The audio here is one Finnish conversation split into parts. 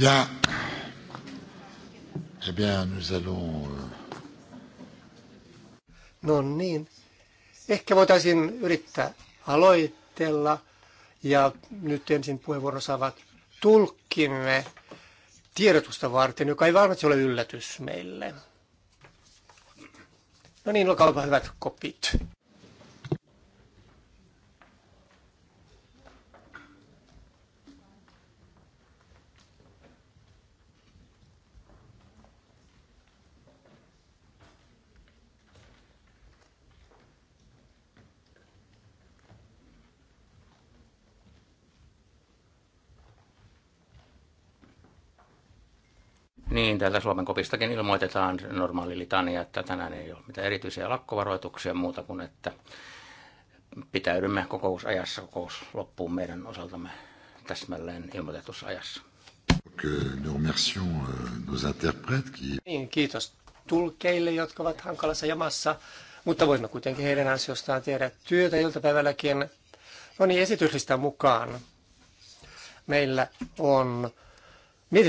Bien. Eh bien, nous allons... Euh, no niin. Ehkä voitaisiin yrittää aloitella. Ja nyt ensin puheenvuoron saavat tulkkimme tiedotusta varten, joka ei varmasti ole yllätys meille. No niin, olkaa hyvät kopit. täältä Suomen kopistakin ilmoitetaan normaali litania, että tänään ei ole mitään erityisiä lakkovaroituksia muuta kuin, että pitäydymme kokousajassa, kokous loppuun meidän osaltamme täsmälleen ilmoitetussa ajassa. Euh, niin, kiitos tulkeille, jotka ovat hankalassa jamassa, mutta voimme kuitenkin heidän ansiostaan tehdä työtä iltapäivälläkin. No niin, esityslistä mukaan meillä on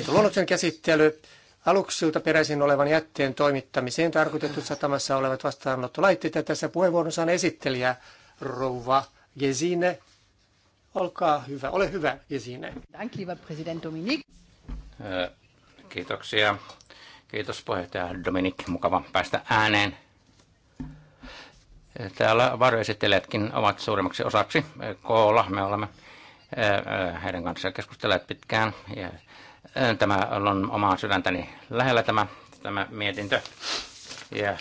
luonnoksen käsittely aluksilta peräisin olevan jätteen toimittamiseen tarkoitetut satamassa olevat vastaanottolaitteet. Ja tässä puheenvuorossa on esittelijä Rouva Gesine. Olkaa hyvä. Ole hyvä, Gesine. Dank, lieber President Dominik. Äh, kiitoksia. Kiitos puheenjohtaja Dominik. Mukava päästä ääneen. Äh, täällä varjoesittelijätkin ovat suurimmaksi osaksi äh, koolla. Me olemme heidän kanssaan keskustelleet pitkään ja Tämä on omaa sydäntäni lähellä tämä, tämä mietintö. Ja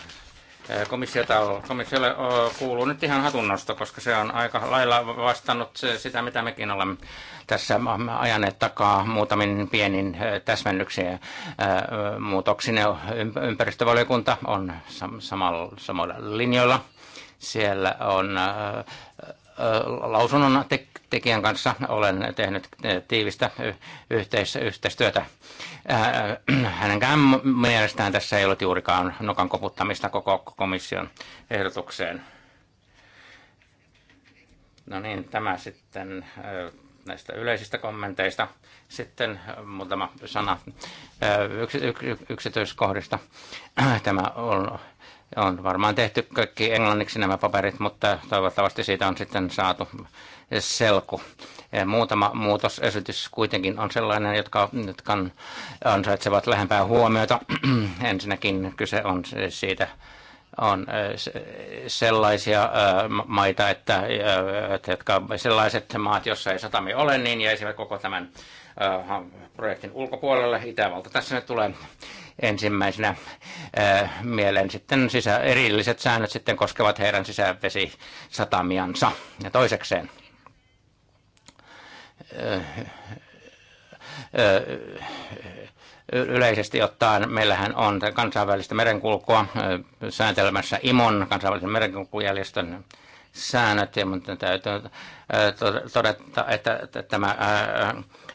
komissiota, komissiolle kuuluu nyt ihan hatunnosto, koska se on aika lailla vastannut sitä, mitä mekin olemme tässä ajaneet takaa muutamin pienin täsmennyksiä muutoksine. Ympäristövaliokunta on samalla, samalla linjoilla. Siellä on lausunnon tekijän kanssa olen tehnyt eh, tiivistä yhteis- yhteistyötä. Äh, hänenkään mielestään tässä ei ole juurikaan nokan koputtamista koko komission ehdotukseen. No niin, tämä sitten äh, näistä yleisistä kommenteista. Sitten äh, muutama sana yks, yks, yksityiskohdista. Tämä on, on varmaan tehty kaikki englanniksi nämä paperit, mutta toivottavasti siitä on sitten saatu selko. Eh, muutama muutosesitys kuitenkin on sellainen, jotka, jotka ansaitsevat lähempää huomiota. Ensinnäkin kyse on siis siitä, on eh, sellaisia eh, maita, että, jotka sellaiset maat, joissa ei satami ole, niin jäisivät koko tämän projektin ulkopuolelle. Itävalta tässä nyt tulee ensimmäisenä mieleen sitten sisä, erilliset säännöt sitten koskevat heidän sisävesisatamiansa. Ja toisekseen yleisesti ottaen meillähän on kansainvälistä merenkulkua sääntelemässä IMON, kansainvälisen merenkulkujärjestön säännöt, ja mutta täytyy todeta, että tämä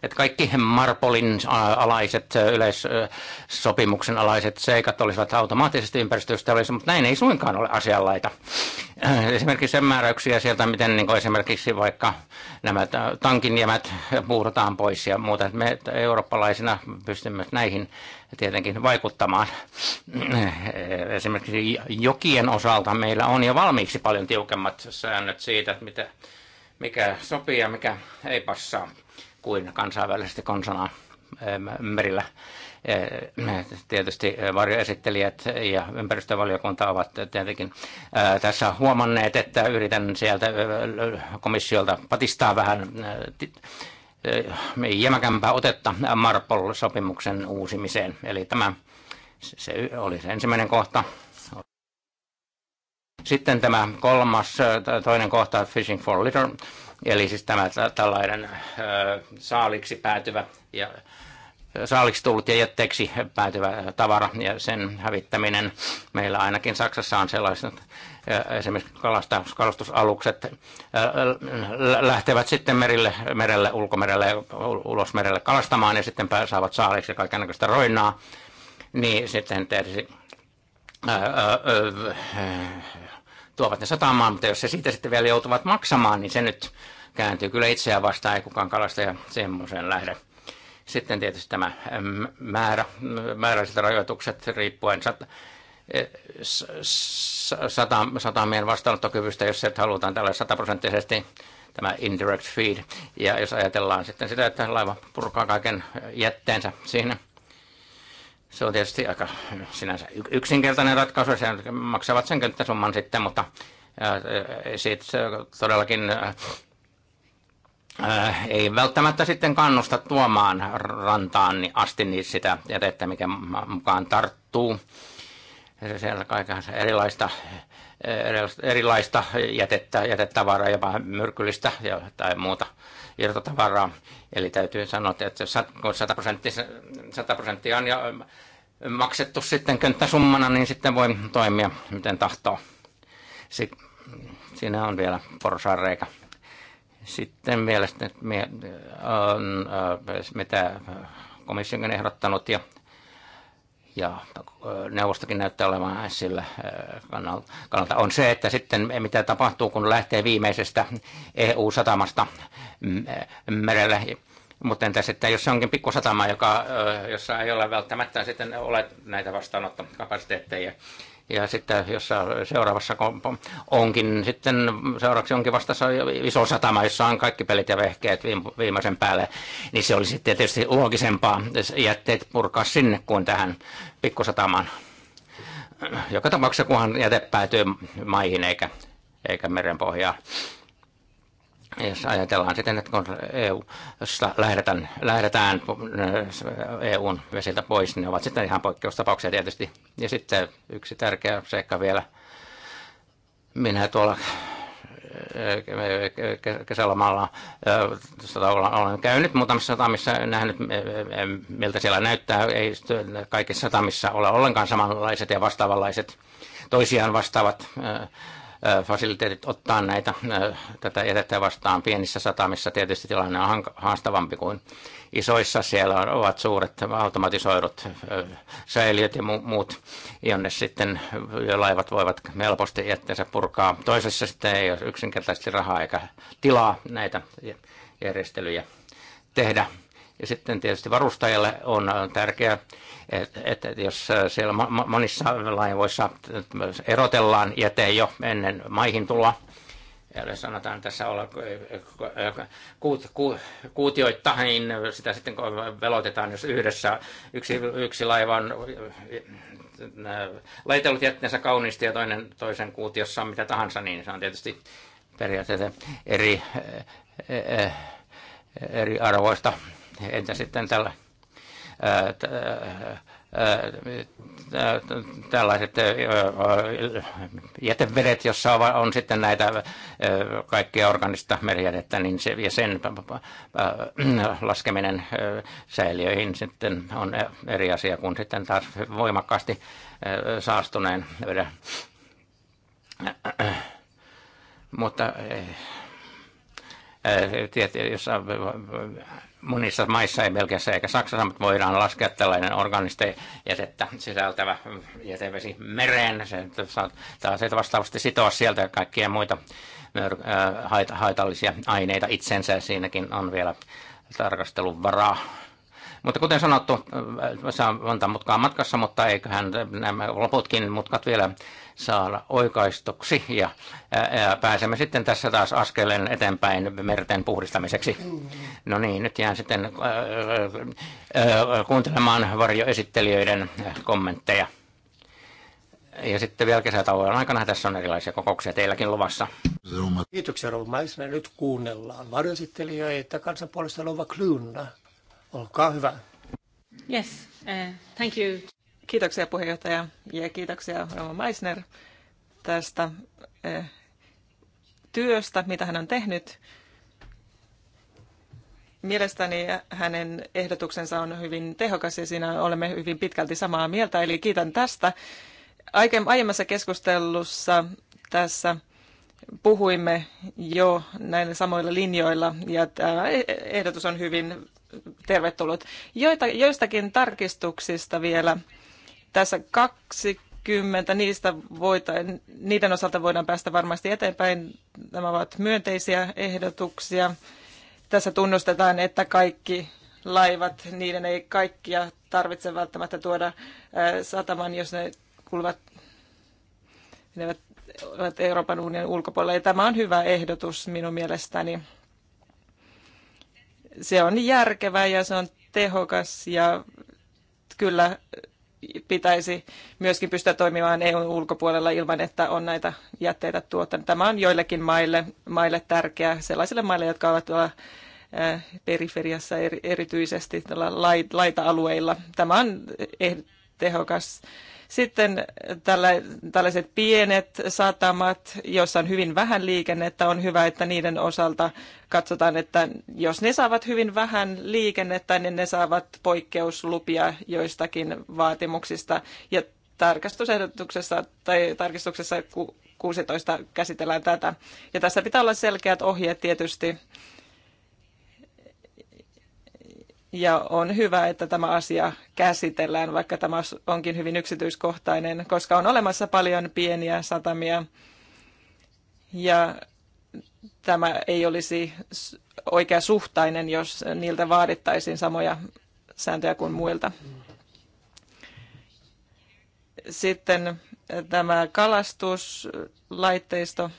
että kaikki Marpolin äh, alaiset äh, yleissopimuksen alaiset seikat olisivat automaattisesti ympäristöystävällisiä, mutta näin ei suinkaan ole asianlaita. Äh, esimerkiksi sen määräyksiä sieltä, miten niin esimerkiksi vaikka nämä tankinjämät puurataan pois ja muuta. Me eurooppalaisina pystymme näihin tietenkin vaikuttamaan. Esimerkiksi jokien osalta meillä on jo valmiiksi paljon tiukemmat säännöt siitä, mitä, mikä sopii ja mikä ei passaa kuin kansainvälisesti konsana ähm, merillä. Äh, äh, tietysti varjoesittelijät ja ympäristövaliokunta ovat tietenkin äh, tässä huomanneet, että yritän sieltä komissiolta patistaa vähän jämäkämpää otetta Marpol-sopimuksen uusimiseen. Eli tämä se oli se ensimmäinen kohta. Sitten tämä kolmas, toinen kohta, Fishing for Litter Eli siis tämä tällainen saaliksi päätyvä ja saaliksi tullut ja jätteeksi päätyvä tavara ja sen hävittäminen. Meillä ainakin Saksassa on sellaiset, esimerkiksi kalastusalukset lähtevät sitten merille, merelle, ulkomerelle, merelle kalastamaan ja sitten saavat saaliksi kaikenlaista roinaa. Niin sitten tietysti tuovat ne satamaan, mutta jos se siitä sitten vielä joutuvat maksamaan, niin se nyt kääntyy kyllä itseään vastaan, ei kukaan ja semmoisen lähde. Sitten tietysti tämä määrä, määräiset rajoitukset riippuen sat, sata, satamien vastaanottokyvystä, jos se halutaan tällä sataprosenttisesti tämä indirect feed. Ja jos ajatellaan sitten sitä, että laiva purkaa kaiken jätteensä siinä, se on tietysti aika sinänsä yksinkertainen ratkaisu, se maksavat sen könttäsumman sitten, mutta siitä todellakin ei välttämättä sitten kannusta tuomaan rantaan niin asti niin sitä jätettä, mikä mukaan tarttuu. Siellä kaikenlaista erilaista, erilaista jätettä, jätetavaraa, jopa myrkyllistä tai muuta irtotavaraa. Eli täytyy sanoa, että 100 prosenttia on jo maksettu sitten könttäsummana, niin sitten voi toimia miten tahtoo. Si- siinä on vielä porsareikä. Sitten mielestäni, on, äh, mitä komissio on ehdottanut ja, ja neuvostokin näyttää olevan sillä äh, kannalta, on se, että sitten mitä tapahtuu, kun lähtee viimeisestä EU-satamasta mm, äh, merelle mutta entä sitten, jos se onkin pikkusatama, joka, jossa ei ole välttämättä sitten ole näitä vastaanottokapasiteetteja, ja sitten jos seuraavassa onkin sitten, seuraavaksi onkin vastassa iso satama, jossa on kaikki pelit ja vehkeet viimeisen päälle, niin se olisi tietysti loogisempaa jätteet purkaa sinne kuin tähän pikkusatamaan. Joka tapauksessa, kunhan jäte päätyy maihin eikä, eikä merenpohjaan jos ajatellaan sitten, että kun eu lähdetään, lähdetään äh, EUn vesiltä pois, niin ne ovat sitten ihan poikkeustapauksia tietysti. Ja sitten yksi tärkeä seikka vielä, minä tuolla äh, kesälomalla äh, olen käynyt muutamissa satamissa, nähnyt miltä siellä näyttää. Ei kaikissa satamissa ole ollenkaan samanlaiset ja vastaavanlaiset toisiaan vastaavat fasiliteetit ottaa näitä, tätä jätettä vastaan. Pienissä satamissa tietysti tilanne on haastavampi kuin isoissa. Siellä ovat suuret automatisoidut säiliöt ja muut, jonne sitten laivat voivat helposti jätteensä purkaa. Toisessa sitten ei ole yksinkertaisesti rahaa eikä tilaa näitä järjestelyjä tehdä. Ja sitten tietysti varustajalle on tärkeää että jos äh, siellä monissa laivoissa erotellaan jäte jo ennen maihin tuloa, eli sanotaan tässä olla ku, äh, ku, kuutioita, niin sitä sitten velotetaan, jos yhdessä yksi, yksi laiva on äh, laitellut jätteensä kauniisti ja toinen toisen kuutiossa on mitä tahansa, niin se on tietysti periaatteessa eri, eri arvoista. Entä sitten tällä tällaiset jätevedet, jossa on sitten näitä kaikkia organista merijätettä, niin se, ja sen laskeminen säiliöihin sitten on eri asia kuin sitten taas voimakkaasti saastuneen veden. Mutta jos monissa maissa, ei Belgiassa eikä Saksassa, mutta voidaan laskea tällainen organista jätettä sisältävä jätevesi mereen. Se saattaa se vastaavasti sitoa sieltä kaikkia muita äh, haitallisia aineita itsensä. Siinäkin on vielä tarkastelun varaa. Mutta kuten sanottu, on äh, antaa mutkaa matkassa, mutta eiköhän nämä loputkin mutkat vielä saada oikaistuksi ja pääsemme sitten tässä taas askeleen eteenpäin merten puhdistamiseksi. No niin, nyt jään sitten kuuntelemaan varjoesittelijöiden kommentteja. Ja sitten vielä kesätauon aikana tässä on erilaisia kokouksia teilläkin luvassa. Kiitoksia Rouva Maisner. Nyt kuunnellaan varjoesittelijöitä kansanpuolesta Lova Klyunna. Olkaa hyvä. Yes, uh, thank you. Kiitoksia puheenjohtaja ja kiitoksia Rauma Meissner tästä eh, työstä, mitä hän on tehnyt. Mielestäni hänen ehdotuksensa on hyvin tehokas ja siinä olemme hyvin pitkälti samaa mieltä, eli kiitän tästä. Aiemmassa keskustelussa tässä puhuimme jo näillä samoilla linjoilla ja tämä ehdotus on hyvin tervetullut. Joita, joistakin tarkistuksista vielä tässä 20 niistä voita, niiden osalta voidaan päästä varmasti eteenpäin. Nämä ovat myönteisiä ehdotuksia. Tässä tunnustetaan, että kaikki laivat, niiden ei kaikkia tarvitse välttämättä tuoda äh, sataman, jos ne kuuluvat menevät ovat Euroopan unionin ulkopuolella. Ja tämä on hyvä ehdotus minun mielestäni. Se on järkevä ja se on tehokas ja kyllä pitäisi myöskin pystyä toimimaan EUn ulkopuolella ilman, että on näitä jätteitä tuottanut. Tämä on joillekin maille, maille tärkeää, sellaisille maille, jotka ovat tuolla äh, periferiassa erityisesti tuolla laita-alueilla. Tämä on eh, tehokas sitten tällaiset pienet satamat, joissa on hyvin vähän liikennettä, on hyvä, että niiden osalta katsotaan, että jos ne saavat hyvin vähän liikennettä, niin ne saavat poikkeuslupia joistakin vaatimuksista. Ja tarkastusehdotuksessa tai tarkistuksessa 16 käsitellään tätä. Ja tässä pitää olla selkeät ohjeet tietysti ja on hyvä, että tämä asia käsitellään, vaikka tämä onkin hyvin yksityiskohtainen, koska on olemassa paljon pieniä satamia. Ja tämä ei olisi oikea suhtainen, jos niiltä vaadittaisiin samoja sääntöjä kuin muilta. Sitten tämä kalastuslaitteisto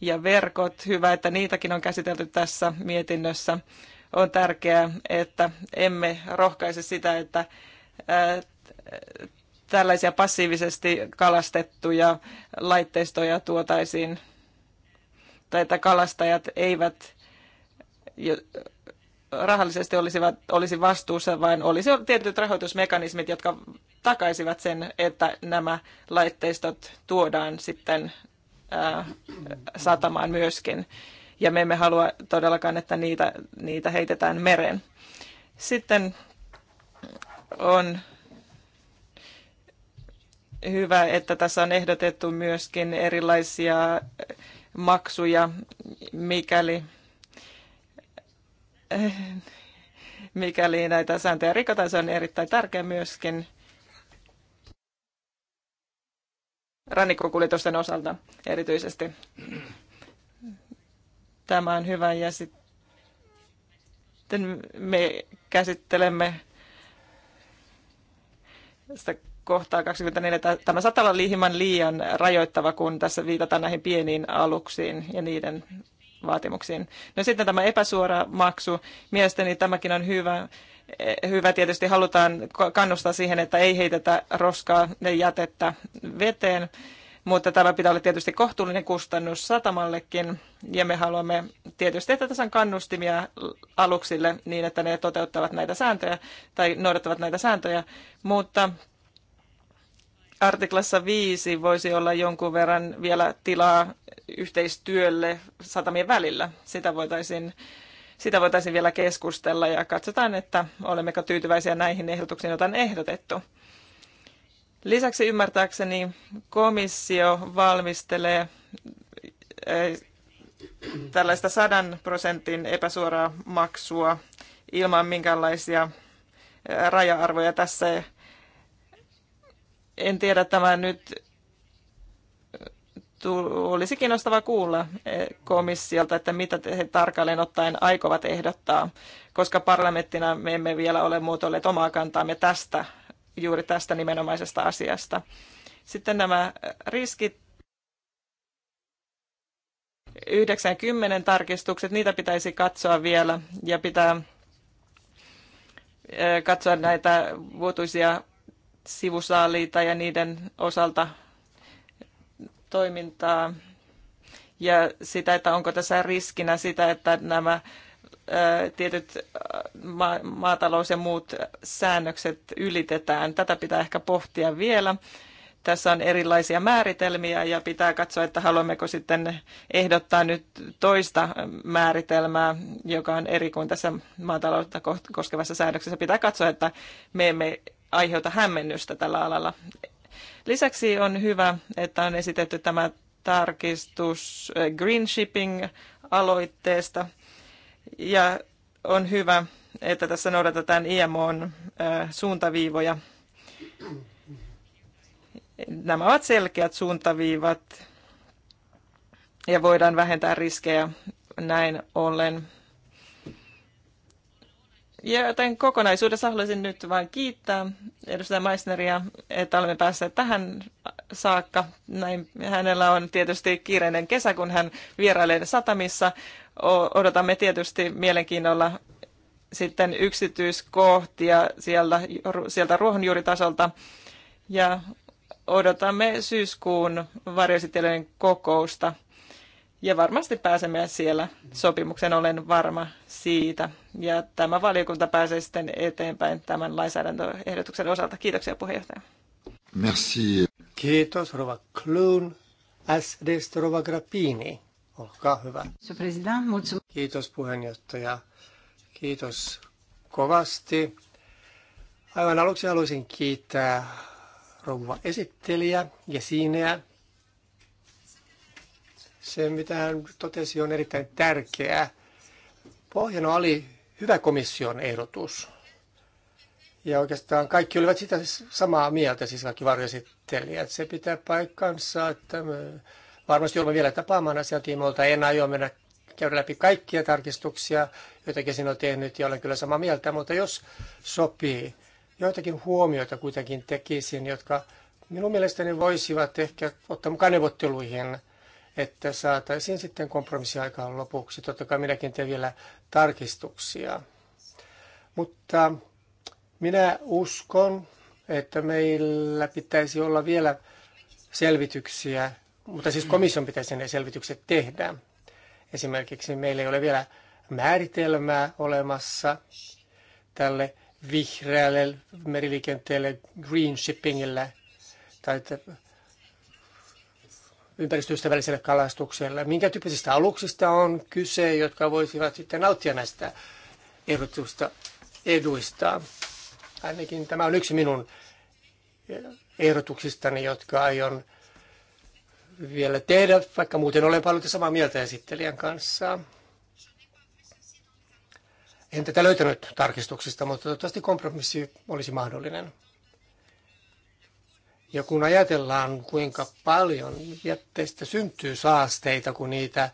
ja verkot. Hyvä, että niitäkin on käsitelty tässä mietinnössä on tärkeää, että emme rohkaise sitä, että tällaisia passiivisesti kalastettuja laitteistoja tuotaisiin, tai että kalastajat eivät rahallisesti olisi, olisi vastuussa, vaan olisi tietyt rahoitusmekanismit, jotka takaisivat sen, että nämä laitteistot tuodaan sitten ää, satamaan myöskin ja me emme halua todellakaan, että niitä, niitä heitetään mereen. Sitten on hyvä, että tässä on ehdotettu myöskin erilaisia maksuja, mikäli, mikäli näitä sääntöjä rikotaan. Se on erittäin tärkeä myöskin rannikkokuljetusten osalta erityisesti. Tämä on hyvä ja sitten me käsittelemme sitä kohtaa 24. Tämä satala olla liian rajoittava, kun tässä viitataan näihin pieniin aluksiin ja niiden vaatimuksiin. No sitten tämä epäsuora maksu. Mielestäni tämäkin on hyvä. Eh, hyvä tietysti halutaan kannustaa siihen, että ei heitetä roskaa ja jätettä veteen mutta tämä pitää olla tietysti kohtuullinen kustannus satamallekin, ja me haluamme tietysti, että tässä on kannustimia aluksille niin, että ne toteuttavat näitä sääntöjä tai noudattavat näitä sääntöjä, mutta artiklassa 5 voisi olla jonkun verran vielä tilaa yhteistyölle satamien välillä. Sitä voitaisiin, sitä voitaisiin vielä keskustella ja katsotaan, että olemmeko tyytyväisiä näihin ehdotuksiin, joita on ehdotettu. Lisäksi ymmärtääkseni komissio valmistelee eh, tällaista sadan prosentin epäsuoraa maksua ilman minkäänlaisia eh, raja-arvoja tässä. En tiedä tämä nyt eh, olisi kiinnostavaa kuulla komissiolta, että mitä he tarkalleen ottaen aikovat ehdottaa, koska parlamenttina me emme vielä ole muotoilleet omaa kantaamme tästä juuri tästä nimenomaisesta asiasta. Sitten nämä riskit 90 tarkistukset, niitä pitäisi katsoa vielä ja pitää katsoa näitä vuotuisia sivusaaliita ja niiden osalta toimintaa ja sitä, että onko tässä riskinä sitä, että nämä tietyt ma- maatalous ja muut säännökset ylitetään. Tätä pitää ehkä pohtia vielä. Tässä on erilaisia määritelmiä ja pitää katsoa, että haluammeko sitten ehdottaa nyt toista määritelmää, joka on eri kuin tässä maataloutta koskevassa säädöksessä. Pitää katsoa, että me emme aiheuta hämmennystä tällä alalla. Lisäksi on hyvä, että on esitetty tämä tarkistus green shipping aloitteesta – ja on hyvä, että tässä noudatetaan IMOn suuntaviivoja. Nämä ovat selkeät suuntaviivat ja voidaan vähentää riskejä näin ollen. Ja tämän kokonaisuudessa haluaisin nyt vain kiittää edustaja Meissneria, että olemme päässeet tähän saakka. Näin, hänellä on tietysti kiireinen kesä, kun hän vierailee satamissa. Odotamme tietysti mielenkiinnolla sitten yksityiskohtia sieltä, sieltä ruohonjuuritasolta. Ja odotamme syyskuun varjositelijoiden kokousta. Ja varmasti pääsemme siellä sopimuksen, olen varma siitä. Ja tämä valiokunta pääsee sitten eteenpäin tämän lainsäädäntöehdotuksen osalta. Kiitoksia puheenjohtaja. Merci. Kiitos Rova Kloon. SD Rova Grappini. Olkaa hyvä. Kiitos puheenjohtaja. Kiitos kovasti. Aivan aluksi haluaisin kiittää rouva esittelijä ja siineä se, mitä hän totesi, on erittäin tärkeää. Pohjana oli hyvä komission ehdotus. Ja oikeastaan kaikki olivat sitä samaa mieltä, siis kaikki varjoesittelijät. Se pitää paikkansa, että me varmasti olemme vielä tapaamaan asiantiimoilta. En aio mennä käydä läpi kaikkia tarkistuksia, joita kesin on tehnyt, ja olen kyllä samaa mieltä, mutta jos sopii, joitakin huomioita kuitenkin tekisin, jotka minun mielestäni voisivat ehkä ottaa mukaan neuvotteluihin – että saataisiin sitten kompromissiaikaan lopuksi. Totta kai minäkin teen vielä tarkistuksia. Mutta minä uskon, että meillä pitäisi olla vielä selvityksiä, mutta siis komission pitäisi ne selvitykset tehdä. Esimerkiksi meillä ei ole vielä määritelmää olemassa tälle vihreälle meriliikenteelle, green shippingille tai ympäristöystävälliselle kalastukselle. Minkä tyyppisistä aluksista on kyse, jotka voisivat sitten nauttia näistä ehdotusta eduista? Ainakin tämä on yksi minun ehdotuksistani, jotka aion vielä tehdä, vaikka muuten olen paljon samaa mieltä esittelijän kanssa. En tätä löytänyt tarkistuksista, mutta toivottavasti kompromissi olisi mahdollinen. Ja kun ajatellaan, kuinka paljon jätteistä syntyy saasteita, kun niitä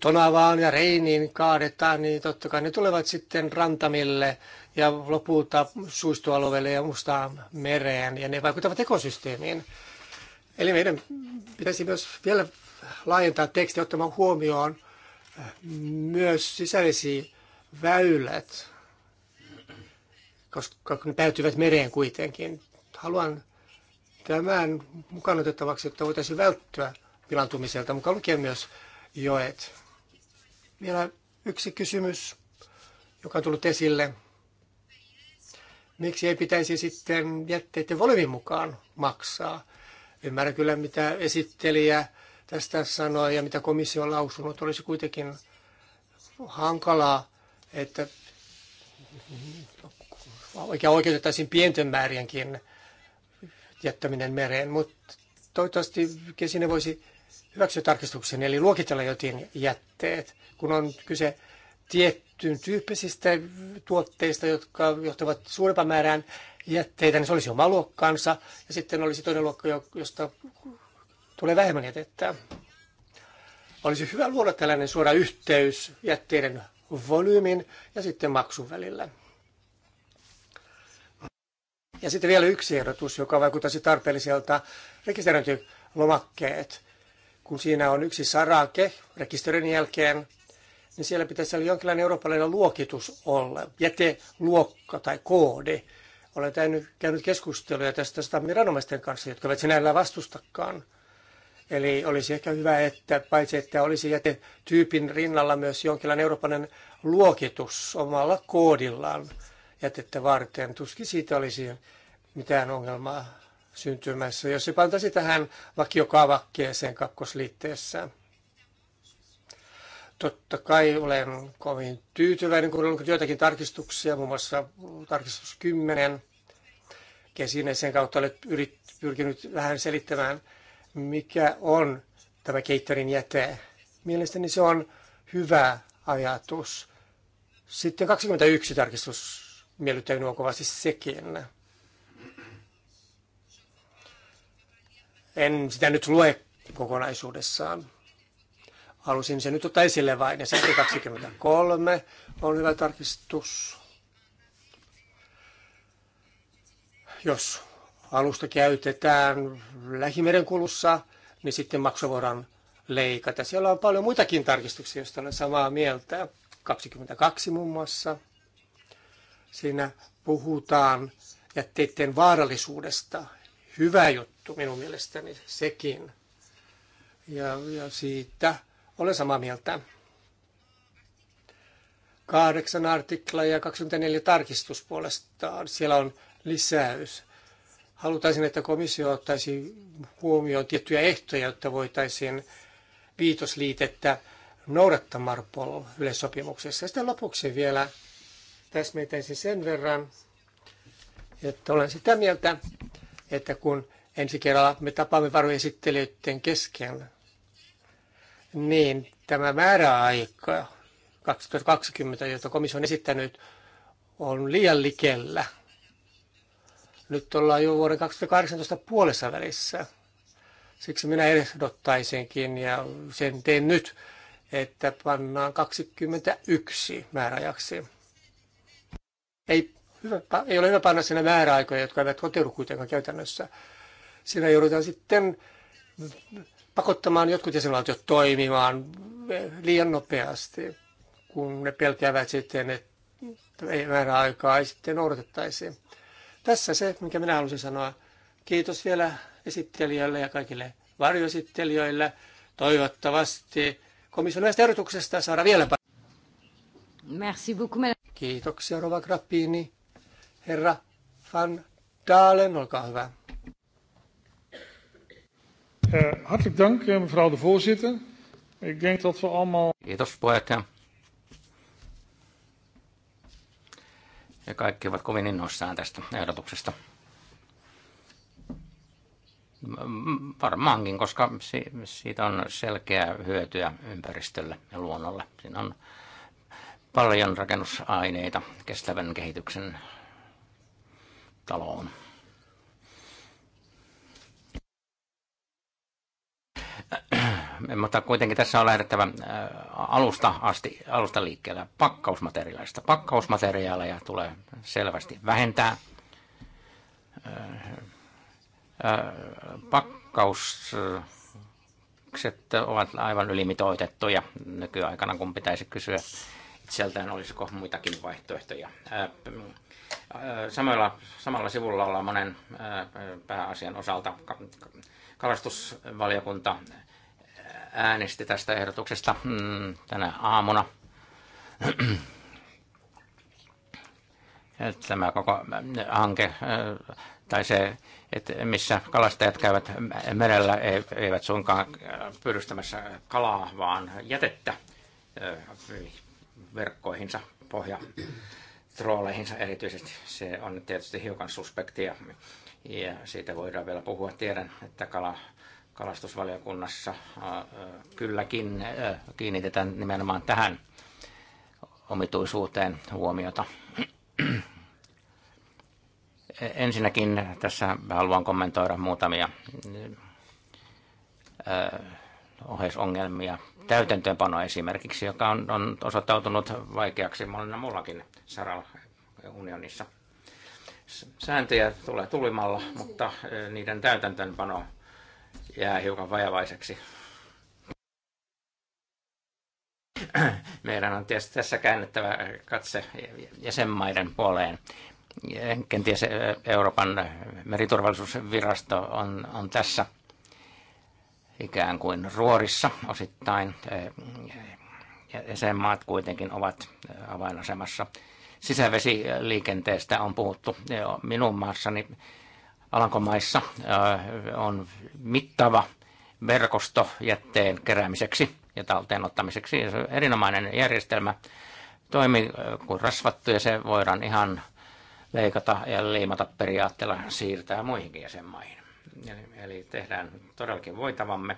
Tonavaan ja Reiniin kaadetaan, niin totta kai ne tulevat sitten rantamille ja lopulta suistoalueelle ja mustaan mereen, ja ne vaikuttavat ekosysteemiin. Eli meidän pitäisi myös vielä laajentaa tekstiä ottamaan huomioon eh, myös väylät, koska ne päätyvät mereen kuitenkin. Haluan tämän mukaan otettavaksi, jotta voitaisiin välttyä pilantumiselta, mukaan lukien myös joet. Vielä yksi kysymys, joka on tullut esille. Miksi ei pitäisi sitten jätteiden volyymin mukaan maksaa? Ymmärrän kyllä, mitä esittelijä tästä sanoi ja mitä komissio on lausunut. Olisi kuitenkin hankalaa, että oikein oikeutettaisiin pienten määrienkin jättäminen mereen, mutta toivottavasti kesine voisi hyväksyä tarkistuksen, eli luokitella jotain jätteet, kun on kyse tiettyyn tyyppisistä tuotteista, jotka johtavat suurempaan määrään jätteitä, niin se olisi oma luokkaansa, ja sitten olisi toinen luokka, josta tulee vähemmän jätettä. Olisi hyvä luoda tällainen suora yhteys jätteiden volyymin ja sitten maksun välillä. Ja sitten vielä yksi ehdotus, joka vaikuttaisi tarpeelliselta, rekisteröintilomakkeet. Kun siinä on yksi sarake rekisterin jälkeen, niin siellä pitäisi olla jonkinlainen eurooppalainen luokitus olla, jäteluokka tai koodi. Olen tehnyt, käynyt keskusteluja tästä viranomaisten kanssa, jotka eivät sinällään vastustakaan. Eli olisi ehkä hyvä, että paitsi että olisi jätetyypin rinnalla myös jonkinlainen eurooppalainen luokitus omalla koodillaan jätettä varten. Tuskin siitä olisi mitään ongelmaa syntymässä, jos se pantaisi tähän vakiokaavakkeeseen kakkosliitteessä. Totta kai olen kovin tyytyväinen, kun on joitakin tarkistuksia, muun muassa tarkistus 10. Siinä sen kautta olet yrit, pyrkinyt vähän selittämään, mikä on tämä keittarin jäte. Mielestäni se on hyvä ajatus. Sitten 21 tarkistus miellyttänyt minua kovasti sekin. En sitä nyt lue kokonaisuudessaan. Halusin sen nyt ottaa esille vain. Ja 23 on hyvä tarkistus. Jos alusta käytetään lähimeren kulussa, niin sitten maksu voidaan leikata. Siellä on paljon muitakin tarkistuksia, joista olen samaa mieltä. 22 muun muassa. Siinä puhutaan jätteiden vaarallisuudesta. Hyvä juttu minun mielestäni sekin. Ja, ja siitä olen samaa mieltä. Kahdeksan artikla ja 24 tarkistus puolestaan. Siellä on lisäys. Halutaisin, että komissio ottaisi huomioon tiettyjä ehtoja, jotta voitaisiin viitosliitettä noudattaa Marpol yleissopimuksessa. Ja sitten lopuksi vielä täsmentäisin sen verran, että olen sitä mieltä, että kun ensi kerralla me tapaamme varoesittelijöiden kesken, niin tämä määräaika 2020, jota komissio on esittänyt, on liian likellä. Nyt ollaan jo vuoden 2018 puolessa välissä. Siksi minä ehdottaisinkin ja sen teen nyt, että pannaan 21 määräajaksi. Ei, hyvä, ei ole hyvä panna sinne määräaikoja, jotka eivät toteudu kuitenkaan käytännössä. Siinä joudutaan sitten pakottamaan jotkut jäsenvaltiot toimimaan liian nopeasti, kun ne pelkäävät sitten, että ei määräaikaa ei sitten noudatettaisi. Tässä se, mikä minä halusin sanoa. Kiitos vielä esittelijöille ja kaikille varjoesittelijöille. Toivottavasti komission näistä erotuksesta saada vielä Merci beaucoup, Kiitoksia, Rova Grappini. Herra Van Dalen, olkaa hyvä. Eh, hartelijk dank, eh, mevrouw de voorzitter. Ik denk dat we allemaal... Kiitos, puheenjohtaja. Ja kaikki ovat kovin innoissaan tästä ehdotuksesta. Varmaankin, koska siitä on selkeää hyötyä ympäristölle ja luonnolle. Siinä on paljon rakennusaineita kestävän kehityksen taloon. Äh, mutta kuitenkin tässä on lähdettävä äh, alusta, asti, alusta liikkeellä pakkausmateriaalista. Pakkausmateriaaleja tulee selvästi vähentää. Äh, pakkaukset ovat aivan ylimitoitettuja nykyaikana, kun pitäisi kysyä sieltähän olisiko muitakin vaihtoehtoja. Samalla, samalla sivulla ollaan monen pääasian osalta. Kalastusvaliokunta äänesti tästä ehdotuksesta mm, tänä aamuna. Tämä koko hanke, tai se, että missä kalastajat käyvät merellä, eivät suinkaan pyydystämässä kalaa, vaan jätettä verkkoihinsa, pohja trooleihinsa erityisesti. Se on tietysti hiukan suspektia ja siitä voidaan vielä puhua. Tiedän, että kala, kalastusvaliokunnassa ää, kylläkin ää, kiinnitetään nimenomaan tähän omituisuuteen huomiota. Ensinnäkin tässä haluan kommentoida muutamia ää, oheisongelmia täytäntöönpano esimerkiksi, joka on, on osoittautunut vaikeaksi monena mullakin saralla unionissa. Sääntöjä tulee tulimalla, mutta niiden täytäntöönpano jää hiukan vajavaiseksi. Meidän on tietysti tässä käännettävä katse jäsenmaiden puoleen. Kenties Euroopan meriturvallisuusvirasto on, on tässä – ikään kuin ruorissa osittain. Jäsenmaat kuitenkin ovat avainasemassa. Sisävesiliikenteestä on puhuttu minun maassani Alankomaissa on mittava verkosto jätteen keräämiseksi ja talteenottamiseksi. Se on erinomainen järjestelmä toimii kuin rasvattu ja se voidaan ihan leikata ja liimata periaatteella siirtää muihinkin jäsenmaihin. Eli, niin, eli tehdään todellakin voitavamme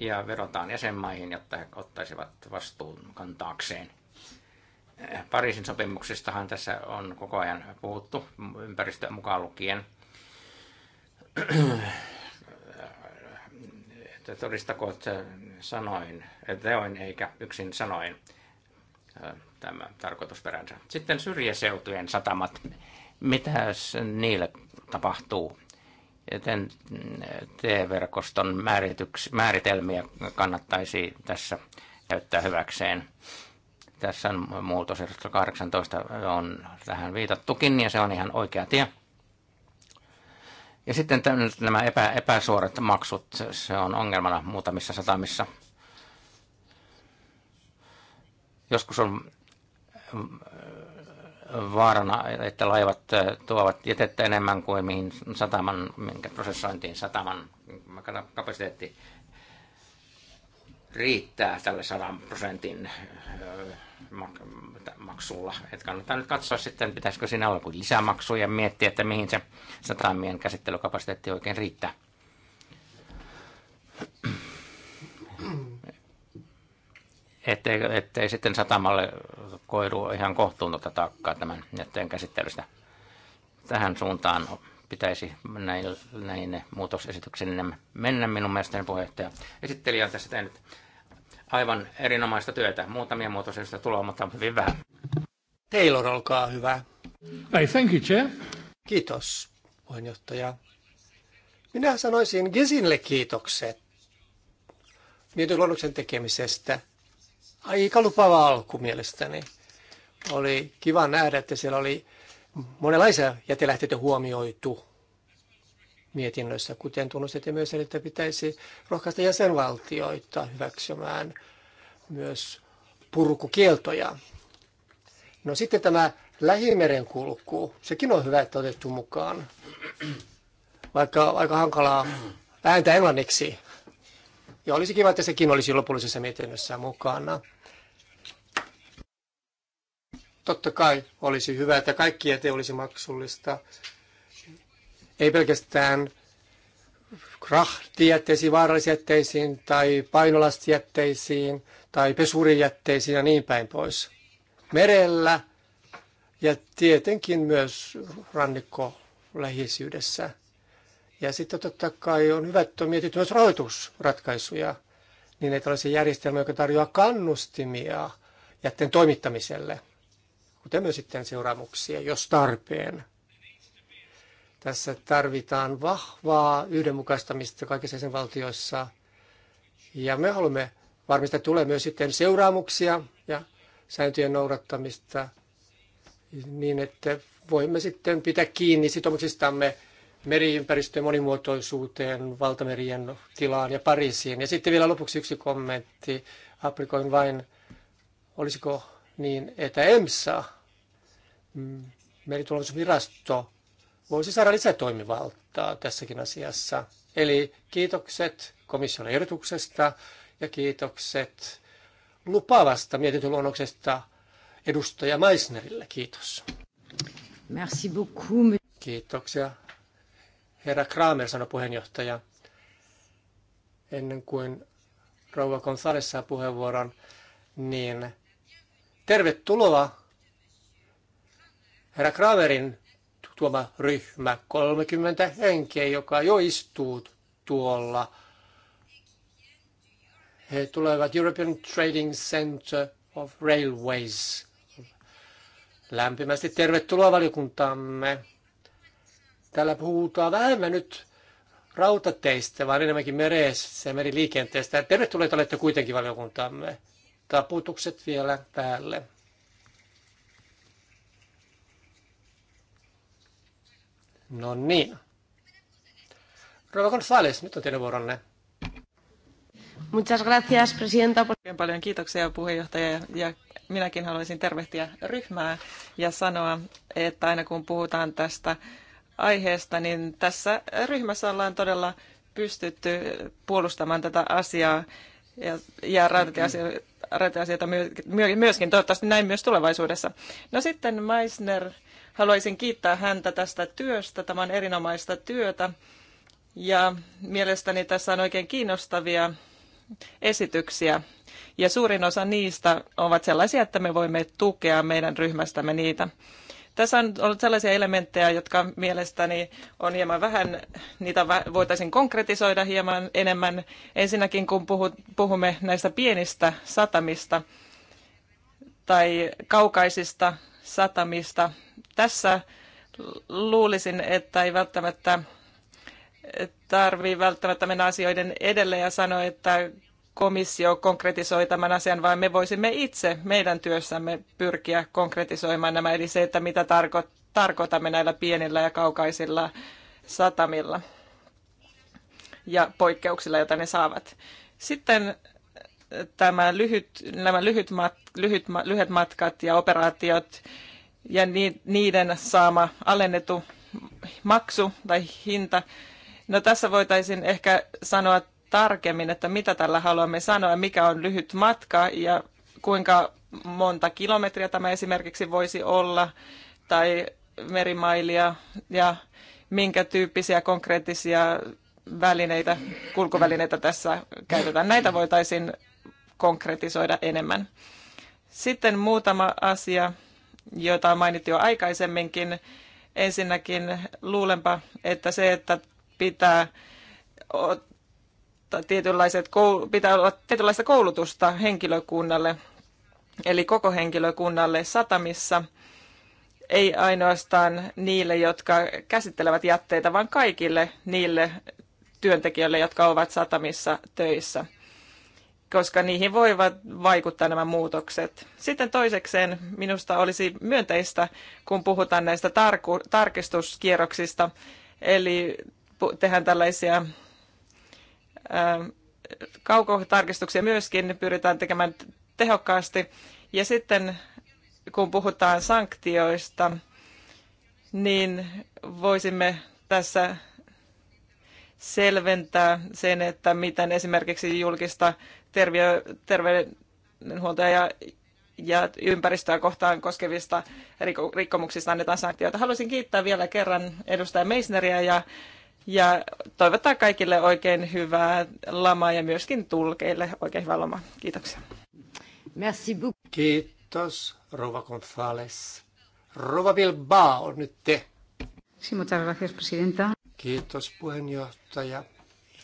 ja vedotaan jäsenmaihin, jotta he ottaisivat vastuun kantaakseen. Pariisin sopimuksestahan tässä on koko ajan puhuttu, ympäristö mukaan lukien. Todistakoot äh, sanoin, äh, teoin eikä yksin sanoin äh, tämä tarkoitusperänsä. Sitten syrjäseutujen satamat, mitä niille tapahtuu? TE-verkoston mm, määritelmiä kannattaisi tässä käyttää hyväkseen. Tässä on muutos, 18 on tähän viitattukin ja se on ihan oikea tie. Ja sitten tämän, nämä epä, epäsuorat maksut, se on ongelmana muutamissa satamissa. Joskus on vaarana, että laivat äh, tuovat jätettä enemmän kuin mihin sataman, minkä prosessointiin sataman kapasiteetti riittää tälle 100 prosentin äh, maksulla. Että kannattaa nyt katsoa sitten, pitäisikö siinä olla kuin lisämaksu ja miettiä, että mihin se satamien käsittelykapasiteetti oikein riittää. ettei, ettei sitten satamalle koiru ihan kohtuutonta taakkaa tämän jätteen käsittelystä. Tähän suuntaan pitäisi näin, näin muutosesityksen mennä minun mielestäni puheenjohtaja. Esittelijä on tässä tehnyt aivan erinomaista työtä. Muutamia muutosesitystä tuloa, mutta hyvin vähän. Taylor, olkaa hyvä. Hey, thank you, Chair. Kiitos, puheenjohtaja. Minä sanoisin Gesinle kiitokset mietin luonnoksen tekemisestä. Aika lupaava alku mielestäni. Oli kiva nähdä, että siellä oli monenlaisia jätelähteitä huomioitu mietinnöissä, kuten tunnustettiin myös, että pitäisi rohkaista jäsenvaltioita hyväksymään myös purkukieltoja. No sitten tämä lähimeren kulku, sekin on hyvä, että otettu mukaan, vaikka aika hankalaa ääntä englanniksi. Ja olisi kiva, että sekin olisi lopullisessa mietinnössä mukana. Totta kai olisi hyvä, että kaikki jäte olisi maksullista. Ei pelkästään krahtijätteisiin, vaarallisjätteisiin tai painolastijätteisiin tai pesurijätteisiin ja niin päin pois. Merellä ja tietenkin myös rannikko lähisyydessä. Ja sitten totta kai on hyvä, että on mietitty myös rahoitusratkaisuja, niin että olisi järjestelmä, joka tarjoaa kannustimia jätteen toimittamiselle – kuten myös sitten seuraamuksia, jos tarpeen. Tässä tarvitaan vahvaa yhdenmukaistamista kaikissa sen valtioissa. Ja me haluamme varmistaa, että tulee myös sitten seuraamuksia ja sääntöjen noudattamista niin, että voimme sitten pitää kiinni sitoumuksistamme meriympäristöön, monimuotoisuuteen, valtamerien tilaan ja Pariisiin. Ja sitten vielä lopuksi yksi kommentti. Aprikoin vain, olisiko niin että EMSA, mm, meriturvallisuusvirasto, voisi saada lisätoimivaltaa tässäkin asiassa. Eli kiitokset komission ehdotuksesta ja kiitokset lupaavasta mietintöluonnoksesta edustaja Meissnerille. Kiitos. Merci beaucoup. Kiitoksia. Herra Kramer sanoi puheenjohtaja. Ennen kuin rouva Gonzales saa puheenvuoron, niin Tervetuloa herra Kraverin tuoma ryhmä, 30 henkeä, joka jo istuu tuolla. He tulevat European Trading Center of Railways. Lämpimästi tervetuloa valiokuntaamme. Täällä puhutaan vähemmän nyt rautateistä, vaan enemmänkin merestä ja meriliikenteestä. Tervetuloa, että olette kuitenkin valiokuntaamme taputukset vielä päälle. No niin. Rova González, nyt on teidän vuoronne. Muchas gracias, presidenta. paljon kiitoksia puheenjohtaja ja minäkin haluaisin tervehtiä ryhmää ja sanoa, että aina kun puhutaan tästä aiheesta, niin tässä ryhmässä ollaan todella pystytty puolustamaan tätä asiaa ja, ja raiteasioita myöskin. Toivottavasti näin myös tulevaisuudessa. No sitten Meissner, haluaisin kiittää häntä tästä työstä. Tämä on erinomaista työtä. Ja mielestäni tässä on oikein kiinnostavia esityksiä. Ja suurin osa niistä ovat sellaisia, että me voimme tukea meidän ryhmästämme niitä. Tässä on ollut sellaisia elementtejä, jotka mielestäni on hieman vähän, niitä voitaisiin konkretisoida hieman enemmän. Ensinnäkin kun puhumme näistä pienistä satamista tai kaukaisista satamista, tässä luulisin, että ei välttämättä tarvii välttämättä mennä asioiden edelle ja sanoa, että komissio konkretisoi tämän asian, vaan me voisimme itse meidän työssämme pyrkiä konkretisoimaan nämä, eli se, että mitä tarko- tarkoitamme näillä pienillä ja kaukaisilla satamilla ja poikkeuksilla, joita ne saavat. Sitten eh, tämä lyhyt, nämä lyhyt, mat, lyhyt, lyhyet matkat ja operaatiot ja niiden saama alennettu maksu tai hinta. No tässä voitaisiin ehkä sanoa tarkemmin, että mitä tällä haluamme sanoa, mikä on lyhyt matka ja kuinka monta kilometriä tämä esimerkiksi voisi olla tai merimailia ja minkä tyyppisiä konkreettisia välineitä, kulkuvälineitä tässä käytetään. Näitä voitaisiin konkretisoida enemmän. Sitten muutama asia, jota mainittiin jo aikaisemminkin. Ensinnäkin luulenpa, että se, että pitää tietynlaiset, pitää olla tietynlaista koulutusta henkilökunnalle, eli koko henkilökunnalle satamissa, ei ainoastaan niille, jotka käsittelevät jätteitä, vaan kaikille niille työntekijöille, jotka ovat satamissa töissä, koska niihin voivat vaikuttaa nämä muutokset. Sitten toisekseen minusta olisi myönteistä, kun puhutaan näistä tarku- tarkistuskierroksista, eli tehdään tällaisia kaukotarkistuksia myöskin pyritään tekemään tehokkaasti. Ja sitten kun puhutaan sanktioista, niin voisimme tässä selventää sen, että miten esimerkiksi julkista terveydenhuoltoa ja, ja ympäristöä kohtaan koskevista rikkomuksista annetaan sanktioita. Haluaisin kiittää vielä kerran edustaja Meisneriä ja ja toivottaa kaikille oikein hyvää lamaa ja myöskin tulkeille oikein hyvää lomaa. Kiitoksia. Merci beaucoup. Kiitos, Rova González. Rova Bilbao nyt te. Sí, gracias, presidenta. Kiitos puheenjohtaja.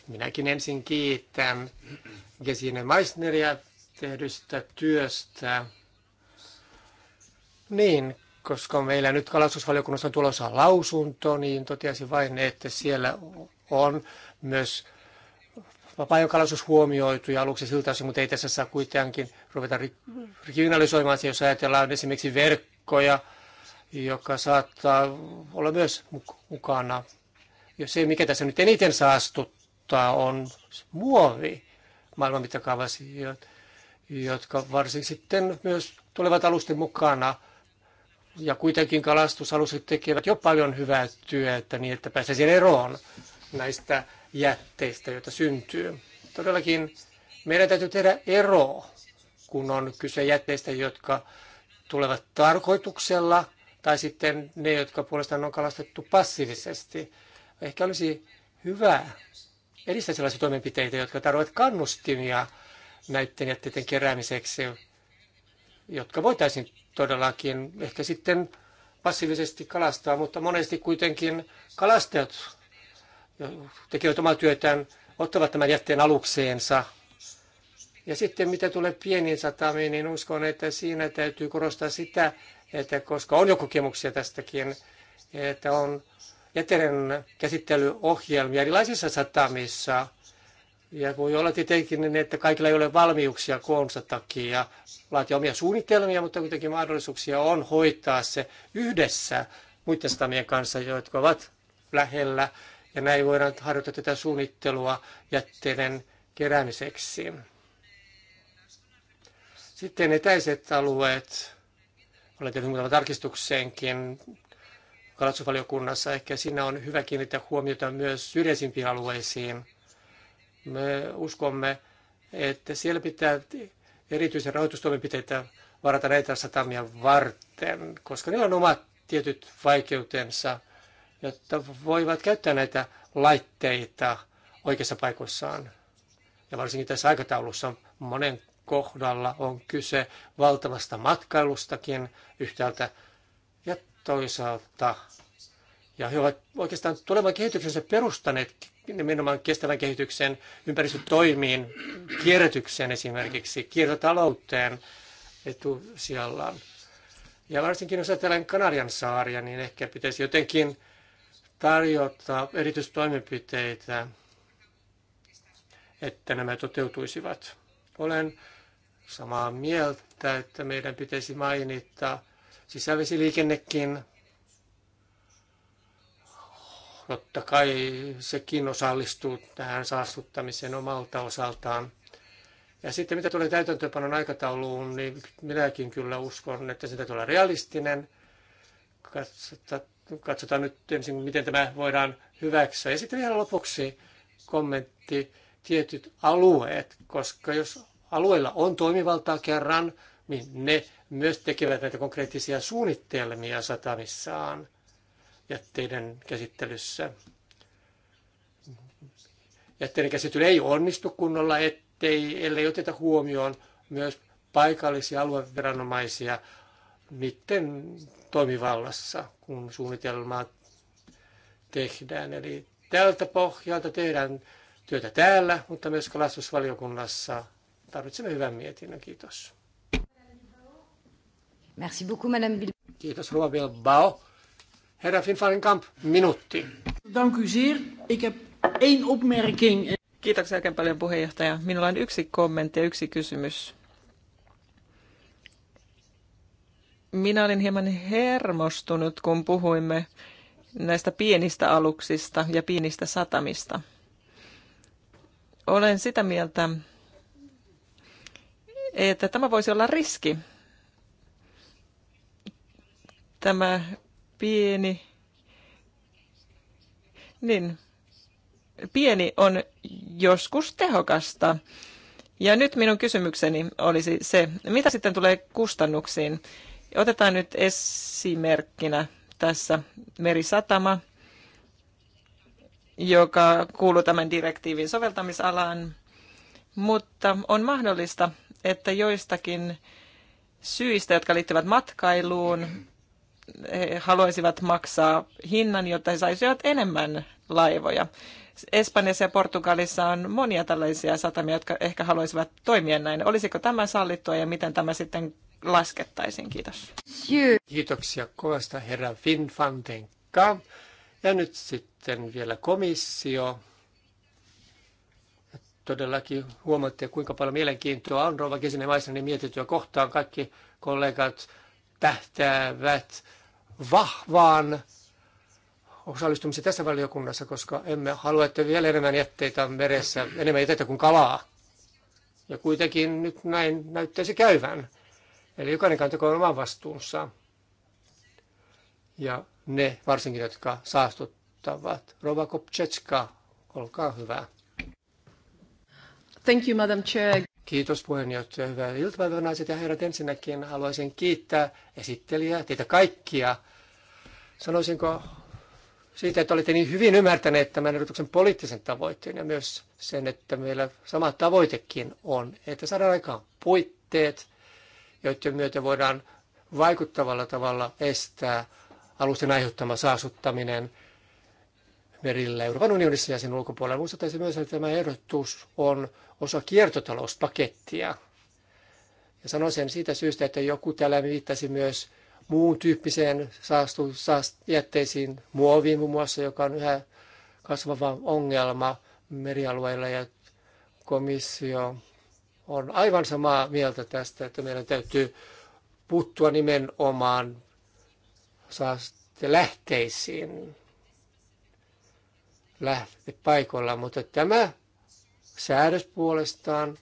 Minäkin ensin kiitän Gesine Meissneria tehdystä työstä. Niin, koska meillä nyt kalastusvaliokunnassa on tulossa lausunto, niin totesin vain, että siellä on myös vapaa-ajankalastus huomioitu ja aluksi siltä osin, mutta ei tässä saa kuitenkin ruveta kriminalisoimaan se, jos ajatellaan esimerkiksi verkkoja, joka saattaa olla myös mukana. Ja se, mikä tässä nyt eniten saastuttaa, on muovi maailman mittakaavassa, jotka varsin sitten myös tulevat alusten mukana – ja kuitenkin kalastusalukset tekevät jo paljon hyvää työtä niin, että pääsee eroon näistä jätteistä, joita syntyy. Todellakin meidän täytyy tehdä ero, kun on kyse jätteistä, jotka tulevat tarkoituksella, tai sitten ne, jotka puolestaan on kalastettu passiivisesti. Ehkä olisi hyvä edistää sellaisia toimenpiteitä, jotka tarvitsevat kannustimia näiden jätteiden keräämiseksi, jotka voitaisiin todellakin ehkä sitten passiivisesti kalastaa, mutta monesti kuitenkin kalastajat tekevät omaa työtään, ottavat tämän jätteen alukseensa. Ja sitten mitä tulee pieniin satamiin, niin uskon, että siinä täytyy korostaa sitä, että koska on jo kokemuksia tästäkin, että on jäteiden käsittelyohjelmia erilaisissa satamissa – ja voi olla tietenkin, niin, että kaikilla ei ole valmiuksia koonsa takia laatia omia suunnitelmia, mutta kuitenkin mahdollisuuksia on hoitaa se yhdessä muiden satamien kanssa, jotka ovat lähellä. Ja näin voidaan harjoittaa tätä suunnittelua jätteiden keräämiseksi. Sitten etäiset alueet. Olen tehnyt muutaman tarkistukseenkin kalastusvaliokunnassa. Ehkä siinä on hyvä kiinnittää huomiota myös syrjäisimpiin alueisiin – me uskomme, että siellä pitää erityisen rahoitustoimenpiteitä varata näitä satamia varten, koska niillä on omat tietyt vaikeutensa, jotta voivat käyttää näitä laitteita oikeassa paikoissaan. Ja varsinkin tässä aikataulussa monen kohdalla on kyse valtavasta matkailustakin yhtäältä ja toisaalta. Ja he ovat oikeastaan tulevan kehityksensä perustaneet nimenomaan kestävän kehityksen ympäristötoimiin, kierrätykseen esimerkiksi, kiertotalouteen etusijallaan. Ja varsinkin jos ajatellaan Kanarian saaria, niin ehkä pitäisi jotenkin tarjota erityistoimenpiteitä, että nämä toteutuisivat. Olen samaa mieltä, että meidän pitäisi mainita sisävesiliikennekin Totta kai sekin osallistuu tähän saastuttamiseen omalta osaltaan. Ja sitten mitä tulee täytäntöönpanon aikatauluun, niin minäkin kyllä uskon, että sitä tulee realistinen. Katsotaan, katsotaan nyt ensin, miten tämä voidaan hyväksyä. Ja sitten vielä lopuksi kommentti tietyt alueet, koska jos alueilla on toimivaltaa kerran, niin ne myös tekevät näitä konkreettisia suunnitelmia satamissaan – jätteiden käsittelyssä. Jätteiden käsittely ei onnistu kunnolla, ettei, ellei oteta huomioon myös paikallisia alueviranomaisia niiden toimivallassa, kun suunnitelmaa tehdään. Eli tältä pohjalta tehdään työtä täällä, mutta myös kalastusvaliokunnassa. Tarvitsemme hyvän mietinnön. Kiitos. Merci beaucoup, Madame Bilbao. Kiitos, Rova Bilbao. Herra Finfarin Kamp, minuutti. Dank u zeer. Ik heb één opmerking. Kiitoksia oikein paljon puheenjohtaja. Minulla on yksi kommentti ja yksi kysymys. Minä olin hieman hermostunut, kun puhuimme näistä pienistä aluksista ja pienistä satamista. Olen sitä mieltä, että tämä voisi olla riski. Tämä pieni, niin pieni on joskus tehokasta. Ja nyt minun kysymykseni olisi se, mitä sitten tulee kustannuksiin. Otetaan nyt esimerkkinä tässä merisatama, joka kuuluu tämän direktiivin soveltamisalaan, mutta on mahdollista, että joistakin syistä, jotka liittyvät matkailuun, he haluaisivat maksaa hinnan, jotta he saisivat enemmän laivoja. Espanjassa ja Portugalissa on monia tällaisia satamia, jotka ehkä haluaisivat toimia näin. Olisiko tämä sallittua ja miten tämä sitten laskettaisiin? Kiitos. Kiitoksia kovasta herra Finfantenka Ja nyt sitten vielä komissio. Todellakin huomaatte, kuinka paljon mielenkiintoa on Rova Kesinen Maisanin mietityä kohtaan. Kaikki kollegat tähtäävät vahvaan osallistumisen tässä valiokunnassa, koska emme halua, että vielä enemmän jätteitä on meressä, enemmän jätteitä kuin kalaa. Ja kuitenkin nyt näin näyttäisi käyvän. Eli jokainen on oman vastuunsa. Ja ne varsinkin, jotka saastuttavat. Rova Kopchetska, olkaa hyvä. Thank you, Madam Chair. Kiitos puheenjohtaja. Hyvää iltapäivää naiset ja herrat. Ensinnäkin haluaisin kiittää esittelijää, teitä kaikkia – Sanoisinko siitä, että olette niin hyvin ymmärtäneet tämän ehdotuksen poliittisen tavoitteen ja myös sen, että meillä sama tavoitekin on, että saadaan aikaan puitteet, joiden myötä voidaan vaikuttavalla tavalla estää alusten aiheuttama saasuttaminen merillä Euroopan unionissa ja sen ulkopuolella. Muistuttaisin myös, että tämä ehdotus on osa kiertotalouspakettia. Ja sanoisin siitä syystä, että joku täällä viittasi myös muun tyyppiseen saastu, saast, jätteisiin, muoviin muun muassa, joka on yhä kasvava ongelma merialueilla ja komissio on aivan samaa mieltä tästä, että meidän täytyy puuttua nimenomaan lähteisiin lähtepaikoilla, mutta tämä säädös puolestaan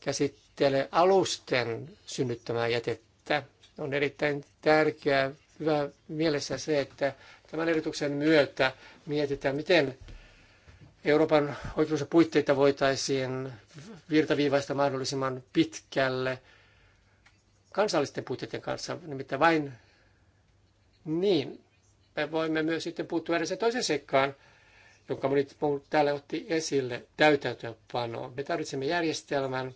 käsittelee alusten synnyttämää jätettä. On erittäin tärkeää hyvä mielessä se, että tämän erityisen myötä mietitään, miten Euroopan oikeus- ja puitteita voitaisiin virtaviivaista mahdollisimman pitkälle kansallisten puitteiden kanssa, nimittäin vain niin me voimme myös sitten puuttua edes toisen seikkaan, jonka moni täällä otti esille, täytäntöönpanoon. Me tarvitsemme järjestelmän,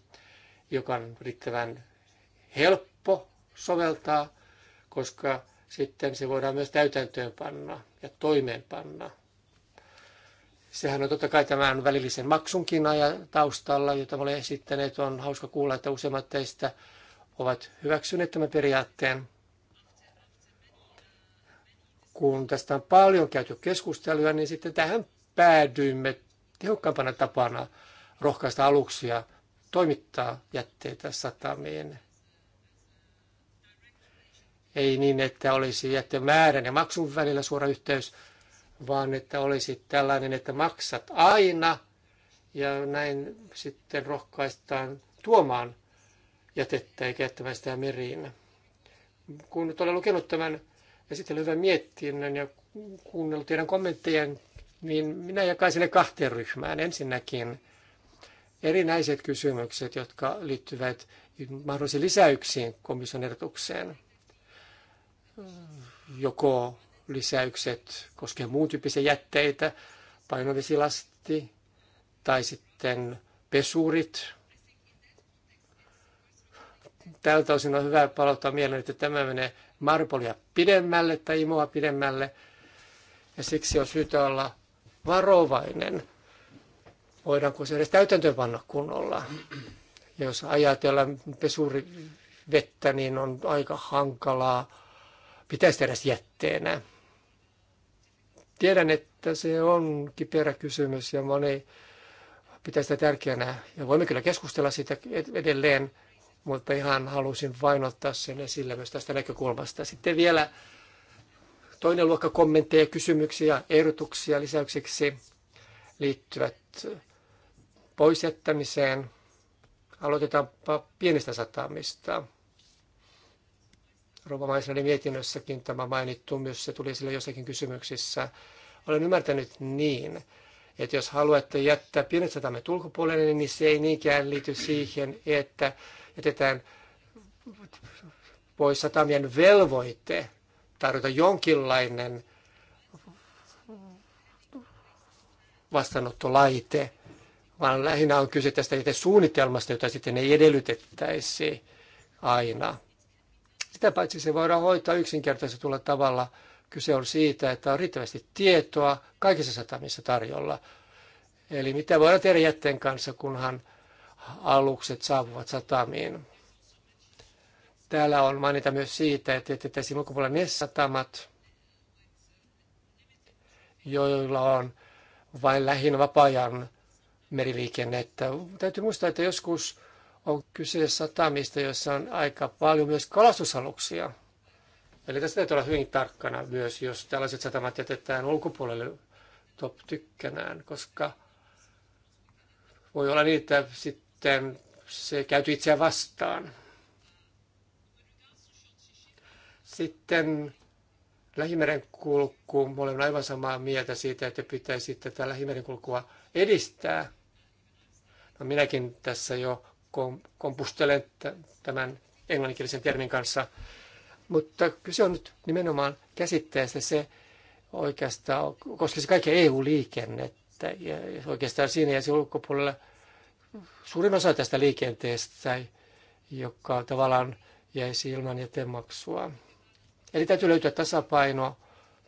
joka on riittävän helppo soveltaa, koska sitten se voidaan myös täytäntöönpanna ja toimeenpanna. Sehän on totta kai tämän välillisen maksunkin ajan taustalla, jota olen esittäneet. On hauska kuulla, että useimmat teistä ovat hyväksyneet tämän periaatteen. Kun tästä on paljon käyty keskustelua, niin sitten tähän päädyimme tehokkaampana tapana rohkaista aluksia toimittaa jätteitä satamiin ei niin, että olisi jätteen määrän ja maksun välillä suora yhteys, vaan että olisi tällainen, että maksat aina ja näin sitten rohkaistaan tuomaan jätettä ja käyttämään sitä meriin. Kun nyt olen lukenut tämän esitellyn hyvän mietinnön ja kuunnellut teidän kommenttejen, niin minä jakaisin ne kahteen ryhmään. Ensinnäkin erinäiset kysymykset, jotka liittyvät mahdollisiin lisäyksiin komission ehdotukseen joko lisäykset koskien muun tyyppisiä jätteitä, painovesilasti tai sitten pesurit. Tältä osin on hyvä palauttaa mieleen, että tämä menee marpolia pidemmälle tai imoa pidemmälle. Ja siksi on syytä olla varovainen, voidaanko se edes täytäntöönpanna kunnolla. Ja jos ajatellaan pesurivettä, niin on aika hankalaa pitäisi tehdä jätteenä. Tiedän, että se on kiperä kysymys ja moni pitää sitä tärkeänä. Ja voimme kyllä keskustella siitä edelleen, mutta ihan halusin vain ottaa sen esille myös tästä näkökulmasta. Sitten vielä toinen luokka kommentteja, kysymyksiä, ehdotuksia lisäykseksi liittyvät poisjättämiseen. Aloitetaanpa pienistä satamista. Rova Maisnerin mietinnössäkin tämä mainittu, myös se tuli sille jossakin kysymyksissä. Olen ymmärtänyt niin, että jos haluatte jättää pienet satamme ulkopuolelle, niin se ei niinkään liity siihen, että jätetään pois satamien velvoite tarjota jonkinlainen vastaanottolaite, vaan lähinnä on kyse tästä suunnitelmasta, jota sitten ei edellytettäisi aina. Sitä paitsi se voidaan hoitaa yksinkertaisella tavalla. Kyse on siitä, että on riittävästi tietoa kaikissa satamissa tarjolla. Eli mitä voidaan tehdä jätteen kanssa, kunhan alukset saapuvat satamiin. Täällä on mainita myös siitä, että jätettäisiin ulkopuolella ne satamat, joilla on vain lähin vapaa-ajan meriliikennettä. Täytyy muistaa, että joskus on kyse satamista, joissa on aika paljon myös kalastusaluksia. Eli tässä täytyy olla hyvin tarkkana myös, jos tällaiset satamat jätetään ulkopuolelle top tykkänään, koska voi olla niin, että sitten se käyty itseään vastaan. Sitten lähimeren kulku, mä olen aivan samaa mieltä siitä, että pitäisi tätä lähimeren kulkua edistää. No minäkin tässä jo kompustele tämän englanninkielisen termin kanssa. Mutta kyse on nyt nimenomaan käsitteestä se oikeastaan, koska se kaikki EU-liikennettä ja oikeastaan siinä ja se ulkopuolella suurin osa tästä liikenteestä, joka tavallaan jäisi ilman jätemaksua. Eli täytyy löytyä tasapaino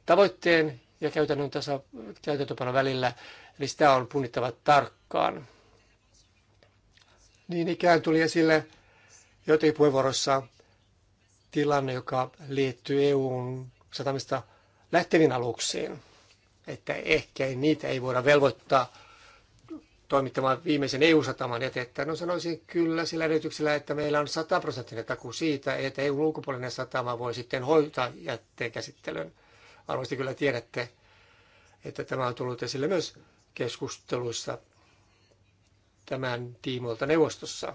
tavoitteen ja käytännön tasa, käytäntöpanon välillä, eli sitä on punnittava tarkkaan. Niin ikään tuli esille jotenkin puheenvuorossa tilanne, joka liittyy EUn satamista lähteviin aluksiin, että ehkä niitä ei voida velvoittaa toimittamaan viimeisen EU-sataman jätettä. No sanoisin kyllä sillä edellytyksellä, että meillä on 100 prosenttinen taku siitä, että EU-ulkopuolinen satama voi sitten hoitaa jätteen käsittelyn. Varmasti kyllä tiedätte, että tämä on tullut esille myös keskusteluissa tämän tiimoilta neuvostossa.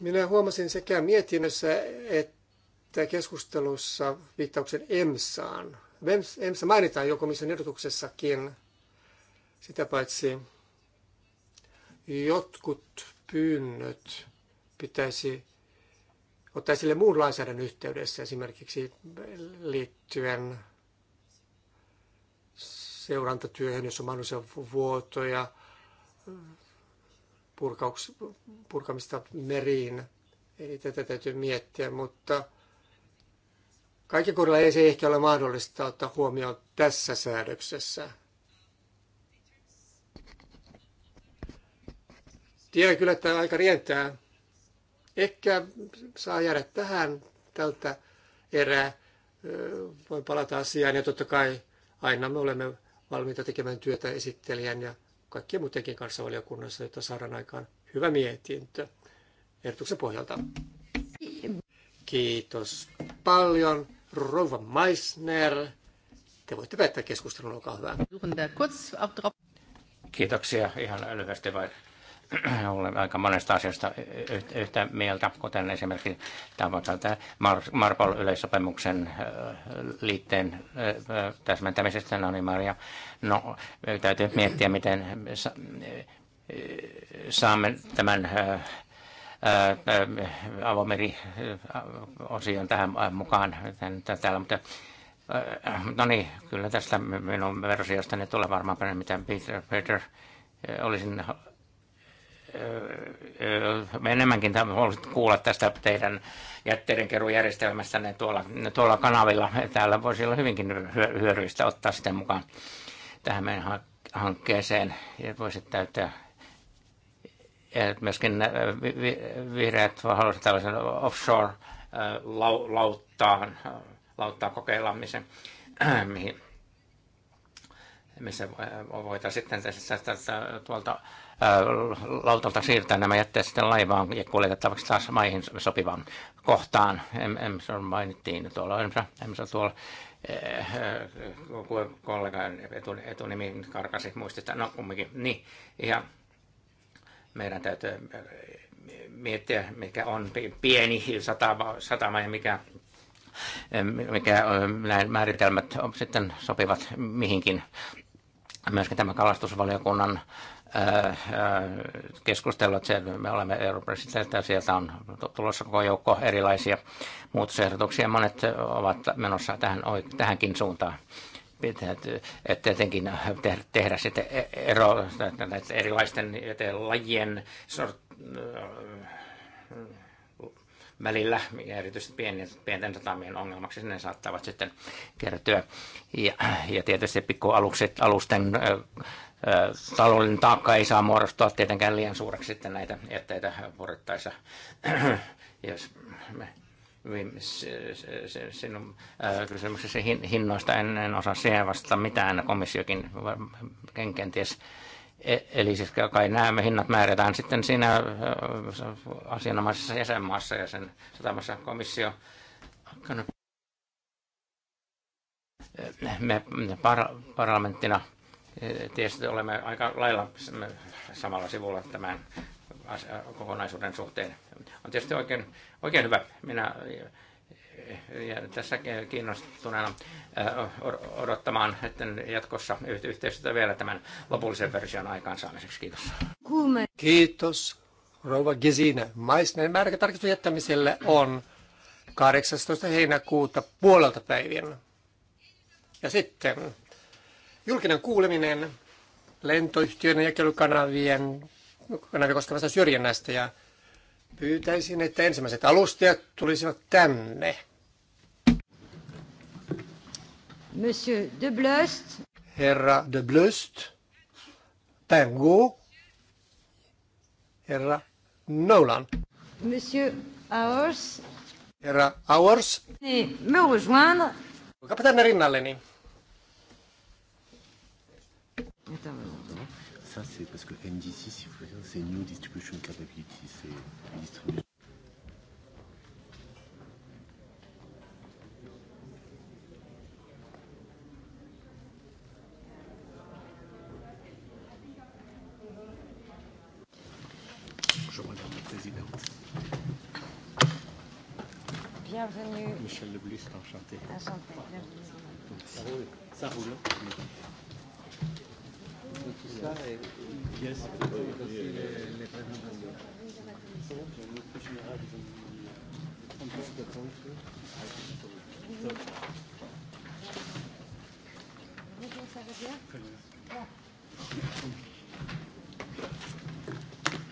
Minä huomasin sekä mietinnössä että keskustelussa viittauksen EMSAan. EMSA mainitaan joko missä ehdotuksessakin. Sitä paitsi jotkut pyynnöt pitäisi ottaa esille muun lainsäädännön yhteydessä esimerkiksi liittyen seurantatyöhön, jossa on mahdollisia vuotoja, purkamista meriin. Eli tätä täytyy miettiä, mutta kaiken kohdalla ei se ehkä ole mahdollista ottaa huomioon tässä säädöksessä. Tiedän kyllä, että aika rientää. Ehkä saa jäädä tähän tältä erää. Voi palata asiaan ja totta kai aina me olemme valmiita tekemään työtä esittelijän ja kaikkien muidenkin kanssa valiokunnassa, jotta saadaan aikaan hyvä mietintö ehdotuksen pohjalta. Kiitos paljon, Rouva Meissner. Te voitte päättää keskustelun, olkaa hyvä. Kiitoksia ihan lyhyesti vain Olen aika monesta asiasta yhtä mieltä, kuten esimerkiksi tämä Marpol-yleissopimuksen liitteen täsmentämisestä, no niin Maria, no täytyy miettiä, miten saamme tämän avameri-osion tähän mukaan täällä, mutta no niin, kyllä tästä minun versiostani tulee varmaan paremmin, mitä Peter, Peter olisin me enemmänkin haluaisin kuulla tästä teidän jätteidenkeruujärjestelmästänne tuolla, tuolla kanavilla. Täällä voisi olla hyvinkin hyödyllistä ottaa sitten mukaan tähän meidän hankkeeseen. Ja voisi täyttää myöskin vihreät haluaisivat tällaisen offshore-lauttaan lauttaa kokeilamisen, missä voitaisiin sitten tästä, tästä, tuolta lautalta siirtää nämä jätteet sitten laivaan ja kuljetettavaksi taas maihin sopivaan kohtaan. Ems mainittiin tuolla, Emsa tuolla kollegan etunimi karkasi muistista. No kumminkin, niin ihan meidän täytyy miettiä, mikä on pieni satama, satama ja mikä, mikä näin määritelmät sitten sopivat mihinkin myöskin tämä kalastusvaliokunnan Äh, äh, keskustellut. Sen, me olemme Euroopan että sieltä on tulossa koko joukko erilaisia muutosehdotuksia. Monet ovat menossa tähän, tähänkin suuntaan. että tietenkin tehdä, sitten e-, ero erilaisten lajien sort, välillä, ja erityisesti pienien, pienten satamien ongelmaksi ne saattavat sitten kertyä. Ja, ja tietysti pikkualusten taloudellinen taakka ei saa muodostua tietenkään liian suureksi sitten näitä jätteitä purettaessa. Jos me sinun kysymyksesi hinnoista en, en osaa siihen vastata mitään, komissiokin kenties. E, eli siis kai nämä hinnat määrätään sitten siinä asianomaisessa jäsenmaassa ja sen satamassa komissio me parlamenttina Eh, tietysti olemme aika lailla samalla sivulla tämän kokonaisuuden suhteen. On tietysti oikein, oikein hyvä. Minä eh, ja tässä kiinnostuneena eh, odottamaan että jatkossa yhteistyötä vielä tämän lopullisen version aikaansaamiseksi. Kiitos. Kiitos. Rouva Gesine. Maisnen märkä tarkistus jättämiselle on 18. heinäkuuta puolelta päivien. Ja sitten Julkinen kuuleminen lentoyhtiöiden jakelukanavien kanavien koskevasta syrjinnästä ja pyytäisin, että ensimmäiset alustajat tulisivat tänne. Monsieur de Blust. Herra de Blust. Pangu. Herra Nolan. Monsieur Hours. Herra Hours. Niin, me rejoindre. Olkaapa rinnalleni. Ça, c'est parce que NDC, si vous voulez, c'est New Distribution Capability. C'est une distribution. Bonjour, Madame la Présidente. Bienvenue. Michel Leblis, enchanté. Enchanté, bienvenue. Ça roule. Ça roule de tout ça et yes. aussi les, les présentations.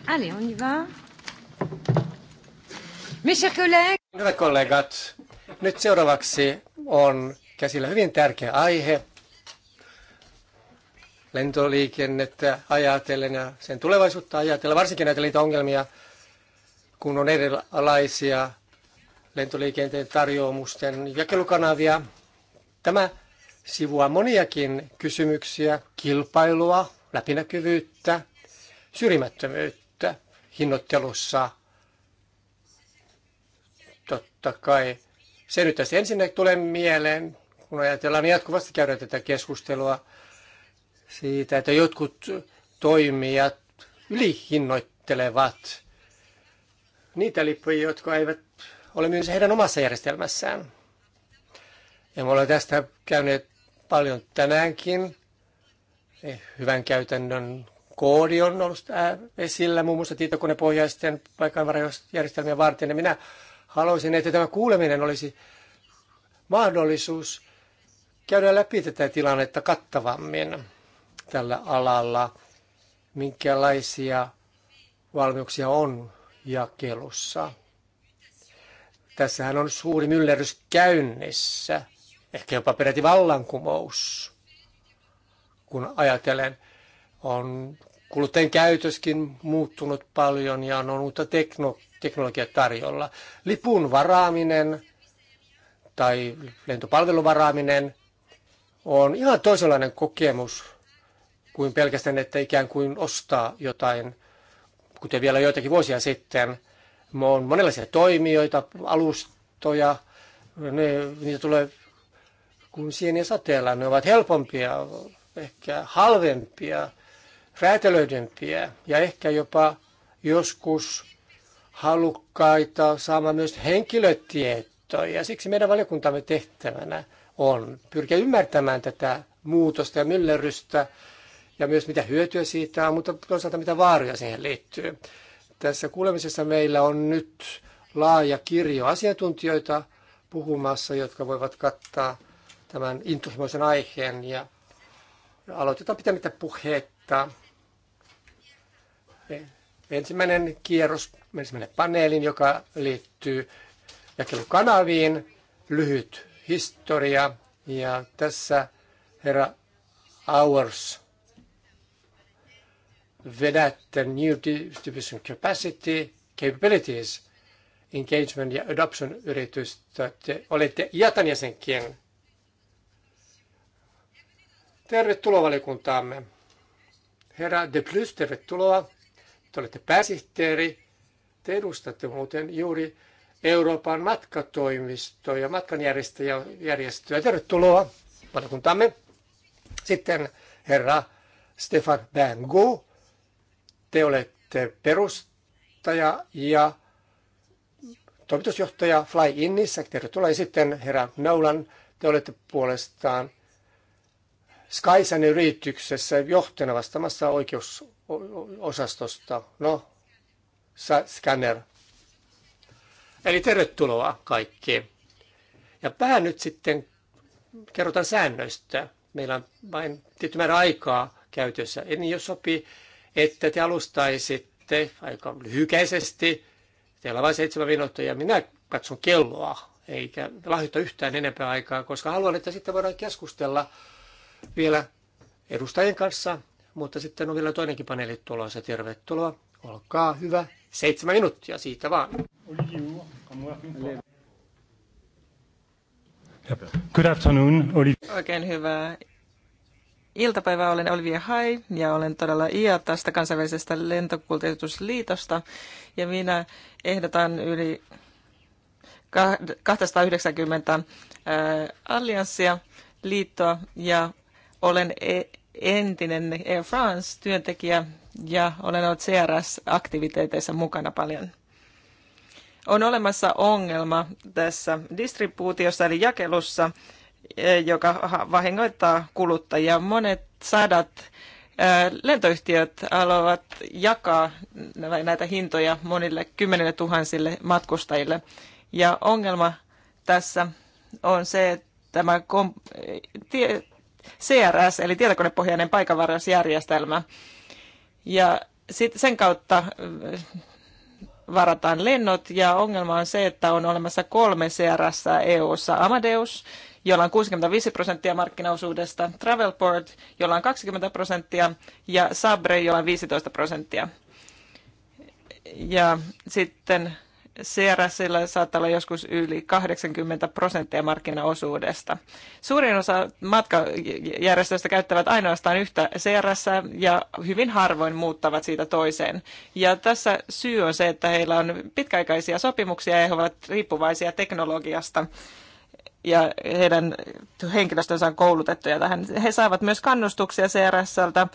Allez, on y va. Mes chers collègues. Hyvät kollegat, nyt seuraavaksi on käsillä hyvin tärkeä aihe, lentoliikennettä ajatellen ja sen tulevaisuutta ajatellen, varsinkin näitä niitä ongelmia, kun on erilaisia lentoliikenteen tarjoamusten jakelukanavia. Tämä sivua moniakin kysymyksiä, kilpailua, läpinäkyvyyttä, syrjimättömyyttä hinnoittelussa. Totta kai. Se nyt tässä ensin tulee mieleen, kun ajatellaan jatkuvasti käydä tätä keskustelua siitä, että jotkut toimijat ylihinnoittelevat niitä lippuja, jotka eivät ole myös heidän omassa järjestelmässään. Ja me olemme tästä käyneet paljon tänäänkin. Eh, hyvän käytännön koodi on ollut esillä muun muassa tietokonepohjaisten paikanvarajärjestelmien varten. Ja minä haluaisin, että tämä kuuleminen olisi mahdollisuus käydä läpi tätä tilannetta kattavammin tällä alalla, minkälaisia valmiuksia on jakelussa. Tässähän on suuri myllerys käynnissä, ehkä jopa peräti vallankumous, kun ajatellen on kuluttajien käytöskin muuttunut paljon ja on uutta tekno, teknologiaa tarjolla. Lipun varaaminen tai lentopalvelun varaaminen on ihan toisenlainen kokemus kuin pelkästään, että ikään kuin ostaa jotain, kuten vielä joitakin vuosia sitten. On monenlaisia toimijoita, alustoja, ne, niitä tulee kuin sieniä sateella. Ne ovat helpompia, ehkä halvempia, räätälöidempiä ja ehkä jopa joskus halukkaita saamaan myös henkilötietoja. Siksi meidän valiokuntamme tehtävänä on pyrkiä ymmärtämään tätä muutosta ja myllerrystä ja myös mitä hyötyä siitä on, mutta toisaalta mitä vaaroja siihen liittyy. Tässä kuulemisessa meillä on nyt laaja kirjo asiantuntijoita puhumassa, jotka voivat kattaa tämän intohimoisen aiheen ja aloitetaan pitämättä puhetta. Ensimmäinen kierros, ensimmäinen paneelin, joka liittyy jakelukanaviin, lyhyt historia ja tässä herra Hours the New Distribution Capacity, Capabilities, Engagement ja Adoption yritystä. Te olette IATAN jäsenkien. Tervetuloa valiokuntaamme. Herra De Plus, tervetuloa. Te olette pääsihteeri. Te edustatte muuten juuri Euroopan matkatoimistoa ja matkanjärjestöjä. Tervetuloa valiokuntaamme. Sitten herra Stefan Bengo. Te olette perustaja ja toimitusjohtaja Fly Innissä. Tervetuloa ja sitten herra Nolan. Te olette puolestaan Skysan yrityksessä johtajana vastaamassa oikeusosastosta. No, scanner. Eli tervetuloa kaikki. Ja vähän nyt sitten kerrotaan säännöistä. Meillä on vain tietty määrä aikaa käytössä. Eli jos sopii, että te alustaisitte aika lyhykäisesti, teillä on vain seitsemän minuuttia ja minä katson kelloa, eikä lahjoita yhtään enempää aikaa, koska haluan, että sitten voidaan keskustella vielä edustajien kanssa, mutta sitten on vielä toinenkin paneeli tulossa. Tervetuloa, olkaa hyvä. Seitsemän minuuttia siitä vaan. Good afternoon, Olivier. Oikein hyvää iltapäivää. Olen Olivia Hai ja olen todella IA tästä kansainvälisestä lentokuljetusliitosta. Ja minä ehdotan yli 290 äh, allianssia liittoa ja olen e- entinen Air France-työntekijä ja olen ollut CRS-aktiviteeteissa mukana paljon. On olemassa ongelma tässä distribuutiossa eli jakelussa E, joka vahingoittaa kuluttajia. Monet sadat e, lentoyhtiöt haluavat jakaa näitä hintoja monille kymmenille tuhansille matkustajille. Ja ongelma tässä on se, että tämä CRS, eli tietokonepohjainen paikanvarausjärjestelmä. Ja sit sen kautta e, varataan lennot ja ongelma on se, että on olemassa kolme CRS EU-ssa, Amadeus, jolla on 65 prosenttia markkinaosuudesta, Travelport, jolla on 20 prosenttia ja Sabre, jolla on 15 prosenttia. Ja sitten CRS saattaa olla joskus yli 80 prosenttia markkinaosuudesta. Suurin osa matkajärjestöistä käyttävät ainoastaan yhtä CRS ja hyvin harvoin muuttavat siitä toiseen. Ja tässä syy on se, että heillä on pitkäaikaisia sopimuksia ja he ovat riippuvaisia teknologiasta ja heidän henkilöstönsä on koulutettuja tähän. He saavat myös kannustuksia CRSltä,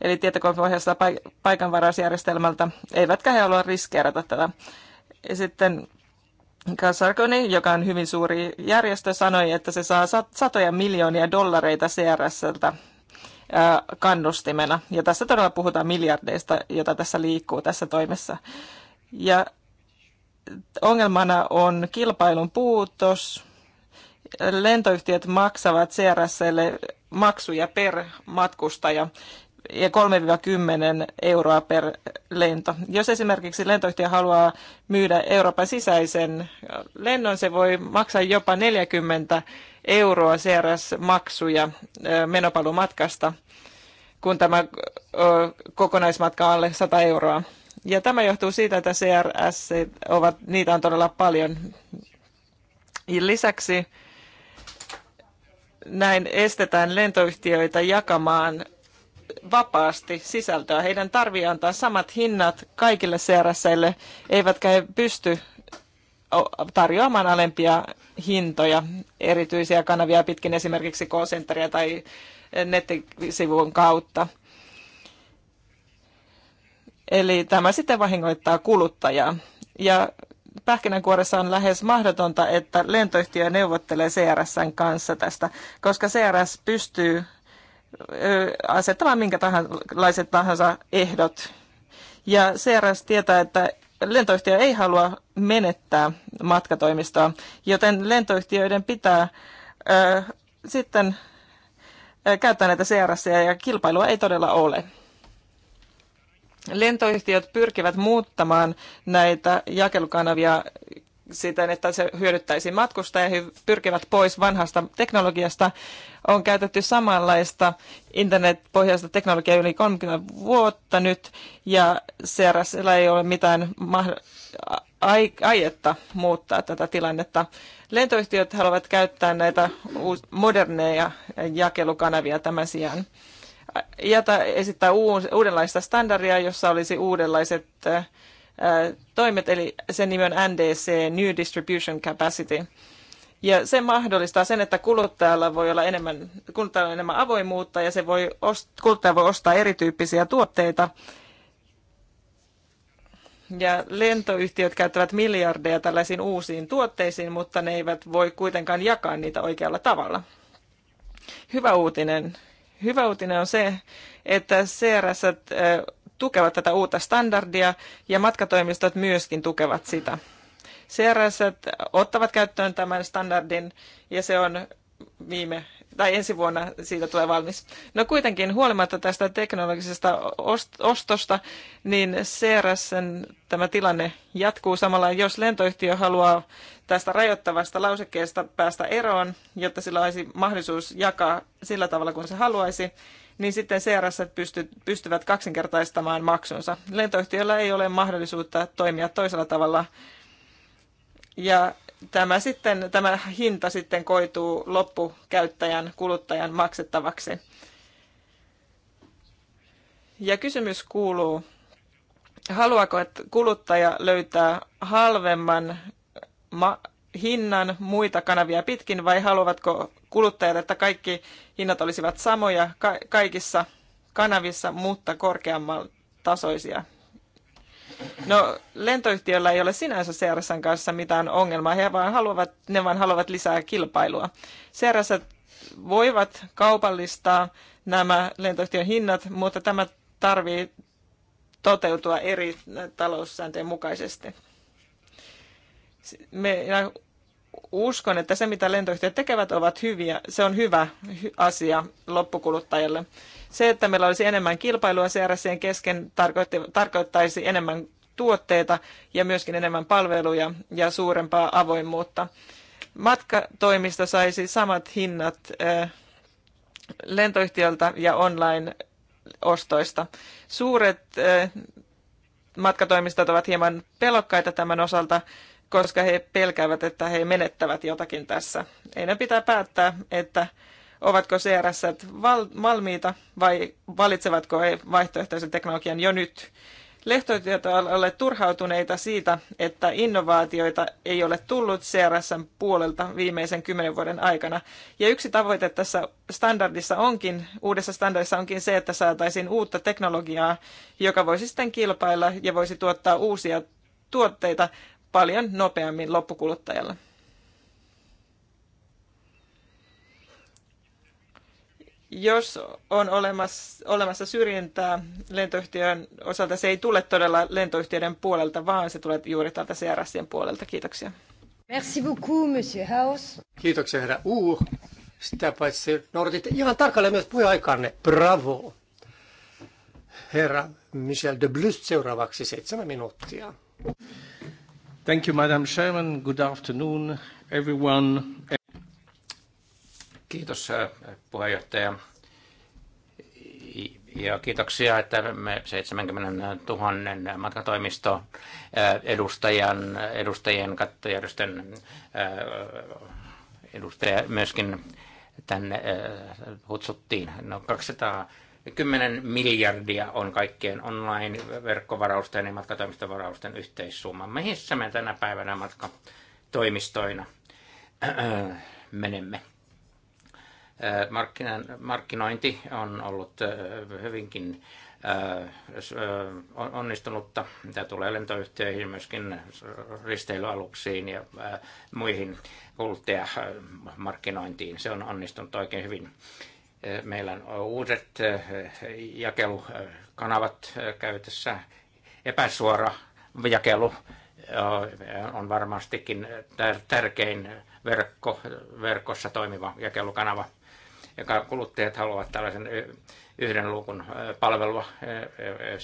eli tietokonepohjaisesta paikanvarausjärjestelmältä, eivätkä he halua riskeerata tätä. Ja sitten Sarkoni, joka on hyvin suuri järjestö, sanoi, että se saa satoja miljoonia dollareita CRSltä kannustimena. Ja tässä todella puhutaan miljardeista, jota tässä liikkuu tässä toimessa. Ja ongelmana on kilpailun puutos, lentoyhtiöt maksavat CRSlle maksuja per matkustaja ja 3-10 euroa per lento. Jos esimerkiksi lentoyhtiö haluaa myydä Euroopan sisäisen lennon, se voi maksaa jopa 40 euroa CRS-maksuja menopalumatkasta, kun tämä kokonaismatka on alle 100 euroa. Ja tämä johtuu siitä, että CRS ovat, niitä on todella paljon. Ja lisäksi näin estetään lentoyhtiöitä jakamaan vapaasti sisältöä. Heidän tarvii antaa samat hinnat kaikille CRSille, eivätkä he pysty tarjoamaan alempia hintoja, erityisiä kanavia pitkin esimerkiksi k tai nettisivun kautta. Eli tämä sitten vahingoittaa kuluttajaa. Ja pähkinänkuoressa on lähes mahdotonta, että lentoyhtiö neuvottelee CRSn kanssa tästä, koska CRS pystyy asettamaan minkä tahansa, tahansa ehdot. Ja CRS tietää, että lentoyhtiö ei halua menettää matkatoimistoa, joten lentoyhtiöiden pitää ö, sitten ö, käyttää näitä CRS ja kilpailua ei todella ole lentoyhtiöt pyrkivät muuttamaan näitä jakelukanavia siten, että se hyödyttäisi matkustajia. He pyrkivät pois vanhasta teknologiasta. On käytetty samanlaista internetpohjaista teknologiaa yli 30 vuotta nyt, ja CRSillä ei ole mitään aietta muuttaa tätä tilannetta. Lentoyhtiöt haluavat käyttää näitä moderneja jakelukanavia tämän sijaan jätä esittää uudenlaista standardia, jossa olisi uudenlaiset toimet, eli sen nimi on NDC, New Distribution Capacity. Ja se mahdollistaa sen, että kuluttajalla voi olla enemmän, kuluttajalla on enemmän avoimuutta ja se voi, kuluttaja voi ostaa erityyppisiä tuotteita. Ja lentoyhtiöt käyttävät miljardeja tällaisiin uusiin tuotteisiin, mutta ne eivät voi kuitenkaan jakaa niitä oikealla tavalla. Hyvä uutinen Hyvä uutinen on se, että CRS äh, tukevat tätä uutta standardia ja matkatoimistot myöskin tukevat sitä. CRS ottavat käyttöön tämän standardin ja se on viime tai ensi vuonna siitä tulee valmis. No kuitenkin huolimatta tästä teknologisesta ostosta, niin CRSn tämä tilanne jatkuu samalla. Jos lentoyhtiö haluaa tästä rajoittavasta lausekkeesta päästä eroon, jotta sillä olisi mahdollisuus jakaa sillä tavalla kuin se haluaisi, niin sitten CRS pystyvät kaksinkertaistamaan maksunsa. Lentoyhtiöllä ei ole mahdollisuutta toimia toisella tavalla ja tämä, sitten, tämä hinta sitten koituu loppukäyttäjän, kuluttajan maksettavaksi. Ja kysymys kuuluu, haluaako että kuluttaja löytää halvemman hinnan muita kanavia pitkin vai haluavatko kuluttajat, että kaikki hinnat olisivat samoja ka- kaikissa kanavissa, mutta korkeamman tasoisia? No, lentoyhtiöllä ei ole sinänsä CRSn kanssa mitään ongelmaa, he vaan haluavat, ne vaan haluavat lisää kilpailua. CRS voivat kaupallistaa nämä lentoyhtiön hinnat, mutta tämä tarvii toteutua eri taloussääntöjen mukaisesti. Me uskon, että se mitä lentoyhtiöt tekevät ovat hyviä, se on hyvä asia loppukuluttajalle. Se, että meillä olisi enemmän kilpailua CRSien kesken, tarkoittaisi enemmän tuotteita ja myöskin enemmän palveluja ja suurempaa avoimuutta. Matkatoimisto saisi samat hinnat lentoyhtiöltä ja online-ostoista. Suuret matkatoimistot ovat hieman pelokkaita tämän osalta, koska he pelkäävät, että he menettävät jotakin tässä. Heidän pitää päättää, että ovatko CRS valmiita vai valitsevatko vaihtoehtoisen teknologian jo nyt. on olleet turhautuneita siitä, että innovaatioita ei ole tullut CRSn puolelta viimeisen kymmenen vuoden aikana. Ja yksi tavoite tässä standardissa onkin, uudessa standardissa onkin se, että saataisiin uutta teknologiaa, joka voisi sitten kilpailla ja voisi tuottaa uusia tuotteita paljon nopeammin loppukuluttajalle. jos on olemassa, olemassa syrjintää lentoyhtiön osalta, se ei tule todella lentoyhtiöiden puolelta, vaan se tulee juuri täältä CRSien puolelta. Kiitoksia. Merci beaucoup, monsieur House. Kiitoksia, herra U. Sitä paitsi noudatit ihan tarkalleen myös puheaikanne. Bravo. Herra Michel de Blust seuraavaksi seitsemän minuuttia. Thank you, Madam Chairman. Good afternoon, everyone. Kiitos puheenjohtaja. Ja kiitoksia, että me 70 000 matkatoimisto edustajan, edustajien kattojärjestön edustaja myöskin tänne kutsuttiin. No 210 miljardia on kaikkien online-verkkovarausten ja matkatoimistovarausten yhteissumma. Mihin me tänä päivänä matkatoimistoina menemme? markkinointi on ollut hyvinkin onnistunutta, mitä tulee lentoyhtiöihin, myöskin risteilyaluksiin ja muihin kuluttajamarkkinointiin. Se on onnistunut oikein hyvin. Meillä on uudet jakelukanavat käytössä, epäsuora jakelu on varmastikin tärkein verkko, verkossa toimiva jakelukanava – ja kuluttajat haluavat tällaisen yhden luukun palvelua,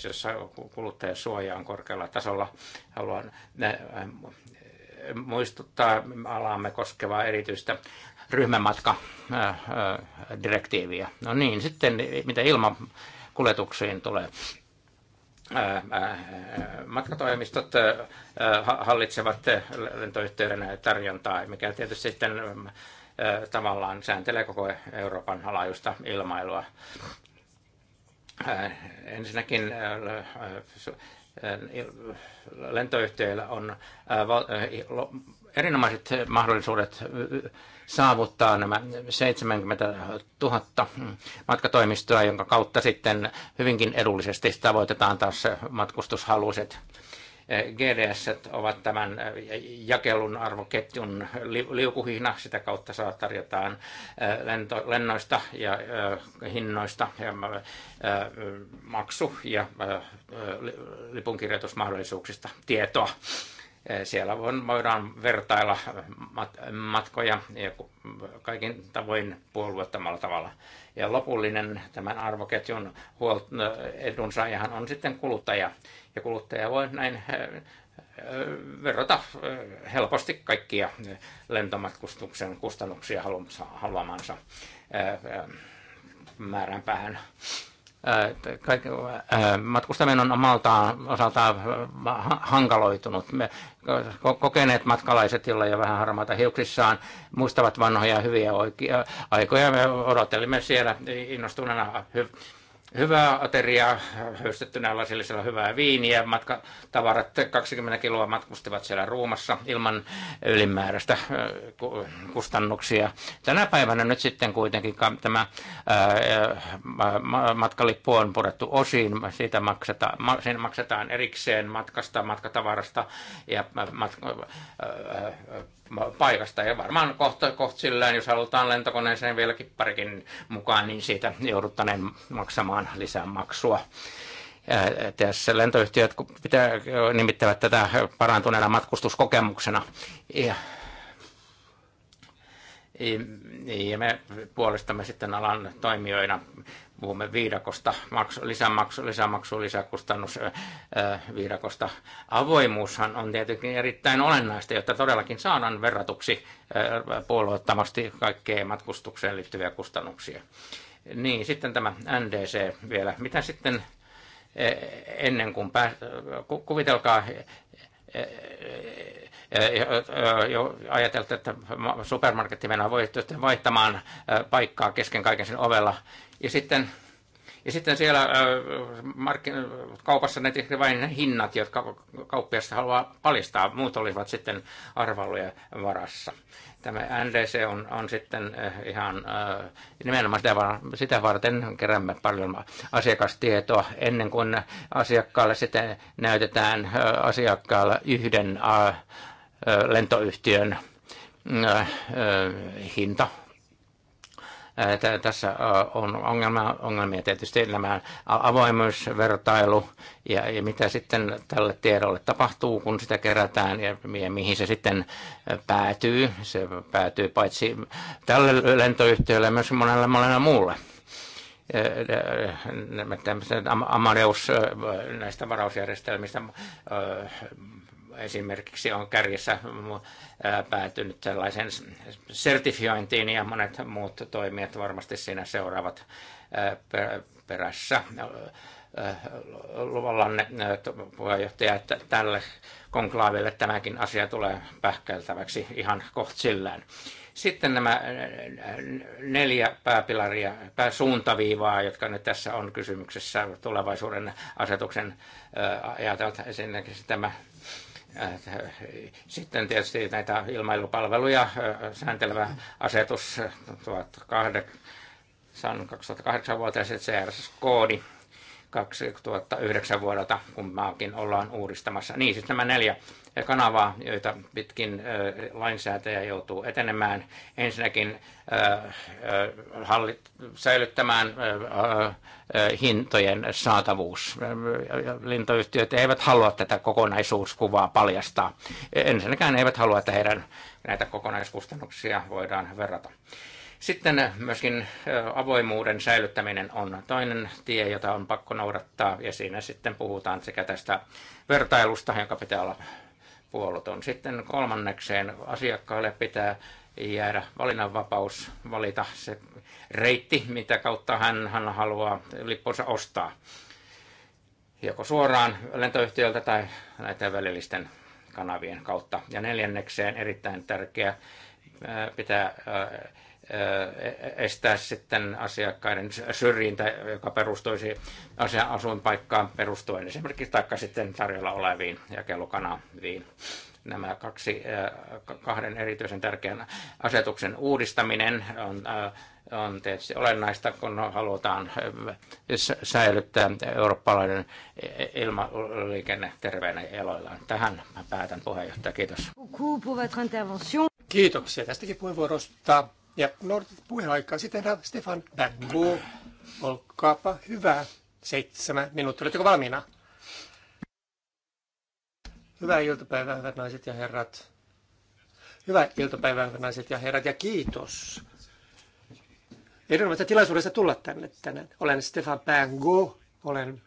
jossa kuluttajasuoja on korkealla tasolla. Haluan muistuttaa alaamme koskevaa erityistä ryhmämatkadirektiiviä. No niin, sitten mitä ilmakuljetuksiin tulee. Matkatoimistot hallitsevat lentoyhteyden tarjontaa, mikä tietysti sitten tavallaan sääntelee koko Euroopan laajuista ilmailua. Ensinnäkin lentoyhtiöillä on erinomaiset mahdollisuudet saavuttaa nämä 70 000 matkatoimistoa, jonka kautta sitten hyvinkin edullisesti tavoitetaan taas matkustushaluiset GDS ovat tämän jakelun arvoketjun liukuhihna, sitä kautta saa tarjotaan lento, lennoista ja hinnoista ja maksu- ja lipunkirjoitusmahdollisuuksista tietoa. Siellä voidaan vertailla matkoja kaikin tavoin puolueettomalla tavalla. Ja lopullinen tämän arvoketjun edunsaajahan on sitten kuluttaja ja kuluttaja voi näin äh, äh, verrata äh, helposti kaikkia lentomatkustuksen kustannuksia haluamansa määränpäähän. Kaik, matkustaminen on omaltaan osaltaan hankaloitunut. Me kokeneet matkalaiset, joilla jo vähän harmaata hiuksissaan, muistavat vanhoja hyviä oikea aikoja. Me odotelimme siellä innostuneena hyvää ateriaa, höystettynä lasillisella hyvää viiniä. Matka, tavarat 20 kiloa matkustivat siellä ruumassa ilman ylimääräistä kustannuksia. Tänä päivänä nyt sitten kuitenkin tämä matkalippu on purettu osiin. Siitä maksetaan, sen maksetaan erikseen matkasta, matkatavarasta ja matka, paikasta. Ja varmaan kohta, kohta sillään, jos halutaan lentokoneeseen vieläkin parikin mukaan, niin siitä jouduttaneen maksamaan ilman lisämaksua. Tässä lentoyhtiöt pitää, nimittävät tätä parantuneena matkustuskokemuksena. Ja ja me puolestamme sitten alan toimijoina puhumme viidakosta, maksu, lisämaksu, lisämaksu, lisäkustannus viidakosta. Avoimuushan on tietenkin erittäin olennaista, jotta todellakin saadaan verratuksi puolueettomasti kaikkeen matkustukseen liittyviä kustannuksia. Niin, sitten tämä NDC vielä. Mitä sitten e, ennen kuin pää, kuvitelkaa, e, e, jo ajateltu, että mennä voi vaihtamaan paikkaa kesken kaiken sen ovella. Ja sitten, ja sitten siellä markkin, kaupassa ne vain ne hinnat, jotka kauppiasta haluaa paljastaa. Muut olivat sitten arvailujen varassa. Tämä NDC on, on sitten eh, ihan eh, nimenomaan sitä, sitä varten keräämme paljon asiakastietoa ennen kuin asiakkaalle sitten näytetään eh, asiakkaalle yhden lentoyhtiön hinta tässä on ongelma, ongelmia tietysti nämä avoimuusvertailu ja, ja mitä sitten tälle tiedolle tapahtuu, kun sitä kerätään ja, ja mihin se sitten päätyy. Se päätyy paitsi tälle lentoyhtiölle myös monelle monelle muulle. Amadeus näistä varausjärjestelmistä esimerkiksi on kärjessä päätynyt sellaisen sertifiointiin ja monet muut toimijat varmasti siinä seuraavat perässä luvallanne puheenjohtaja, että tälle konklaaville tämäkin asia tulee pähkäiltäväksi ihan kohtsillään. Sitten nämä neljä pääpilaria, pääsuuntaviivaa, jotka nyt tässä on kysymyksessä tulevaisuuden asetuksen ajatelta. Esimerkiksi tämä Äh, sitten tietysti näitä ilmailupalveluja äh, sääntelevä asetus 2008 vuotta CRS-koodi 2009 vuodelta, kun maakin ollaan uudistamassa. Niin, sitten siis nämä neljä kanavaa, joita pitkin lainsäätäjä joutuu etenemään. Ensinnäkin hallit, säilyttämään hintojen saatavuus. Lintoyhtiöt eivät halua tätä kokonaisuuskuvaa paljastaa. Ensinnäkään eivät halua, että heidän näitä kokonaiskustannuksia voidaan verrata. Sitten äh, myöskin äh, avoimuuden säilyttäminen on toinen tie, jota on pakko noudattaa, ja siinä sitten puhutaan sekä tästä vertailusta, jonka pitää olla puoluton. Sitten kolmannekseen asiakkaalle pitää jäädä valinnanvapaus valita se reitti, mitä kautta hän, hän haluaa lippunsa ostaa. Joko suoraan lentoyhtiöltä tai näiden välillisten kanavien kautta. Ja neljännekseen erittäin tärkeä äh, pitää E-, estää sitten asiakkaiden syrjintä, joka perustuisi asian asuinpaikkaan perustuen esimerkiksi taikka sitten tarjolla oleviin jakelukanaviin. Nämä kaksi, kahden erityisen tärkeän asetuksen uudistaminen on, on tietysti olennaista, kun halutaan säilyttää eurooppalainen e-, ilmaliikenne terveenä eloillaan. Tähän päätän puheenjohtaja. Kiitos. Kiitoksia tästäkin puheenvuorosta. Ja noudatit puheenaikaa Sitten Stefan Backo, olkaapa hyvä. Seitsemän minuuttia. Oletteko valmiina? Hyvää iltapäivää, hyvät naiset ja herrat. Hyvää iltapäivää, hyvät naiset ja herrat, ja kiitos erinomaisesta tilaisuudesta tulla tänne tänään. Olen Stefan Pango, olen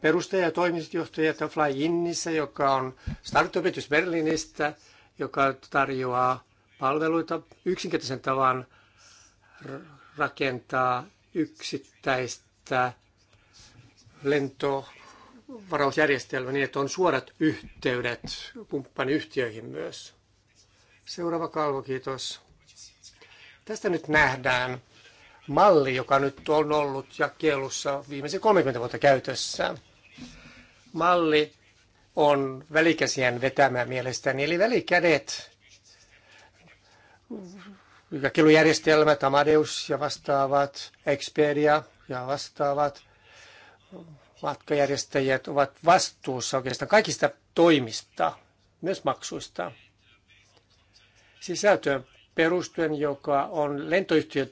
perustaja ja toimitusjohtaja Fly Innissä, joka on startup Berliinistä, joka tarjoaa palveluita yksinkertaisen tavan rakentaa yksittäistä lentovarausjärjestelmää niin, että on suorat yhteydet kumppaniyhtiöihin myös. Seuraava kalvo, kiitos. Tästä nyt nähdään malli, joka nyt on ollut jakelussa viimeisen 30 vuotta käytössä. Malli on välikäsien vetämä mielestäni, eli välikädet jakelujärjestelmät, Amadeus ja vastaavat, Expedia ja vastaavat matkajärjestäjät ovat vastuussa oikeastaan kaikista toimista, myös maksuista. Sisältöön perustuen, joka on lentoyhtiön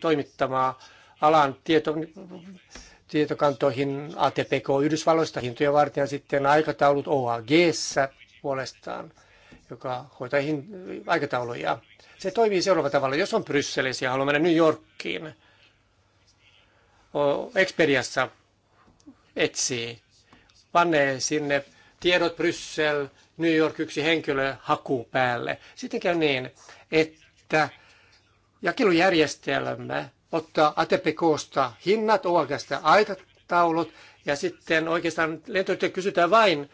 toimittamaa alan tieto, tietokantoihin ATPK Yhdysvalloista hintoja varten ja sitten aikataulut oag puolestaan – joka hoitaa aikatauluja. Se toimii seuraavalla tavalla. Jos on Brysselissä ja haluaa mennä New Yorkiin, Expediassa etsii, panee sinne tiedot Bryssel, New York yksi henkilö hakuu päälle. Sitten käy niin, että jakelujärjestelmä ottaa ATP-koosta hinnat, oikeastaan aikataulut ja sitten oikeastaan lentoyhtiö kysytään vain,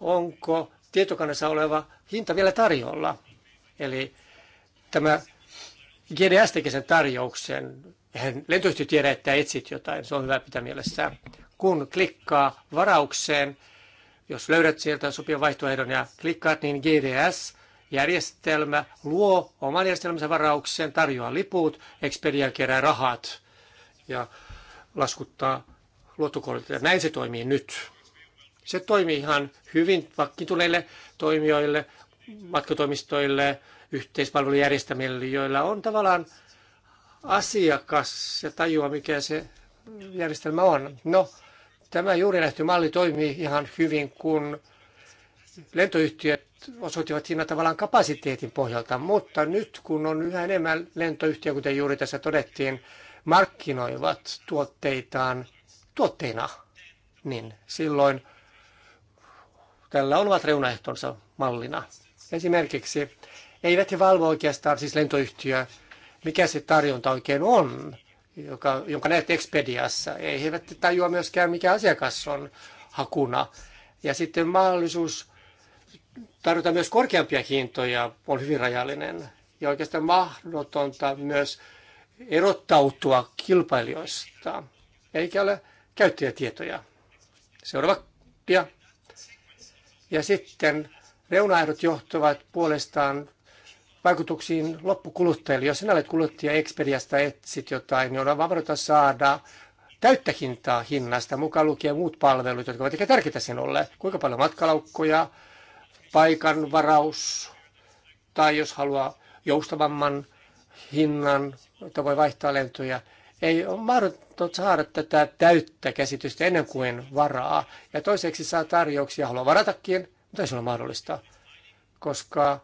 onko tietokannassa oleva hinta vielä tarjolla. Eli tämä GDS teki sen tarjouksen. Hän lentoyhtiö tiedä, että etsit jotain. Se on hyvä pitää mielessä. Kun klikkaa varaukseen, jos löydät sieltä sopivan vaihtoehdon ja klikkaat, niin GDS järjestelmä luo oman järjestelmänsä varauksen, tarjoaa liput, Expedia kerää rahat ja laskuttaa luottokortilta. Näin se toimii nyt. Se toimii ihan hyvin vakkituneille toimijoille, matkatoimistoille, yhteispalvelujärjestelmille, joilla on tavallaan asiakas ja tajua, mikä se järjestelmä on. No, tämä juuri nähty malli toimii ihan hyvin, kun lentoyhtiöt osoittivat siinä tavallaan kapasiteetin pohjalta, mutta nyt kun on yhä enemmän lentoyhtiö, kuten juuri tässä todettiin, markkinoivat tuotteitaan tuotteina, niin silloin Tällä on omat reunaehtonsa mallina. Esimerkiksi eivät he valvo oikeastaan siis lentoyhtiöä, mikä se tarjonta oikein on, joka, jonka näet Expediassa. Ei he eivät tajua myöskään, mikä asiakas on hakuna. Ja sitten mahdollisuus tarjota myös korkeampia hintoja on hyvin rajallinen. Ja oikeastaan mahdotonta myös erottautua kilpailijoista, eikä ole käyttäjätietoja. Seuraava dia. Ja sitten reunaehdot johtavat puolestaan vaikutuksiin loppukuluttajille. Jos sinä olet kuluttaja Expediasta etsit jotain, niin on vaarallista saada täyttä hintaa hinnasta, mukaan lukien muut palvelut, jotka ovat ehkä tärkeitä sinulle. Kuinka paljon matkalaukkuja, paikan varaus, tai jos haluaa joustavamman hinnan, että voi vaihtaa lentoja, ei ole mahdotonta saada tätä täyttä käsitystä ennen kuin varaa. Ja toiseksi saa tarjouksia, haluaa varatakin, mutta ei se ole mahdollista, koska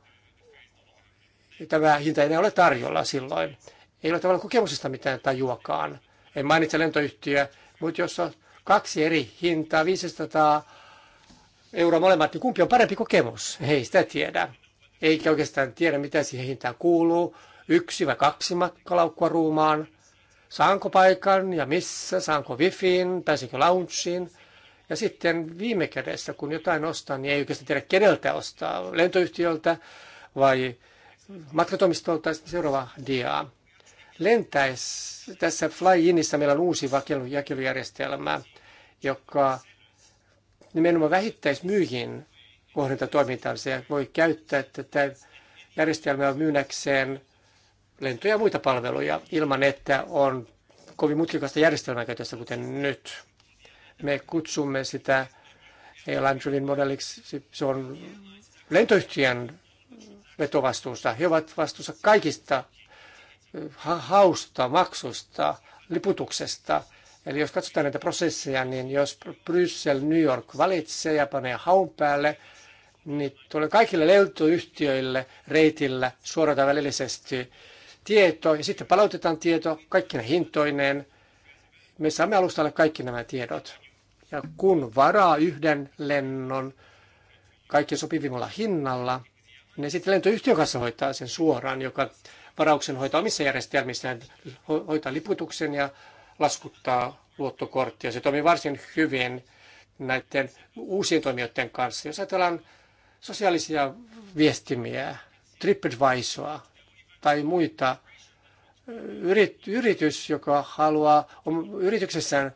tämä hinta ei ole tarjolla silloin. Ei ole tavallaan kokemuksesta mitään tajuakaan. En mainitse lentoyhtiöä, mutta jos on kaksi eri hintaa, 500 euroa molemmat, niin kumpi on parempi kokemus? Ei sitä tiedä. Eikä oikeastaan tiedä, mitä siihen hintaan kuuluu. Yksi vai kaksi matkalaukkua ruumaan – saanko paikan ja missä, saanko wifiin, pääsenkö loungeen. Ja sitten viime kädessä, kun jotain ostaa, niin ei oikeastaan tiedä keneltä ostaa, lentoyhtiöltä vai matkatoimistolta. Sitten seuraava dia. Lentäessä tässä Flyinissa meillä on uusi jakelujärjestelmä, joka nimenomaan vähittäismyyjien kohdenta toimintaansa ja voi käyttää tätä järjestelmää myynnäkseen lentoja ja muita palveluja ilman, että on kovin mutkikasta järjestelmää käytössä, kuten nyt. Me kutsumme sitä Airline Driven Modeliksi. Se on lentoyhtiön vetovastuussa. He ovat vastuussa kaikista eh, ha hausta, maksusta, liputuksesta. Eli jos katsotaan näitä prosesseja, niin jos Bryssel, New York valitsee ja panee haun päälle, niin tulee kaikille lentoyhtiöille reitillä suorata välillisesti tieto ja sitten palautetaan tieto kaikkina hintoineen. Me saamme alustalle kaikki nämä tiedot. Ja kun varaa yhden lennon kaikki sopivimmalla hinnalla, niin sitten lentoyhtiön kanssa hoitaa sen suoraan, joka varauksen hoitaa omissa järjestelmissään, hoitaa liputuksen ja laskuttaa luottokorttia. Se toimii varsin hyvin näiden uusien toimijoiden kanssa. Jos ajatellaan sosiaalisia viestimiä, TripAdvisoa, tai muita yritys, joka haluaa yrityksessään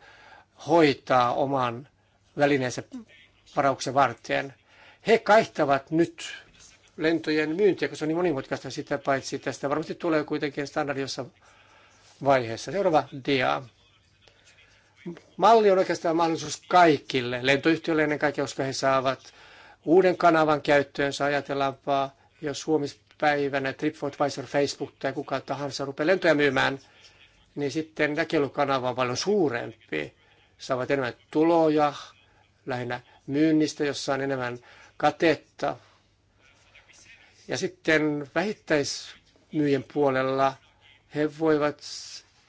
hoitaa oman välineensä varauksen varten. He kaihtavat nyt lentojen myyntiä, koska se on niin monimutkaista sitä paitsi. Tästä varmasti tulee kuitenkin standardi jossain vaiheessa. Seuraava dia. Malli on oikeastaan mahdollisuus kaikille. Lentoyhtiöille ennen kaikkea, koska he saavat uuden kanavan käyttöönsä. Ajatellaanpa, jos Suomi päivänä TripAdvisor, Facebook tai kuka tahansa rupeaa lentoja myymään, niin sitten jakelukanava on paljon suurempi. Saavat enemmän tuloja, lähinnä myynnistä, jossa on enemmän katetta. Ja sitten vähittäismyyjen puolella he voivat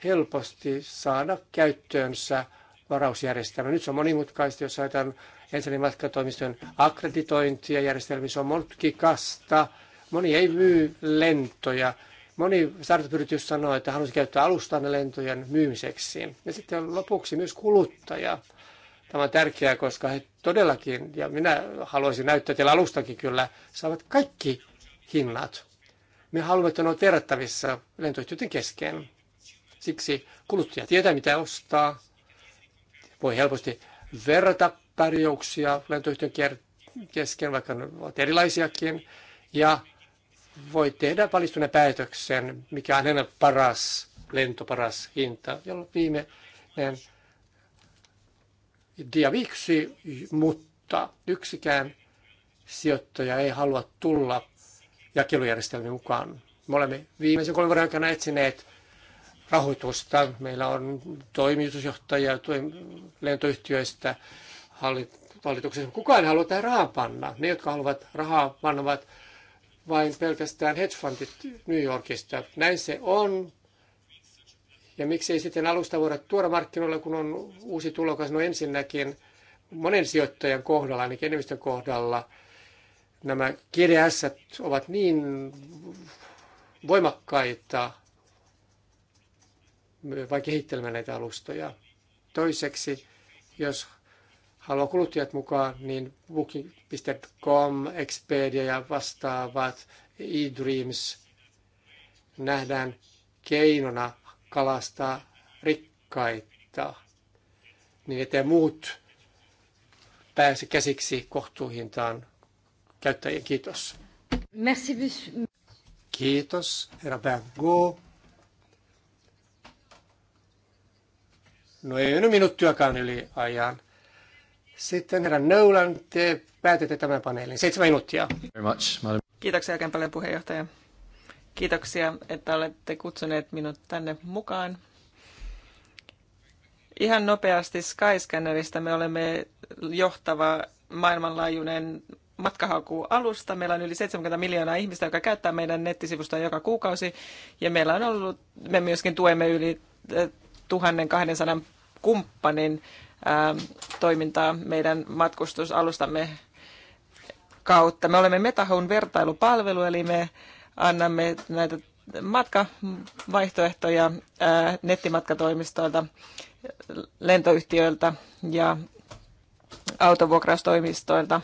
helposti saada käyttöönsä varausjärjestelmä. Nyt se on monimutkaista, jos ajatellaan ensin matkatoimiston akkreditointia järjestelmissä on motkikasta Moni ei myy lentoja. Moni startup-yritys sanoo, että halusi käyttää alustaan lentojen myymiseksi. Ja sitten lopuksi myös kuluttaja. Tämä on tärkeää, koska he todellakin, ja minä haluaisin näyttää teillä alustakin kyllä, saavat kaikki hinnat. Me haluamme, että ne on verrattavissa lentoyhtiöiden kesken. Siksi kuluttaja tietää, mitä ostaa. Voi helposti verrata tarjouksia lentoyhtiön kesken, vaikka ne ovat erilaisiakin. Ja voi tehdä valistuneen päätöksen, mikä on hänelle paras lento, paras hinta, jolloin viimeinen dia viksi, mutta yksikään sijoittaja ei halua tulla jakelujärjestelmän mukaan. Me olemme viimeisen kolmen vuoden aikana etsineet rahoitusta. Meillä on toimitusjohtajia lentoyhtiöistä hallituksessa. Kukaan ei halua tähän rahaa panna. Ne, jotka haluavat rahaa, ovat vain pelkästään hedgefundit New Yorkista. Näin se on. Ja miksi ei sitten alusta voida tuoda markkinoille, kun on uusi tulokas? No ensinnäkin monen sijoittajan kohdalla, ainakin enemmistön kohdalla, nämä GDS ovat niin voimakkaita, vai kehittelemään näitä alustoja. Toiseksi, jos haluaa kuluttajat mukaan, niin booking.com, Expedia ja vastaavat, eDreams nähdään keinona kalastaa rikkaita, niin ettei muut pääse käsiksi kohtuuhintaan käyttäjien. Kiitos. Merci. Kiitos, herra Bergo. No ei ole minuuttiakaan yli ajan. Sitten herra Nolan, te päätätte tämän paneelin. Seitsemän minuuttia. Kiitoksia oikein paljon puheenjohtaja. Kiitoksia, että olette kutsuneet minut tänne mukaan. Ihan nopeasti Skyscannerista me olemme johtava maailmanlaajuinen matkahakualusta. Meillä on yli 70 miljoonaa ihmistä, joka käyttää meidän nettisivustoa joka kuukausi. Ja meillä on ollut, me myöskin tuemme yli 1200 eh, kumppanin ähm, toimintaa meidän matkustusalustamme kautta. Me olemme Metahun vertailupalvelu, eli me annamme näitä matkavaihtoehtoja äh, nettimatkatoimistoilta, lentoyhtiöiltä ja autovuokraustoimistoilta.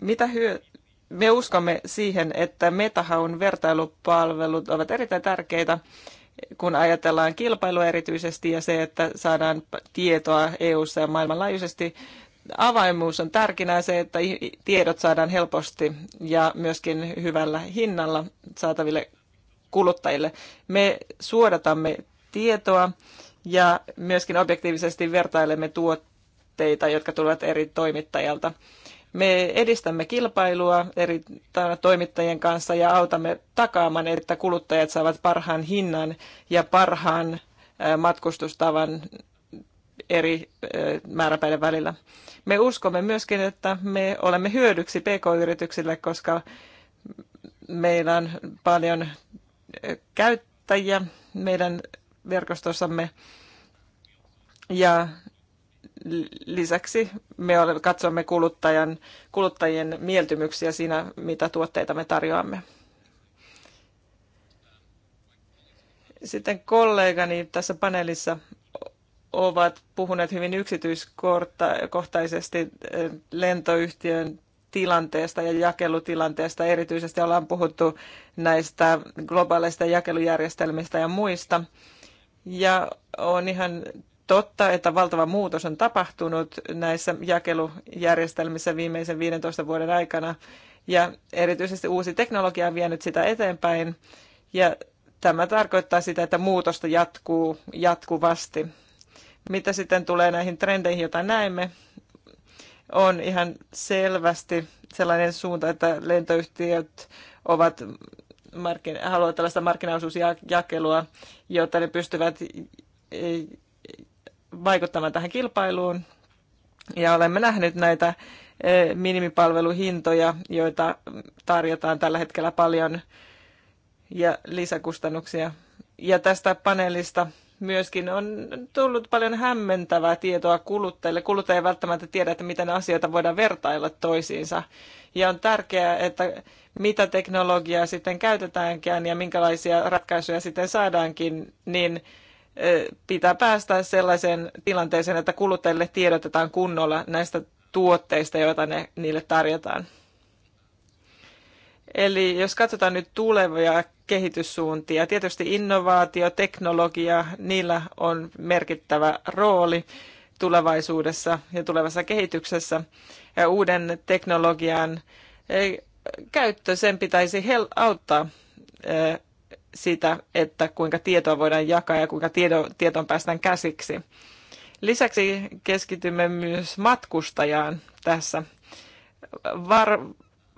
Mitä hyö- me uskomme siihen, että metahaun vertailupalvelut ovat erittäin tärkeitä, kun ajatellaan kilpailua erityisesti ja se, että saadaan tietoa EU-ssa ja maailmanlaajuisesti. Avaimuus on tärkeää se, että tiedot saadaan helposti ja myöskin hyvällä hinnalla saataville kuluttajille. Me suodatamme tietoa ja myöskin objektiivisesti vertailemme tuotteita, jotka tulevat eri toimittajalta. Me edistämme kilpailua eri toimittajien kanssa ja autamme takaamaan, että kuluttajat saavat parhaan hinnan ja parhaan matkustustavan eri määräpäiden välillä. Me uskomme myöskin, että me olemme hyödyksi pk-yrityksille, koska meillä on paljon käyttäjiä meidän verkostossamme ja lisäksi me olemme, katsomme kuluttajan, kuluttajien mieltymyksiä siinä, mitä tuotteita me tarjoamme. Sitten kollegani tässä paneelissa ovat puhuneet hyvin yksityiskohtaisesti eh, lentoyhtiön tilanteesta ja jakelutilanteesta. Erityisesti ollaan puhuttu näistä globaaleista jakelujärjestelmistä ja muista. Ja on ihan totta, että valtava muutos on tapahtunut näissä jakelujärjestelmissä viimeisen 15 vuoden aikana. Ja erityisesti uusi teknologia on vienyt sitä eteenpäin. Ja tämä tarkoittaa sitä, että muutosta jatkuu jatkuvasti. Mitä sitten tulee näihin trendeihin, joita näemme, on ihan selvästi sellainen suunta, että lentoyhtiöt ovat markkina- haluavat tällaista markkinaosuusjakelua, jotta ne pystyvät vaikuttamaan tähän kilpailuun. Ja olemme nähneet näitä eh, minimipalveluhintoja, joita tarjotaan tällä hetkellä paljon ja lisäkustannuksia. Ja tästä paneelista myöskin on tullut paljon hämmentävää tietoa kuluttajille. Kuluttaja ei välttämättä tiedä, että miten asioita voidaan vertailla toisiinsa. Ja on tärkeää, että mitä teknologiaa sitten käytetäänkään ja minkälaisia ratkaisuja sitten saadaankin, niin pitää päästä sellaiseen tilanteeseen, että kuluttajille tiedotetaan kunnolla näistä tuotteista, joita ne, niille tarjotaan. Eli jos katsotaan nyt tulevia kehityssuuntia, tietysti innovaatio, teknologia, niillä on merkittävä rooli tulevaisuudessa ja tulevassa kehityksessä. Ja uuden teknologian käyttö, sen pitäisi auttaa sitä, että kuinka tietoa voidaan jakaa ja kuinka tieto tietoon päästään käsiksi. Lisäksi keskitymme myös matkustajaan tässä. Var,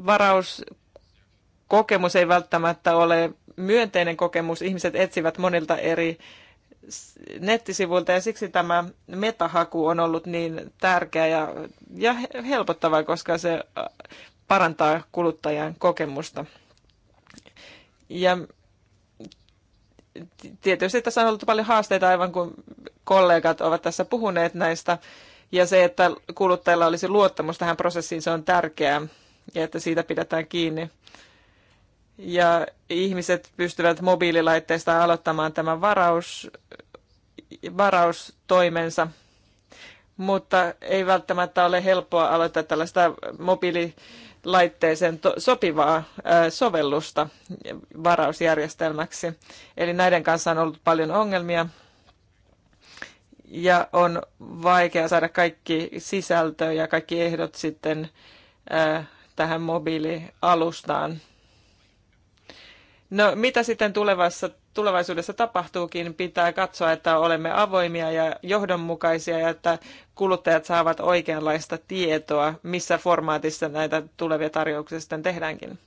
varauskokemus ei välttämättä ole myönteinen kokemus. Ihmiset etsivät monilta eri nettisivuilta ja siksi tämä metahaku on ollut niin tärkeä ja, ja helpottava, koska se äh, parantaa kuluttajan kokemusta. Ja tietysti tässä on ollut paljon haasteita, aivan kuin kollegat ovat tässä puhuneet näistä. Ja se, että kuluttajilla olisi luottamus tähän prosessiin, se on tärkeää ja että siitä pidetään kiinni. Ja ihmiset pystyvät mobiililaitteista aloittamaan tämän varaus, varaustoimensa, mutta ei välttämättä ole helppoa aloittaa tällaista mobiili laitteeseen sopivaa sovellusta varausjärjestelmäksi. Eli näiden kanssa on ollut paljon ongelmia ja on vaikea saada kaikki sisältö ja kaikki ehdot sitten tähän mobiilialustaan. No mitä sitten tulevassa tulevaisuudessa tapahtuukin, pitää katsoa, että olemme avoimia ja johdonmukaisia ja että kuluttajat saavat oikeanlaista tietoa, missä formaatissa näitä tulevia tarjouksia sitten tehdäänkin.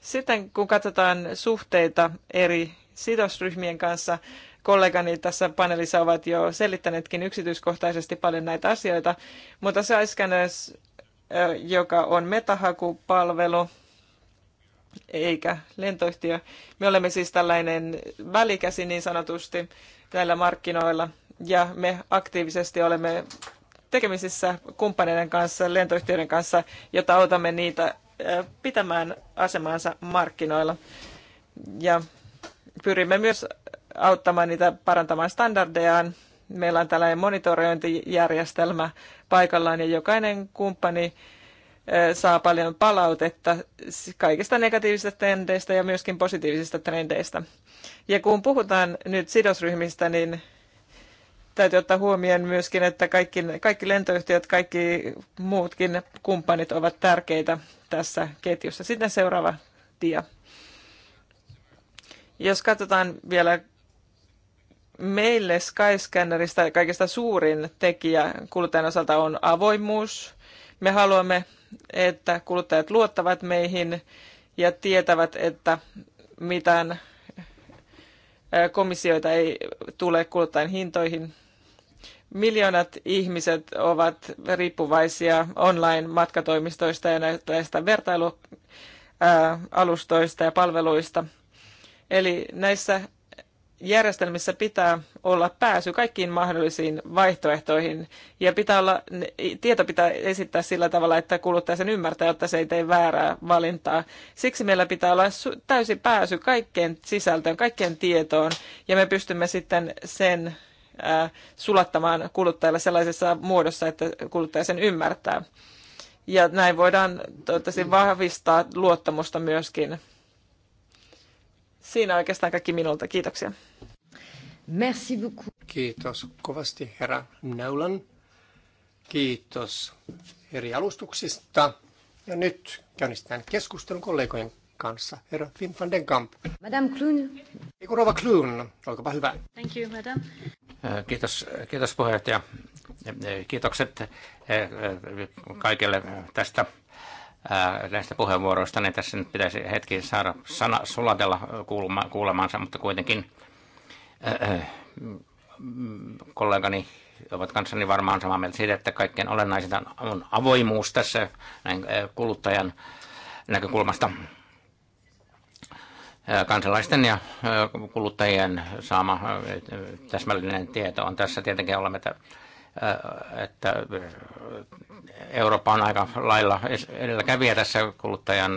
Sitten kun katsotaan suhteita eri sidosryhmien kanssa, kollegani tässä paneelissa ovat jo selittäneetkin yksityiskohtaisesti paljon näitä asioita, mutta Saiskanes, joka on metahakupalvelu, eikä lentoyhtiö. Me olemme siis tällainen välikäsi niin sanotusti näillä markkinoilla ja me aktiivisesti olemme tekemisissä kumppaneiden kanssa, lentoyhtiöiden kanssa, jota autamme niitä pitämään asemaansa markkinoilla. Ja pyrimme myös auttamaan niitä parantamaan standardejaan. Meillä on tällainen monitorointijärjestelmä paikallaan ja jokainen kumppani saa paljon palautetta kaikista negatiivisista trendeistä ja myöskin positiivisista trendeistä. Ja kun puhutaan nyt sidosryhmistä, niin täytyy ottaa huomioon myöskin, että kaikki, kaikki lentoyhtiöt, kaikki muutkin kumppanit ovat tärkeitä tässä ketjussa. Sitten seuraava dia. Jos katsotaan vielä meille Skyscannerista kaikista suurin tekijä kuluttajan osalta on avoimuus me haluamme, että kuluttajat luottavat meihin ja tietävät, että mitään komissioita ei tule kuluttajan hintoihin. Miljoonat ihmiset ovat riippuvaisia online-matkatoimistoista ja näistä vertailualustoista ja palveluista. Eli näissä järjestelmissä pitää olla pääsy kaikkiin mahdollisiin vaihtoehtoihin ja pitää olla, tieto pitää esittää sillä tavalla, että kuluttaja sen ymmärtää, jotta se ei tee väärää valintaa. Siksi meillä pitää olla täysi pääsy kaikkeen sisältöön, kaikkeen tietoon ja me pystymme sitten sen sulattamaan kuluttajalle sellaisessa muodossa, että kuluttaja sen ymmärtää. Ja näin voidaan toivottavasti vahvistaa luottamusta myöskin Siinä oikeastaan kaikki minulta. Kiitoksia. Merci beaucoup. Kiitos kovasti herra Neulan. Kiitos eri alustuksista. Ja nyt käynnistetään keskustelun kollegojen kanssa. Herra Finn van den Kamp. Madame Kluun. Eiku Rova Kluun, olkapa hyvä. Thank you, madam. Äh, kiitos, kiitos puheenjohtaja. Äh, kiitokset äh, kaikille tästä näistä puheenvuoroista, niin tässä nyt pitäisi hetki saada sana sulatella kuulema, kuulemansa, mutta kuitenkin äh, kollegani ovat kanssani varmaan samaa mieltä siitä, että kaikkein olennaisinta on avoimuus tässä näin kuluttajan näkökulmasta. Kansalaisten ja kuluttajien saama täsmällinen tieto on tässä. Tietenkin olemme että Eurooppa on aika lailla edelläkävijä tässä kuluttajan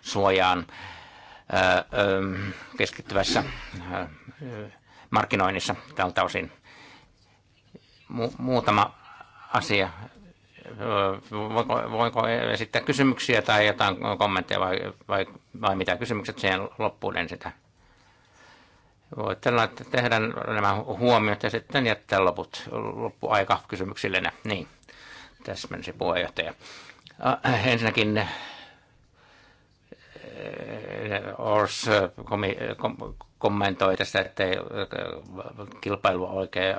suojaan keskittyvässä markkinoinnissa tältä osin. muutama asia. Voinko, voinko esittää kysymyksiä tai jotain kommentteja vai, vai, vai mitä kysymykset siihen loppuun ensin? sitä? Voit tehdä nämä huomiot ja sitten jättää loput, loppuaika kysymyksille. Niin, täsmensi puheenjohtaja. Ensinnäkin eh, Ors kommentoi tästä, ei eh, kilpailua oikein,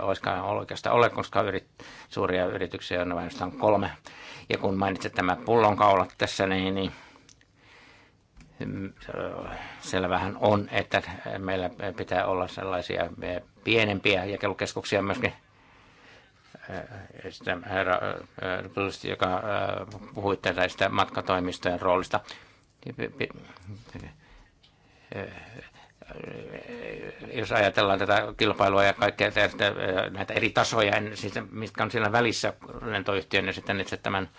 oikeastaan ole, koska yrit, suuria yrityksiä on vain kolme. Ja kun mainitsit tämä pullonkaulat tässä, niin, niin Mm, selvähän on, että meillä pitää olla sellaisia pienempiä jakelukeskuksia myöskin. Sitten herra, joka puhui tästä matkatoimistojen roolista jos ajatellaan tätä kilpailua ja kaikkea näitä eri tasoja, siis, mitkä on siellä välissä lentoyhtiön ja sitten itse tämän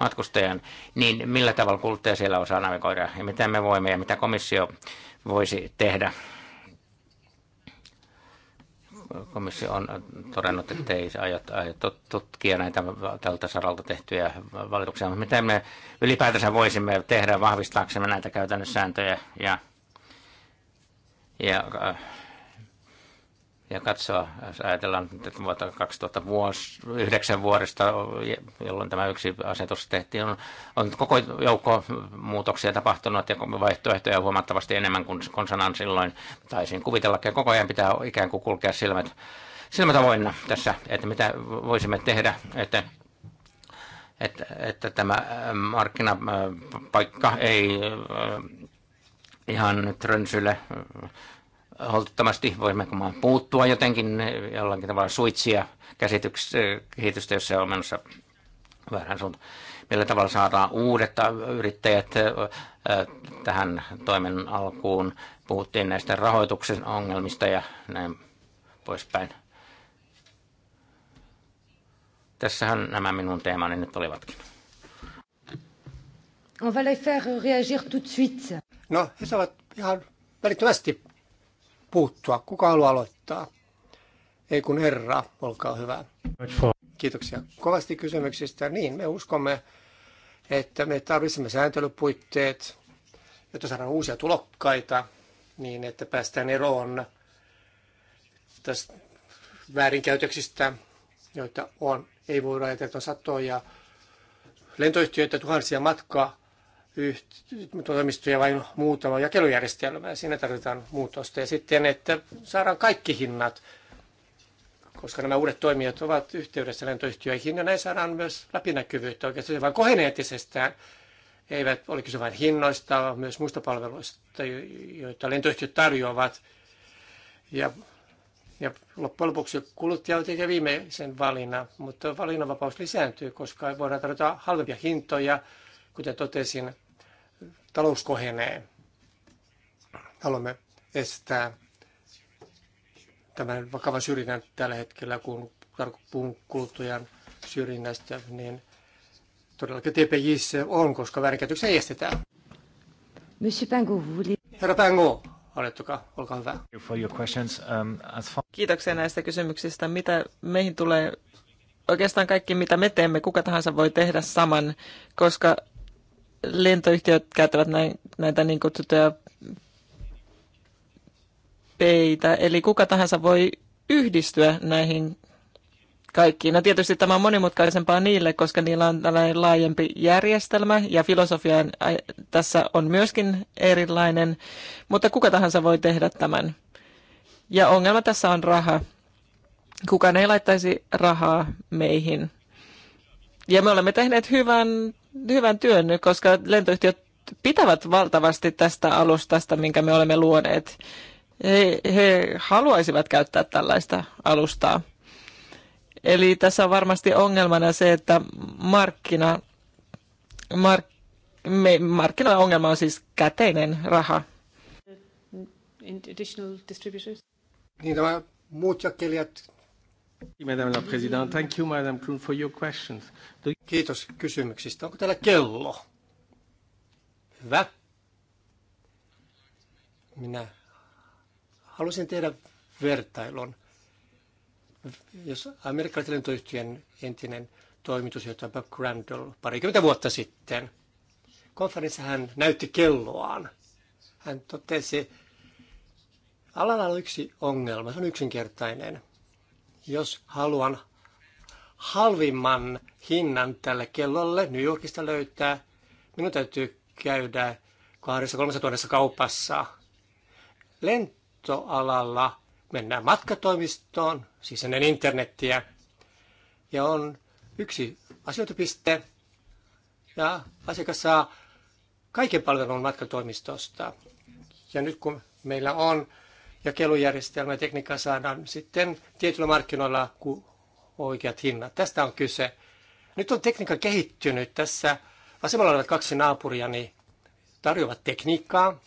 matkustajan, niin millä tavalla kuluttaja siellä osaa navigoida ja mitä me voimme ja mitä komissio voisi tehdä? Komissio on todennut, että ei aio, aio tutkia näitä tältä saralta tehtyjä valituksia, mutta miten me ylipäätänsä voisimme tehdä vahvistaaksemme näitä käytännössääntöjä ja, ja äh, ja katsoa, jos ajatellaan että vuotta 2009 vuodesta, jolloin tämä yksi asetus tehtiin, on, on koko joukko muutoksia tapahtunut ja vaihtoehtoja huomattavasti enemmän kuin konsanaan silloin taisin kuvitella. että koko ajan pitää ikään kuin kulkea silmät, silmät avoinna tässä, että mitä voisimme tehdä, että että, että tämä äh, markkinapaikka ei äh, ihan nyt rönsyle holtittomasti, voimme puuttua jotenkin jollakin tavalla suitsia kehitystä, jos se on menossa väärään suuntaan. Millä tavalla saadaan uudet yrittäjät tähän toimen alkuun? Puhuttiin näistä rahoituksen ongelmista ja näin poispäin. Tässähän nämä minun teemani nyt olivatkin. On va les faire réagir tout de suite. No, he saavat ihan välittömästi puuttua. Kuka haluaa aloittaa? Ei kun herra, olkaa hyvä. Kiitoksia kovasti kysymyksistä. Niin, me uskomme, että me tarvitsemme sääntelypuitteet, jotta saadaan uusia tulokkaita, niin että päästään eroon tästä väärinkäytöksistä, joita on. Ei voida ajatella, että on satoja lentoyhtiöitä, tuhansia matkaa toimistoja vai muutama ja Siinä tarvitaan muutosta. Ja sitten, että saadaan kaikki hinnat, koska nämä uudet toimijat ovat yhteydessä lentoyhtiöihin, ja näin saadaan myös läpinäkyvyyttä oikeastaan, vain kohenee entisestään. Eivät ole kyse vain hinnoista, vaan myös muista palveluista, joita lentoyhtiöt tarjoavat. Ja, ja loppujen lopuksi kuluttaja on viimeisen valinnan, mutta valinnanvapaus lisääntyy, koska voidaan tarjota halvempia hintoja, kuten totesin, talous kohenee. Haluamme estää tämän vakavan syrjinnän tällä hetkellä, kun puhun kuluttajan syrjinnästä, niin todellakin se on, koska väärinkäytöksiä estetään. Pango, Herra Pango, Olettukaa, olkaa hyvä. Um, Kiitoksia näistä kysymyksistä. Mitä meihin tulee, oikeastaan kaikki mitä me teemme, kuka tahansa voi tehdä saman, koska lentoyhtiöt käyttävät näitä niin kutsuttuja peitä, eli kuka tahansa voi yhdistyä näihin kaikkiin. No tietysti tämä on monimutkaisempaa niille, koska niillä on tällainen laajempi järjestelmä ja filosofia tässä on myöskin erilainen, mutta kuka tahansa voi tehdä tämän. Ja ongelma tässä on raha. Kukaan ei laittaisi rahaa meihin. Ja me olemme tehneet hyvän hyvän työn, koska lentoyhtiöt pitävät valtavasti tästä alustasta, minkä me olemme luoneet. He, he haluaisivat käyttää tällaista alustaa. Eli tässä on varmasti ongelmana se, että markkina, mark, me, markkinaongelma on siis käteinen raha. Niin, muut jakelijat Madame la thank you Madame for your questions. Kiitos kysymyksistä. Onko täällä kello? Hyvä. Minä halusin tehdä vertailun. Jos amerikkalaisen lentoyhtiön entinen toimitusjohtaja Bob Crandall parikymmentä vuotta sitten. Konferenssissa hän näytti kelloaan. Hän totesi, alalla on yksi ongelma, se on yksinkertainen. Jos haluan halvimman hinnan tälle kellolle New Yorkista löytää, minun täytyy käydä 2-3 tuonnessa kaupassa. Lentoalalla mennään matkatoimistoon, siis ennen internettiä, ja on yksi asiointipiste, ja asiakas saa kaiken palvelun matkatoimistosta. Ja nyt kun meillä on jakelujärjestelmä ja tekniikka saadaan sitten tietyillä markkinoilla oikeat hinnat. Tästä on kyse. Nyt on tekniikka kehittynyt. Tässä vasemmalla olevat kaksi naapuriani niin tarjoavat tekniikkaa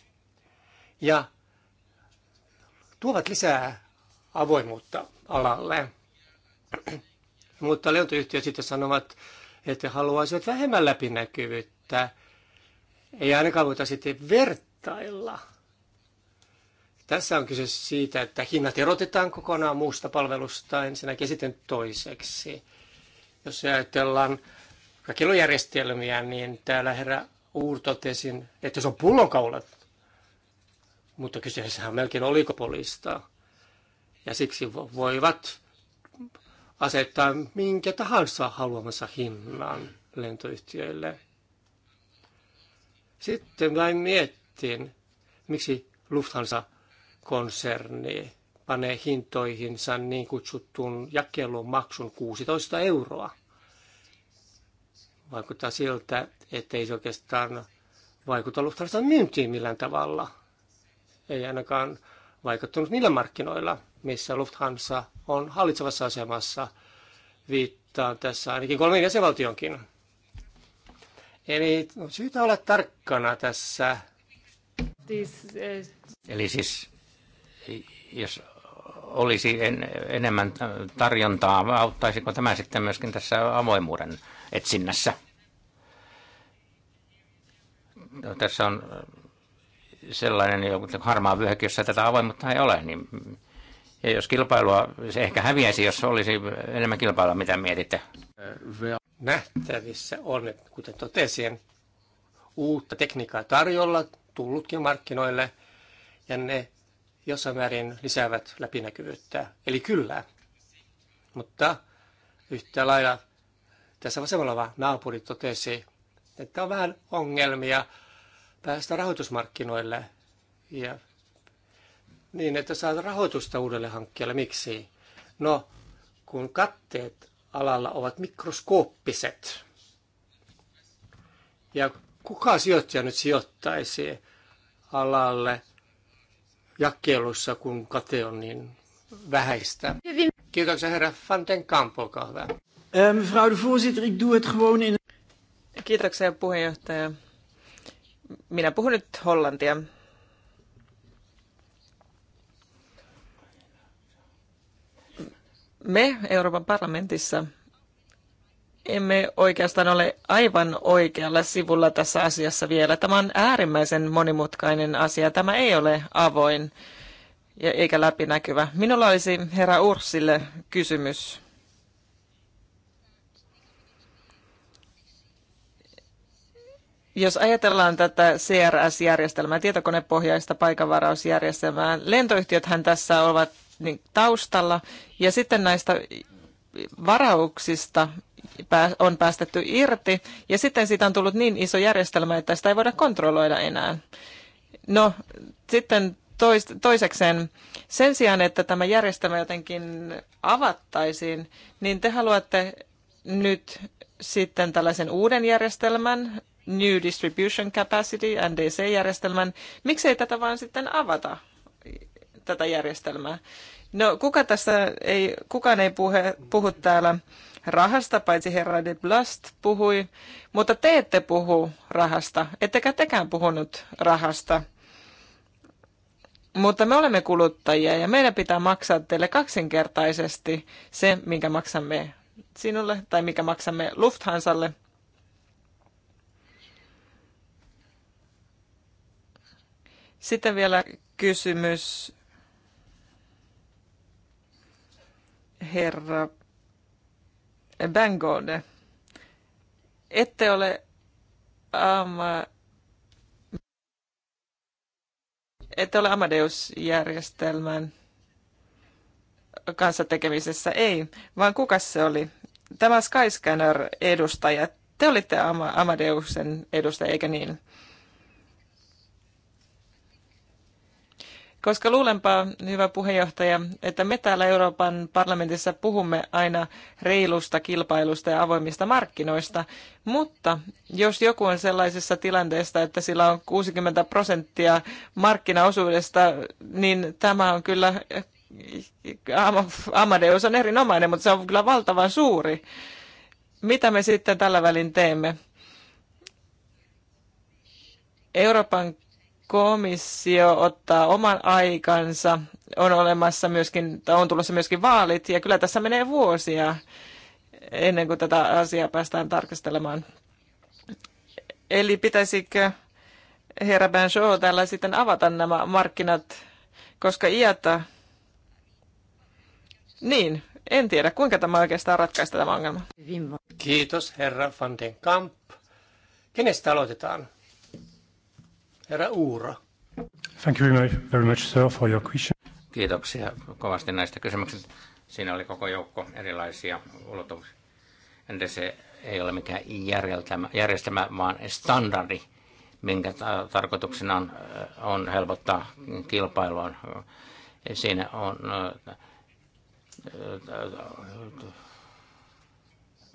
ja tuovat lisää avoimuutta alalle. Mutta lentoyhtiöt sitten sanovat, että haluaisivat vähemmän läpinäkyvyyttä. Ei ainakaan voita sitten vertailla tässä on kyse siitä, että hinnat erotetaan kokonaan muusta palvelusta ensinnäkin sitten toiseksi. Jos ajatellaan jakelujärjestelmiä, niin täällä herra Uur totesi, että se on pullonkaulat, mutta kyseessä on melkein oligopolista. Ja siksi voivat asettaa minkä tahansa haluamansa hinnan lentoyhtiöille. Sitten vain miettin, miksi Lufthansa konserni panee hintoihinsa niin kutsuttuun jakelumaksun 16 euroa. Vaikuttaa siltä, ettei se oikeastaan vaikuta lufthansa myyntiin millään tavalla. Ei ainakaan vaikuttanut niillä markkinoilla, missä Lufthansa on hallitsevassa asemassa. Viittaan tässä ainakin kolmen jäsenvaltionkin. Eli on syytä olla tarkkana tässä. Eli siis jos olisi en, enemmän tarjontaa, auttaisiko tämä sitten myöskin tässä avoimuuden etsinnässä? No, tässä on sellainen joku harmaa vyöhyke, jossa tätä avoimuutta ei ole, niin ja jos kilpailua, se ehkä häviäisi, jos olisi enemmän kilpailua, mitä mietitte? Nähtävissä on, että kuten totesin, uutta tekniikkaa tarjolla, tullutkin markkinoille, ja ne jossain määrin lisäävät läpinäkyvyyttä. Eli kyllä, mutta yhtä lailla tässä vasemmalla naapuri totesi, että on vähän ongelmia päästä rahoitusmarkkinoille ja niin, että saa rahoitusta uudelle hankkeelle. Miksi? No, kun katteet alalla ovat mikroskooppiset. Ja kuka sijoittaja nyt sijoittaisi alalle, jakelussa, kun kate on niin vähäistä. Kiitoksia herra Fanten den Kamp, olkaa hyvä. Eh, mevrouw de voorzitter, ik doe het gewoon in... Kiitoksia puheenjohtaja. Minä puhun nyt hollantia. Me Euroopan parlamentissa emme oikeastaan ole aivan oikealla sivulla tässä asiassa vielä. Tämä on äärimmäisen monimutkainen asia. Tämä ei ole avoin eikä läpinäkyvä. Minulla olisi herra Ursille kysymys. Jos ajatellaan tätä CRS-järjestelmää, tietokonepohjaista paikanvarausjärjestelmää, lentoyhtiöthän tässä ovat niin taustalla, ja sitten näistä varauksista on päästetty irti, ja sitten siitä on tullut niin iso järjestelmä, että sitä ei voida kontrolloida enää. No, sitten tois, toisekseen, sen sijaan, että tämä järjestelmä jotenkin avattaisiin, niin te haluatte nyt sitten tällaisen uuden järjestelmän, New Distribution Capacity, NDC-järjestelmän. Miksei tätä vaan sitten avata, tätä järjestelmää? No kuka tässä ei, kukaan ei puhe, puhu täällä rahasta, paitsi herra de Blast puhui, mutta te ette puhu rahasta, ettekä tekään puhunut rahasta. Mutta me olemme kuluttajia ja meidän pitää maksaa teille kaksinkertaisesti se, minkä maksamme sinulle tai mikä maksamme Lufthansalle. Sitten vielä kysymys herra Bangone, ette ole amma, ette ole Amadeus-järjestelmän kanssa tekemisessä, ei, vaan kuka se oli? Tämä Skyscanner-edustaja, te olitte Ama- Amadeusen edustaja, eikä niin? Koska luulenpa, hyvä puheenjohtaja, että me täällä Euroopan parlamentissa puhumme aina reilusta kilpailusta ja avoimista markkinoista, mutta jos joku on sellaisessa tilanteessa, että sillä on 60 prosenttia markkinaosuudesta, niin tämä on kyllä, Amadeus on erinomainen, mutta se on kyllä valtavan suuri. Mitä me sitten tällä välin teemme? Euroopan komissio ottaa oman aikansa. On olemassa myöskin, on tulossa myöskin vaalit ja kyllä tässä menee vuosia ennen kuin tätä asiaa päästään tarkastelemaan. Eli pitäisikö herra Benjo täällä sitten avata nämä markkinat, koska iätä... Niin, en tiedä, kuinka tämä oikeastaan ratkaista tämä ongelma. Kiitos, herra Van den Kamp. Kenestä aloitetaan? Herra Uura. Thank you very much, sir, for your question. Kiitoksia kovasti näistä kysymyksistä. Siinä oli koko joukko erilaisia ulottuvuuksia. Entä se ei ole mikään järjestelmä, vaan standardi, minkä tarkoituksena on, on helpottaa kilpailua. Siinä on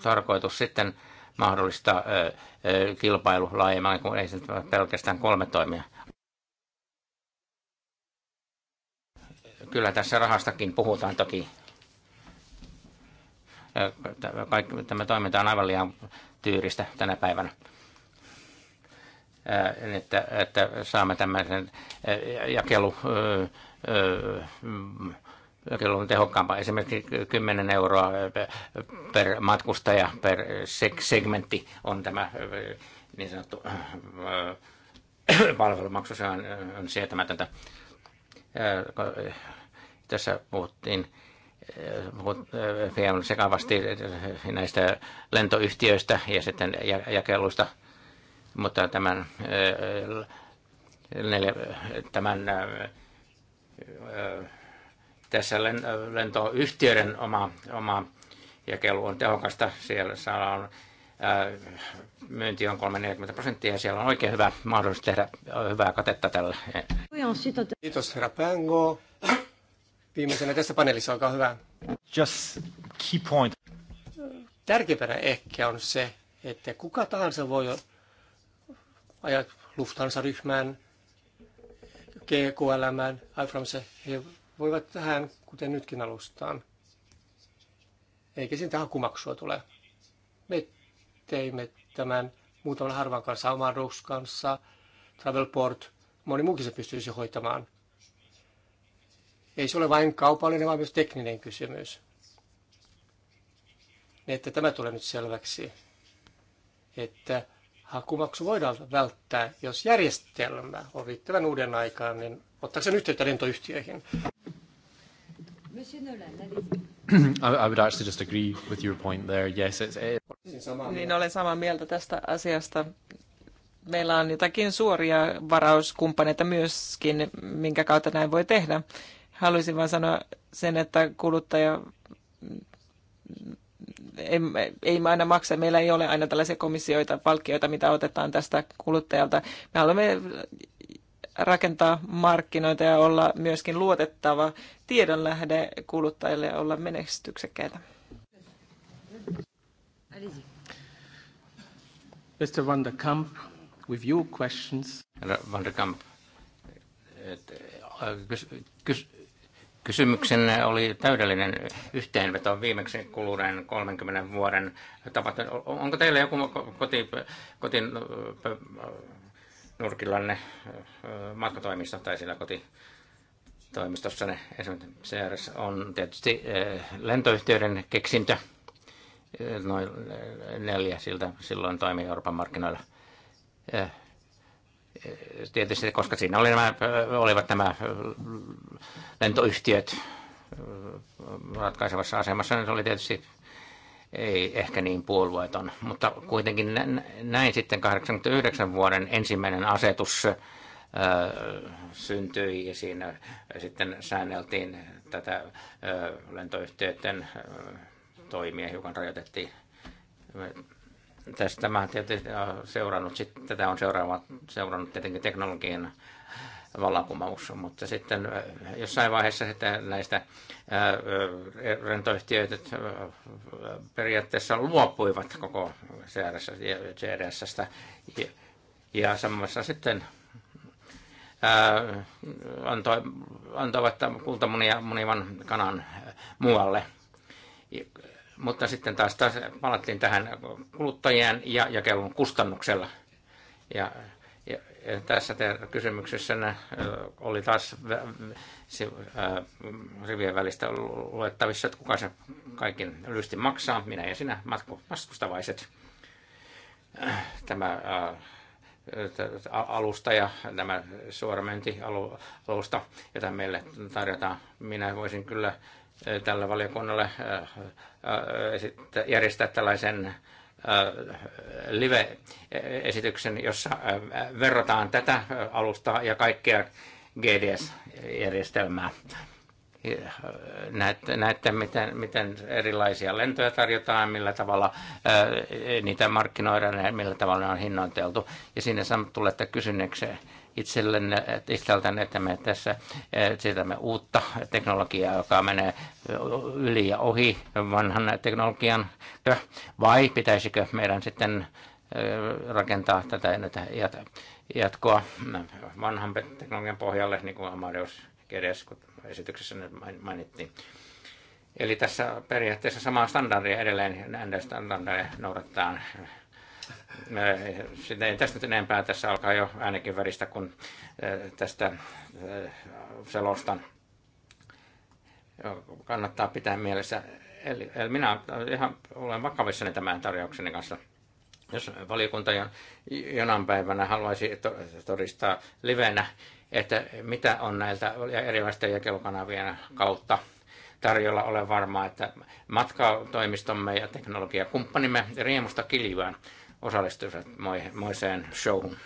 tarkoitus sitten mahdollista kilpailu laajemmin, kun ei se pelkästään kolme toimia. Kyllä tässä rahastakin puhutaan toki. Kaikki, tämä toiminta on aivan liian tyyristä tänä päivänä että, että saamme tämmöisen jakelu on tehokkaampaa, esimerkiksi 10 euroa per matkustaja, per segmentti on tämä eh, niin sanottu eh, palvelumaksu, se on, eh, on sietämätöntä. Tässä puhuttiin vielä sekavasti näistä lentoyhtiöistä ja sitten jakelusta, mutta tämän, tämän tässä lentoyhtiöiden oma, oma jakelu on tehokasta. Siellä saa ää, äh, myynti on 340 prosenttia ja siellä on oikein hyvä mahdollisuus tehdä äh, hyvää katetta tällä. Kiitos herra Pango. Viimeisenä tässä paneelissa, olkaa hyvä. Just key point. Tärkeimpänä ehkä on se, että kuka tahansa voi ajaa Lufthansa-ryhmään, GQLM, Air he voivat tähän, kuten nytkin alustaan. Eikä siitä hakumaksua tule. Me teimme tämän muutaman harvan kanssa, Rooks kanssa, Travelport, moni muukin se pystyisi hoitamaan. Ei se ole vain kaupallinen, vaan myös tekninen kysymys. Niin että tämä tulee nyt selväksi, että hakumaksu voidaan välttää, jos järjestelmä on riittävän uuden aikaan, niin ottaako se yhteyttä lentoyhtiöihin? I would actually just agree with your point there. Yes, it's... Niin olen samaa mieltä tästä asiasta. Meillä on jotakin suoria varauskumppaneita myöskin, minkä kautta näin voi tehdä. Haluaisin vain sanoa sen, että kuluttaja ei, ei aina maksa. Meillä ei ole aina tällaisia komissioita, palkkioita, mitä otetaan tästä kuluttajalta. Me haluamme rakentaa markkinoita ja olla myöskin luotettava tiedonlähde kuluttajille ja olla menestyksekkäitä. Mr. Van der Kamp, with your questions. Van der Kamp, äh, kysymyksenne oli täydellinen yhteenveto viimeksi kuluneen 30 vuoden tapahtumista. Onko teillä joku koti, kotin nurkillanne matkatoimisto tai siellä kotitoimistossa toimistossa ne esimerkiksi CRS on tietysti lentoyhtiöiden keksintö. Noin neljä siltä silloin toimii Euroopan markkinoilla. Tietysti, koska siinä oli nämä, olivat nämä lentoyhtiöt ratkaisevassa asemassa, niin se oli tietysti ei ehkä niin puolueeton, mutta kuitenkin näin sitten 89 vuoden ensimmäinen asetus syntyi ja siinä sitten säänneltiin tätä lentoyhtiöiden toimia, hiukan rajoitettiin. Tästä tämä tietysti seurannut, sitten tätä on seuraava, seurannut tietenkin teknologian vallankumous, mutta sitten äh, jossain vaiheessa sitten näistä äh, äh, rentoyhtiöitä periaatteessa luopuivat koko CRS-stä ja, ja samassa sitten antoi, antoivat kultamunia munivan kanan muualle. Mutta sitten taas, taas palattiin tähän kuluttajien ja jakelun kustannuksella. Ja ja, tässä kysymyksessä oli taas se, ää, rivien välistä luettavissa, että kuka se kaikin lysti maksaa, minä ja sinä matkustavaiset. Tämä ää, alusta ja tämä suoramyyntialusta, jota meille tarjotaan. Minä voisin kyllä tällä valiokunnalle järjestää tällaisen live-esityksen, jossa verrataan tätä alustaa ja kaikkea GDS-järjestelmää. Näette, näette miten, miten erilaisia lentoja tarjotaan, millä tavalla niitä markkinoidaan ja millä tavalla ne on hinnoiteltu. Ja siinä tulette kysynnekseen itsellenne, itseltänne, että me tässä etsitämme eh, uutta teknologiaa, joka menee eh, yli ja ohi vanhan teknologian, vai pitäisikö meidän sitten eh, rakentaa tätä jatkoa mm, vanhan teknologian pohjalle, niin kuin Amadeus Gedes esityksessä mainittiin. Eli tässä periaatteessa samaa standardia edelleen, standardia noudattaa sitten ei tästä nyt enempää. Tässä alkaa jo ainakin väristä, kun eh, tästä eh, selostan. Kannattaa pitää mielessä. Eli, eli minä ihan olen vakavissani tämän tarjoukseni kanssa. Jos valiokunta jonain päivänä haluaisi todistaa livenä, että mitä on näiltä erilaisten jakelukanavien kautta tarjolla, ole varmaa, että matkatoimistomme ja teknologiakumppanimme riemusta kiljyään osallistuivat moiseen showhun.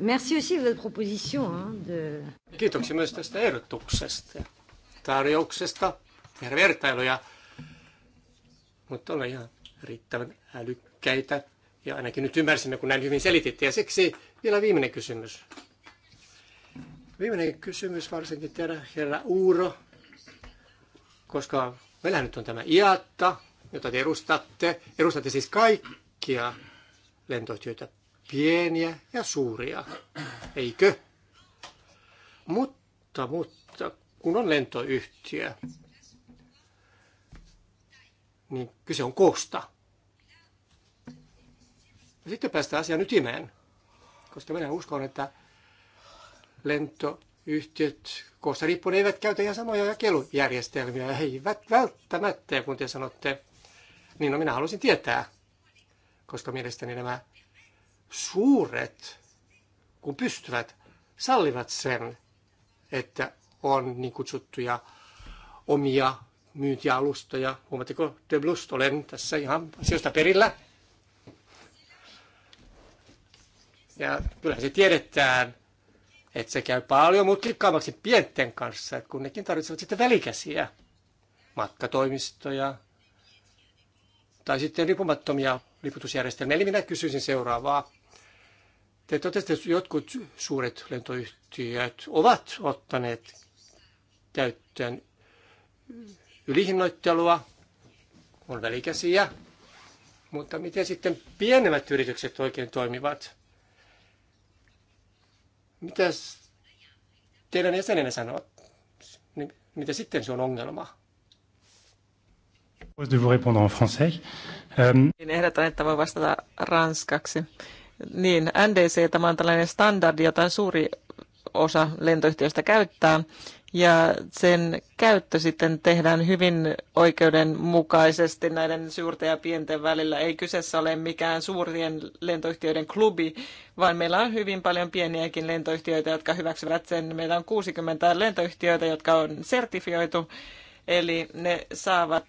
Merci aussi de votre proposition. De... Kiitoksia myös tästä ehdotuksesta, tarjouksesta ja vertailuja. Mutta olen ihan riittävän älykkäitä. Ja ainakin nyt ymmärsimme, kun näin hyvin selititte. Ja siksi vielä viimeinen kysymys. Viimeinen kysymys varsinkin teidän herra Uuro, koska meillä nyt on tämä iatta, jota te edustatte. Edustatte siis kaikkia lentoyhtiöitä, pieniä ja suuria, eikö? Mutta, mutta kun on lentoyhtiö, niin kyse on koosta. Ja sitten päästään asian ytimeen, koska minä uskon, että lentoyhtiöt koosta riippuen eivät käytä ihan samoja jakelujärjestelmiä. Eivät välttämättä, kun te sanotte, niin no minä haluaisin tietää, koska mielestäni nämä suuret, kun pystyvät, sallivat sen, että on niin kutsuttuja omia myyntialustoja. Huomatteko, De Blust, olen tässä ihan asioista perillä. Ja kyllä se tiedetään, että se käy paljon mutkikkaammaksi pienten kanssa, kun nekin tarvitsevat sitten välikäsiä, matkatoimistoja tai sitten riippumattomia liputusjärjestelmä. Eli minä kysyisin seuraavaa. Te totesitte, että jotkut suuret lentoyhtiöt ovat ottaneet käyttöön ylihinnoittelua, on välikäsiä, mutta miten sitten pienemmät yritykset oikein toimivat? Mitä teidän jäsenenne sanoo? Niin, mitä sitten se on ongelma? Euh, niin ehdotan, että voi vastata ranskaksi. Niin, NDC tämä on tällainen standardi, jota suuri osa lentoyhtiöistä käyttää, ja sen käyttö sitten tehdään hyvin oikeudenmukaisesti näiden suurten ja pienten välillä. Ei kyseessä ole mikään suurien lentoyhtiöiden klubi, vaan meillä on hyvin paljon pieniäkin lentoyhtiöitä, jotka hyväksyvät sen. Meillä on 60 lentoyhtiöitä, jotka on sertifioitu Eli ne saavat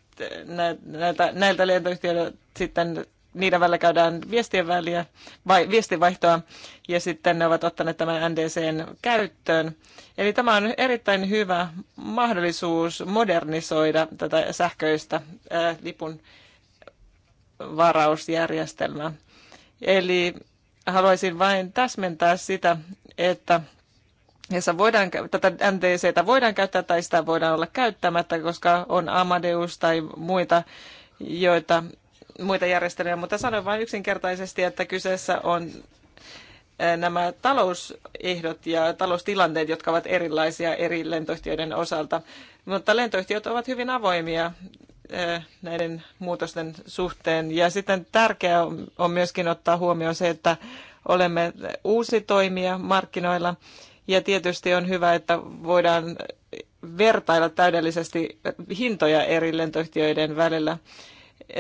näiltä, näiltä lentoyhtiöiltä sitten niiden välillä käydään viestien väliä, vai, viestinvaihtoa ja sitten ne ovat ottaneet tämän NDCn käyttöön. Eli tämä on erittäin hyvä mahdollisuus modernisoida tätä sähköistä ää, lipun varausjärjestelmää. Eli haluaisin vain täsmentää sitä, että jossa voidaan, tätä MTCtä voidaan käyttää tai sitä voidaan olla käyttämättä, koska on Amadeus tai muita, joita, muita järjestelmiä, mutta sanoin vain yksinkertaisesti, että kyseessä on eh, nämä talousehdot ja taloustilanteet, jotka ovat erilaisia eri lentoyhtiöiden osalta. Mutta lentoyhtiöt ovat hyvin avoimia eh, näiden muutosten suhteen. Ja sitten tärkeää on myöskin ottaa huomioon se, että olemme uusi toimija markkinoilla ja tietysti on hyvä, että voidaan vertailla täydellisesti hintoja eri lentoyhtiöiden välillä.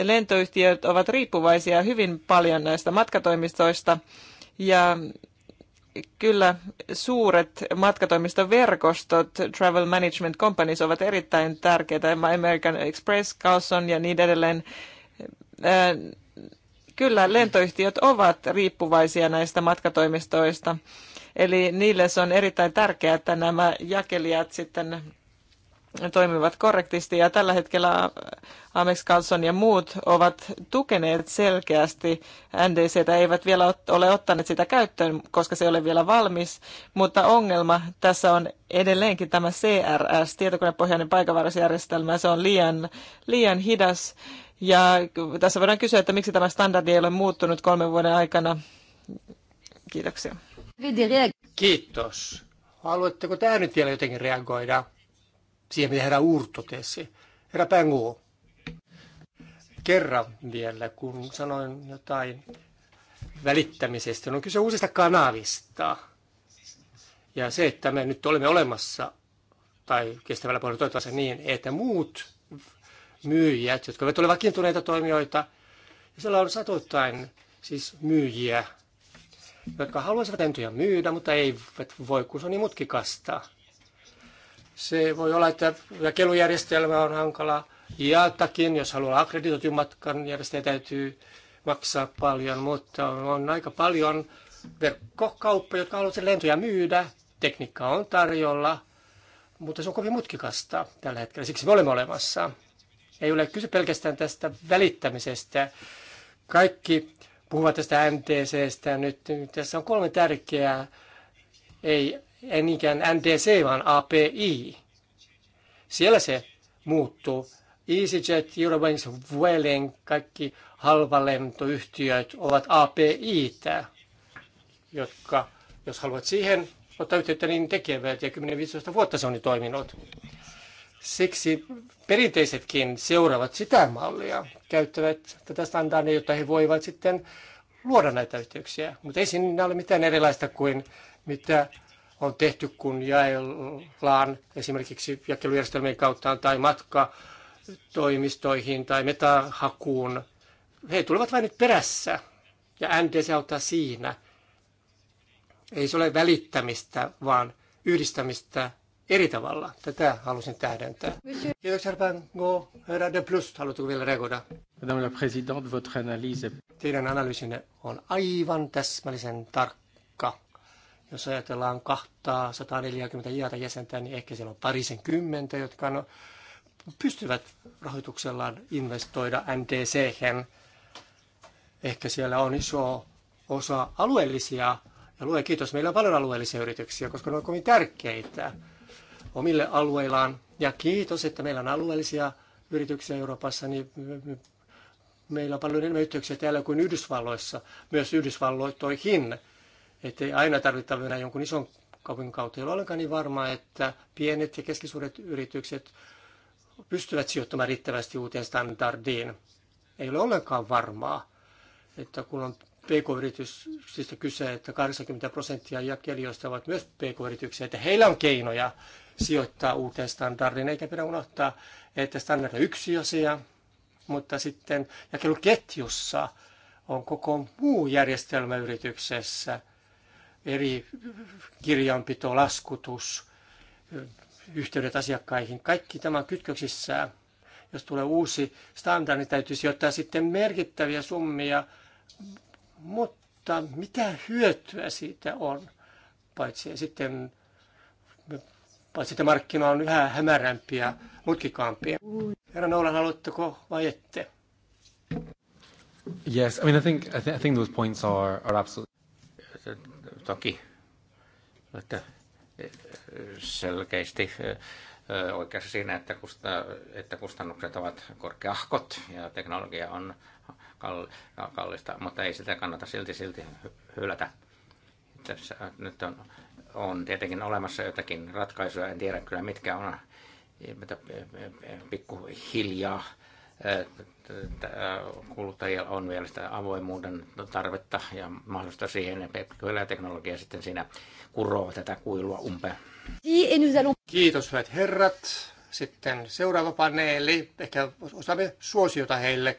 Lentoyhtiöt ovat riippuvaisia hyvin paljon näistä matkatoimistoista ja kyllä suuret matkatoimistoverkostot, travel management companies, ovat erittäin tärkeitä. American Express, Carlson ja niin edelleen. Kyllä lentoyhtiöt ovat riippuvaisia näistä matkatoimistoista Eli niille se on erittäin tärkeää, että nämä jakelijat sitten toimivat korrektisti ja tällä hetkellä Amex Carlson ja muut ovat tukeneet selkeästi NDC, eivät vielä ole ottaneet sitä käyttöön, koska se ei ole vielä valmis, mutta ongelma tässä on edelleenkin tämä CRS, tietokonepohjainen paikavarasjärjestelmä, se on liian, liian hidas ja tässä voidaan kysyä, että miksi tämä standardi ei ole muuttunut kolmen vuoden aikana. Kiitoksia. Kiitos. Haluatteko tämä nyt vielä jotenkin reagoida siihen, mitä herra Uur totesi? Herra Pengu, kerran vielä, kun sanoin jotain välittämisestä. No, on kyse uusista kanavista. Ja se, että me nyt olemme olemassa, tai kestävällä pohjalla toivottavasti niin, että muut myyjät, jotka ovat ole vakiintuneita toimijoita, ja siellä on satoittain siis myyjiä, jotka haluaisivat entuja myydä, mutta ei voi, kun se on niin mutkikasta. Se voi olla, että jakelujärjestelmä on hankala jaeltakin, jos haluaa akkreditoitun matkan järjestäjä täytyy maksaa paljon, mutta on aika paljon verkkokauppoja, jotka haluaisivat lentoja myydä. Tekniikka on tarjolla, mutta se on kovin mutkikasta tällä hetkellä. Siksi me olemme olemassa. Ei ole kyse pelkästään tästä välittämisestä. Kaikki puhuvat tästä MTCstä nyt. Tässä on kolme tärkeää, ei niinkään MTC, vaan API. Siellä se muuttuu. EasyJet, Eurowings, Vueling, kaikki halvalentoyhtiöt ovat api jotka, jos haluat siihen ottaa yhteyttä, niin tekevät. Ja 10-15 vuotta se on jo toiminut. Siksi perinteisetkin seuraavat sitä mallia, käyttävät tätä standardia, jotta he voivat sitten luoda näitä yhteyksiä. Mutta ei siinä ole mitään erilaista kuin mitä on tehty, kun jaellaan esimerkiksi jakelujärjestelmien kautta tai matka toimistoihin tai metahakuun. He tulevat vain nyt perässä ja NDC auttaa siinä. Ei se ole välittämistä, vaan yhdistämistä eri tavalla. Tätä halusin tähdentää. Kiitoksia, Pango. Herra de Plus, haluatteko vielä reagoida? Madame la Présidente, votre analyse... Teidän analyysinne on aivan täsmällisen tarkka. Jos ajatellaan 240 iätä jäsentä, niin ehkä siellä on parisen kymmentä, jotka no, pystyvät rahoituksellaan investoida mdc -hän. Ehkä siellä on iso osa alueellisia ja lue kiitos, meillä on paljon alueellisia yrityksiä, koska ne ovat kovin tärkeitä omille alueillaan. Ja kiitos, että meillä on alueellisia yrityksiä Euroopassa, niin meillä on paljon enemmän yhteyksiä täällä kuin Yhdysvalloissa, myös Yhdysvalloittoihin. Että ei aina tarvita mennä jonkun ison kaupungin kautta. Ei ole ollenkaan niin varmaa, että pienet ja keskisuuret yritykset pystyvät sijoittamaan riittävästi uuteen standardiin. Ei ole ollenkaan varmaa, että kun on pk siis kyse, että 80 prosenttia jakelijoista ovat myös pk-yrityksiä, että heillä on keinoja sijoittaa uuteen standardiin, eikä pidä unohtaa, että standardi on yksi asia, mutta sitten jakeluketjussa on koko muu järjestelmä yrityksessä, eri kirjanpito, laskutus, yhteydet asiakkaihin, kaikki tämä on kytköksissä. Jos tulee uusi standardi, niin täytyy sijoittaa sitten merkittäviä summia, mutta mitä hyötyä siitä on, paitsi sitten paitsi että markkina on yhä hämärämpi ja mutkikaampi. Herra Noulan, haluatteko vai ette? Yes, I mean, I think, I, th- I think those points are, are absolutely... Toki. Että e, selkeästi e, oikeassa siinä, että, kusta, että kustannukset ovat korkeahkot ja teknologia on kallista, mutta ei sitä kannata silti silti hylätä. Tässä nyt on on tietenkin olemassa jotakin ratkaisuja, en tiedä kyllä mitkä on pikkuhiljaa kuluttajilla on vielä sitä avoimuuden tarvetta ja mahdollista siihen, että teknologia sitten siinä kuroo tätä kuilua umpeen. Kiitos hyvät herrat. Sitten seuraava paneeli. Ehkä osaamme suosiota heille.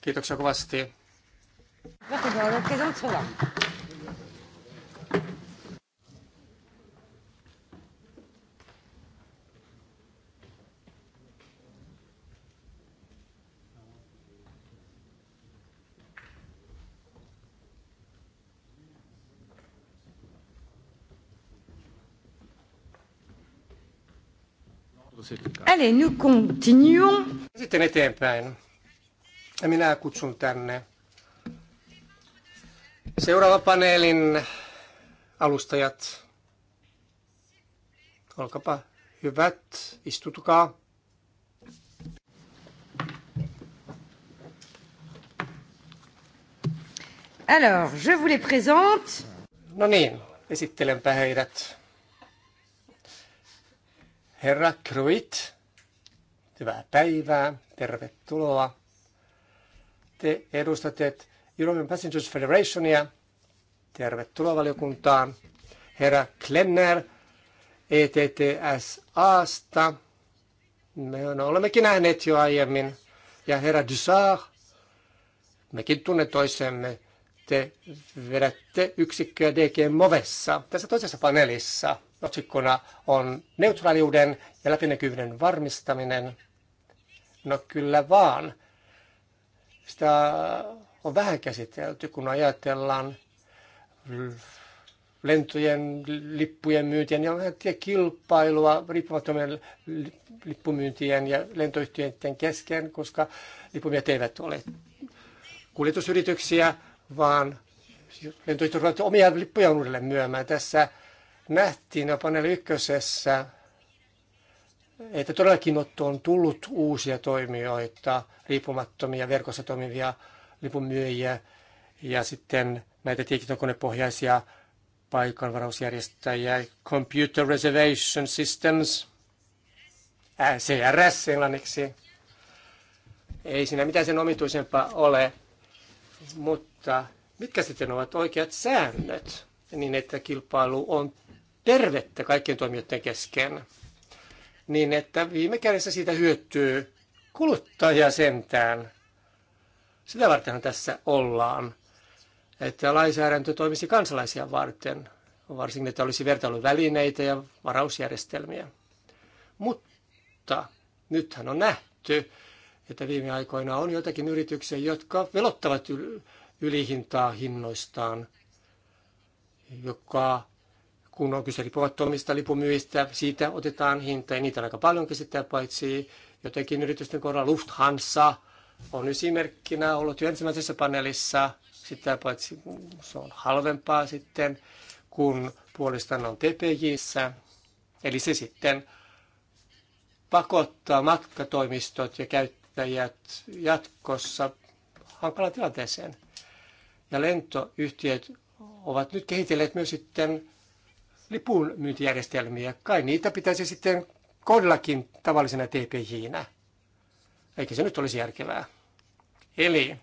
Kiitoksia kovasti. Allez, nous continuons. Sitten eteenpäin. Ja minä kutsun tänne seuraava paneelin alustajat. Olkapa hyvät, istutukaa. Alors, je vous les présente. No niin, esittelenpä heidät. Herra Kruit, hyvää päivää, tervetuloa. Te edustatte European Passengers Federationia. Tervetuloa valiokuntaan. Herra Klenner ETTSAsta. Me olemmekin nähneet jo aiemmin. Ja herra Dussard, mekin tunne toisemme. Te vedätte yksikköä DG Movessa, tässä toisessa paneelissa otsikkona on neutraaliuden ja läpinäkyvyyden varmistaminen. No kyllä vaan. Sitä on vähän käsitelty, kun ajatellaan lentojen, lippujen myyntiä, niin on vähän kilpailua riippumattomien lippumyyntien ja lentoyhtiöiden kesken, koska lippumyyjät eivät ole kuljetusyrityksiä, vaan lentoyhtiöt ovat omia lippuja uudelleen myymään. Tässä nähtiin jo paneeli ykkösessä, että todellakin on tullut uusia toimijoita, riippumattomia verkossa toimivia lipunmyyjiä ja sitten näitä tietokonepohjaisia paikanvarausjärjestäjiä, Computer Reservation Systems, CRS englanniksi. Ei siinä mitään sen omituisempaa ole, mutta mitkä sitten ovat oikeat säännöt? niin että kilpailu on tervettä kaikkien toimijoiden kesken, niin että viime kädessä siitä hyötyy kuluttaja sentään. Sitä vartenhan tässä ollaan, että lainsäädäntö toimisi kansalaisia varten, varsinkin että olisi vertailuvälineitä ja varausjärjestelmiä. Mutta nythän on nähty, että viime aikoina on joitakin yrityksiä, jotka velottavat ylihintaa hinnoistaan – joka kun on kyse riippumattomista lipumyistä, siitä otetaan hinta ja niitä on aika paljon sitä paitsi jotenkin yritysten kohdalla Lufthansa on esimerkkinä ollut jo ensimmäisessä paneelissa, sitä paitsi se on halvempaa sitten, kun puolestaan on TPJissä. Eli se sitten pakottaa matkatoimistot ja käyttäjät jatkossa hankala tilanteeseen. Ja lentoyhtiöt ovat nyt kehitelleet myös sitten lipun myyntijärjestelmiä. Kai niitä pitäisi sitten kohdellakin tavallisena TPJ-nä. Eikä se nyt olisi järkevää. Eli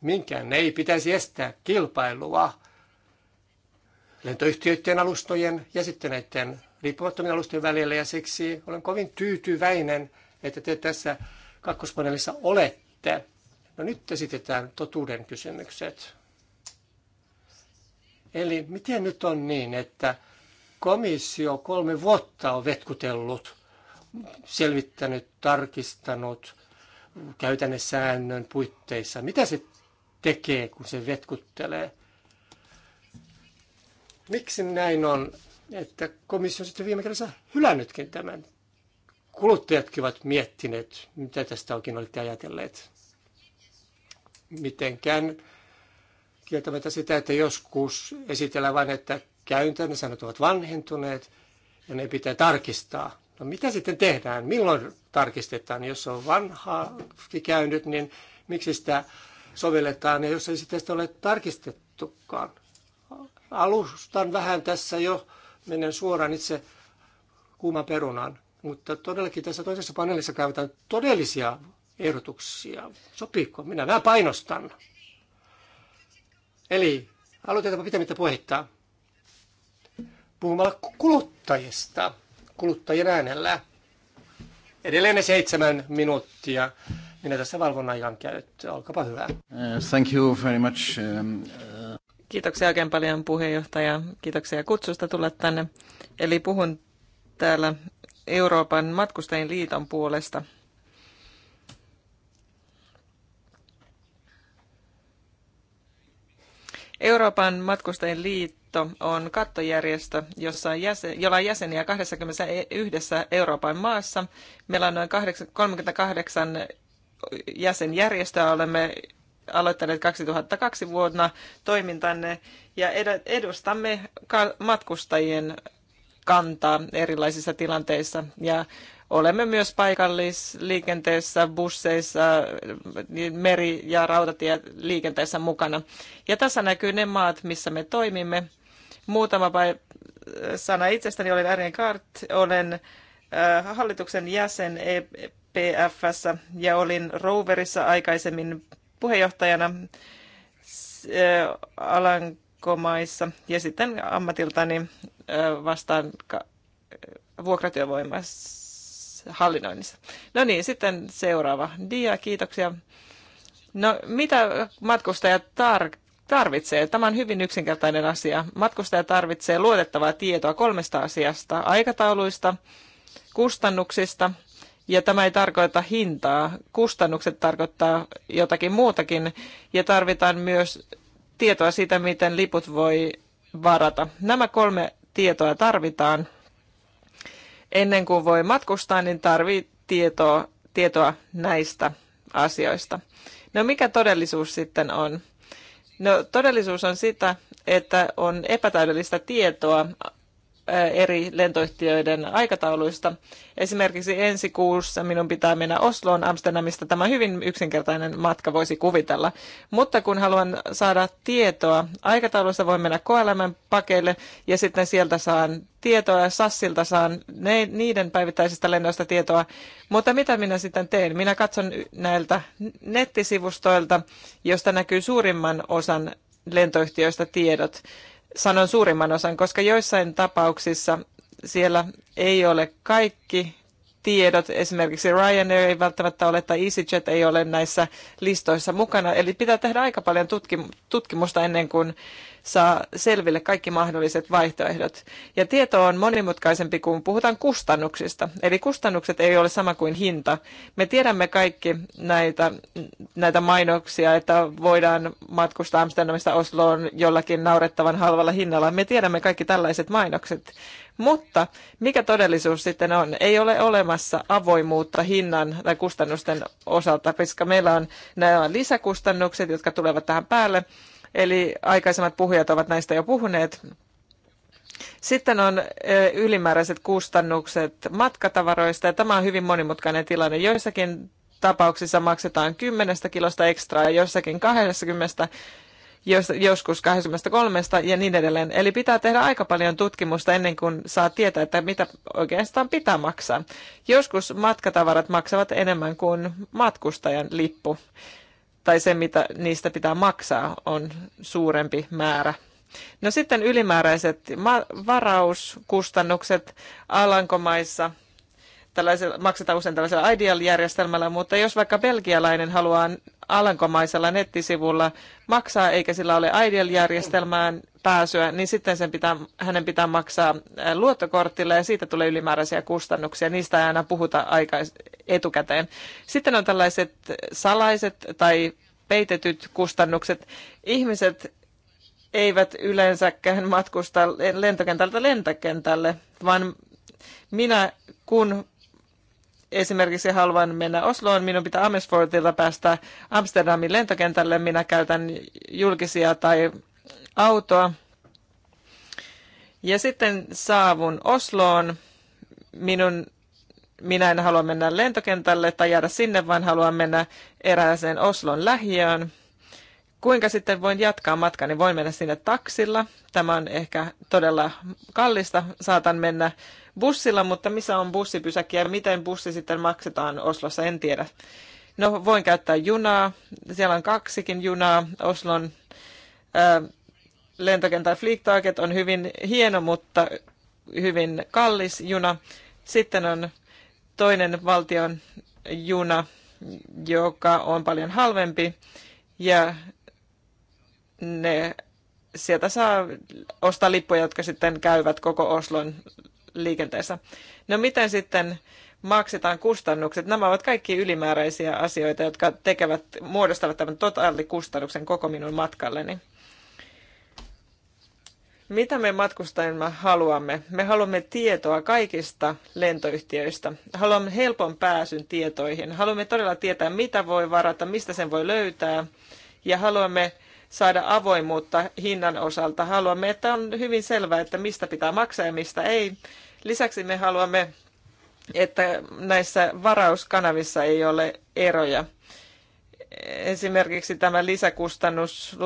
minkään ei pitäisi estää kilpailua lentoyhtiöiden alustojen ja sitten näiden riippumattomien alustojen välillä. Ja siksi olen kovin tyytyväinen, että te tässä kakkospaneelissa olette. No nyt esitetään totuuden kysymykset. Eli miten nyt on niin, että komissio kolme vuotta on vetkutellut, selvittänyt, tarkistanut käytännössäännön puitteissa. Mitä se tekee, kun se vetkuttelee? Miksi näin on, että komissio on sitten viime kädessä hylännytkin tämän? Kuluttajatkin ovat miettineet, mitä tästä oikein olitte ajatelleet. Mitenkään kieltämättä sitä, että joskus esitellään vain, että käyntäänsäännöt ovat vanhentuneet ja ne pitää tarkistaa. No mitä sitten tehdään? Milloin tarkistetaan? Jos on vanha käynyt, niin miksi sitä sovelletaan? Ja jos ei sitä ole tarkistettukaan. Alustan vähän tässä jo, menen suoraan itse kuuman perunaan. Mutta todellakin tässä toisessa paneelissa kaivataan todellisia ehdotuksia. Sopiiko? Minä vähän painostan. Eli aloitetaanpa pitämättä puhetta puhumalla kuluttajista, kuluttajien äänellä. Edelleen ne seitsemän minuuttia. Minä tässä valvonnan ajan käyttö. Olkapa hyvä. Uh, thank you very much. Um, uh... Kiitoksia oikein paljon puheenjohtaja. Kiitoksia kutsusta tulla tänne. Eli puhun täällä Euroopan matkustajien liiton puolesta – Euroopan matkustajien liitto on kattojärjestö, jossa on jäsen, jolla on jäseniä 21 e-, Euroopan maassa. Meillä on noin 38 jäsenjärjestöä. Olemme aloittaneet 2002 vuonna toimintanne ja edustamme matkustajien kantaa erilaisissa tilanteissa. Ja Olemme myös paikallisliikenteessä, busseissa, niin meri- ja rautatieliikenteessä mukana. Ja tässä näkyy ne maat, missä me toimimme. Muutama sana itsestäni. Olen Arjen Kart, olen äh, hallituksen jäsen EPFssä ja olin Roverissa aikaisemmin puheenjohtajana äh, Alankomaissa ja sitten ammatiltani äh, vastaan vuokratyövoimassa hallinnoinnissa. No niin, sitten seuraava dia. Kiitoksia. No, mitä matkustaja tar- tarvitsee? Tämä on hyvin yksinkertainen asia. Matkustaja tarvitsee luotettavaa tietoa kolmesta asiasta. Aikatauluista, kustannuksista, ja tämä ei tarkoita hintaa. Kustannukset tarkoittaa jotakin muutakin, ja tarvitaan myös tietoa siitä, miten liput voi varata. Nämä kolme tietoa tarvitaan ennen kuin voi matkustaa, niin tarvii tietoa, tietoa näistä asioista. No mikä todellisuus sitten on? No todellisuus on sitä, että on epätäydellistä tietoa eri lentoyhtiöiden aikatauluista. Esimerkiksi ensi kuussa minun pitää mennä Osloon Amsterdamista. Tämä hyvin yksinkertainen matka voisi kuvitella. Mutta kun haluan saada tietoa aikataulusta, voin mennä KLM-pakeille ja sitten sieltä saan tietoa ja Sassilta saan ne, niiden päivittäisistä lennoista tietoa. Mutta mitä minä sitten teen? Minä katson näiltä nettisivustoilta, josta näkyy suurimman osan lentoyhtiöistä tiedot sanon suurimman osan, koska joissain tapauksissa siellä ei ole kaikki tiedot, esimerkiksi Ryanair ei välttämättä ole tai EasyJet ei ole näissä listoissa mukana, eli pitää tehdä aika paljon tutkimusta ennen kuin saa selville kaikki mahdolliset vaihtoehdot. Ja tieto on monimutkaisempi, kun puhutaan kustannuksista. Eli kustannukset ei ole sama kuin hinta. Me tiedämme kaikki näitä, näitä mainoksia, että voidaan matkustaa Amsterdamista Osloon jollakin naurettavan halvalla hinnalla. Me tiedämme kaikki tällaiset mainokset. Mutta mikä todellisuus sitten on? Ei ole olemassa avoimuutta hinnan tai kustannusten osalta, koska meillä on nämä lisäkustannukset, jotka tulevat tähän päälle. Eli aikaisemmat puhujat ovat näistä jo puhuneet. Sitten on ylimääräiset kustannukset matkatavaroista, ja tämä on hyvin monimutkainen tilanne. Joissakin tapauksissa maksetaan 10 kilosta ekstraa, joissakin 20, joskus 23 ja niin edelleen. Eli pitää tehdä aika paljon tutkimusta ennen kuin saa tietää, että mitä oikeastaan pitää maksaa. Joskus matkatavarat maksavat enemmän kuin matkustajan lippu tai se, mitä niistä pitää maksaa, on suurempi määrä. No sitten ylimääräiset varauskustannukset Alankomaissa – tällaisella, maksetaan usein tällaisella Ideal-järjestelmällä, mutta jos vaikka belgialainen haluaa alankomaisella nettisivulla maksaa, eikä sillä ole Ideal-järjestelmään pääsyä, niin sitten sen pitää, hänen pitää maksaa äh, luottokortilla ja siitä tulee ylimääräisiä kustannuksia. Niistä ei aina puhuta aika etukäteen. Sitten on tällaiset salaiset tai peitetyt kustannukset. Ihmiset eivät yleensäkään matkusta lentokentältä lentokentälle, vaan minä kun esimerkiksi haluan mennä Osloon, minun pitää Amersfoortilta päästä Amsterdamin lentokentälle, minä käytän julkisia tai autoa. Ja sitten saavun Osloon, minun, minä en halua mennä lentokentälle tai jäädä sinne, vaan haluan mennä erääseen Oslon lähiöön. Kuinka sitten voin jatkaa matkani? Voin mennä sinne taksilla. Tämä on ehkä todella kallista. Saatan mennä bussilla, mutta missä on bussipysäkki ja miten bussi sitten maksetaan Oslossa, en tiedä. No, voin käyttää junaa. Siellä on kaksikin junaa. Oslon ää, äh, lentokentän Flicktarget on hyvin hieno, mutta hyvin kallis juna. Sitten on toinen valtion juna, joka on paljon halvempi. Ja ne, sieltä saa ostaa lippuja, jotka sitten käyvät koko Oslon liikenteessä. No miten sitten maksetaan kustannukset? Nämä ovat kaikki ylimääräisiä asioita, jotka tekevät, muodostavat tämän totaalikustannuksen koko minun matkalleni. Mitä me matkustajina haluamme? Me haluamme tietoa kaikista lentoyhtiöistä. Haluamme helpon pääsyn tietoihin. Haluamme todella tietää, mitä voi varata, mistä sen voi löytää. Ja haluamme saada avoimuutta hinnan osalta. Haluamme, että on hyvin selvää, että mistä pitää maksaa ja mistä ei. Lisäksi me haluamme, että näissä varauskanavissa ei ole eroja. Esimerkiksi tämä lisäkustannus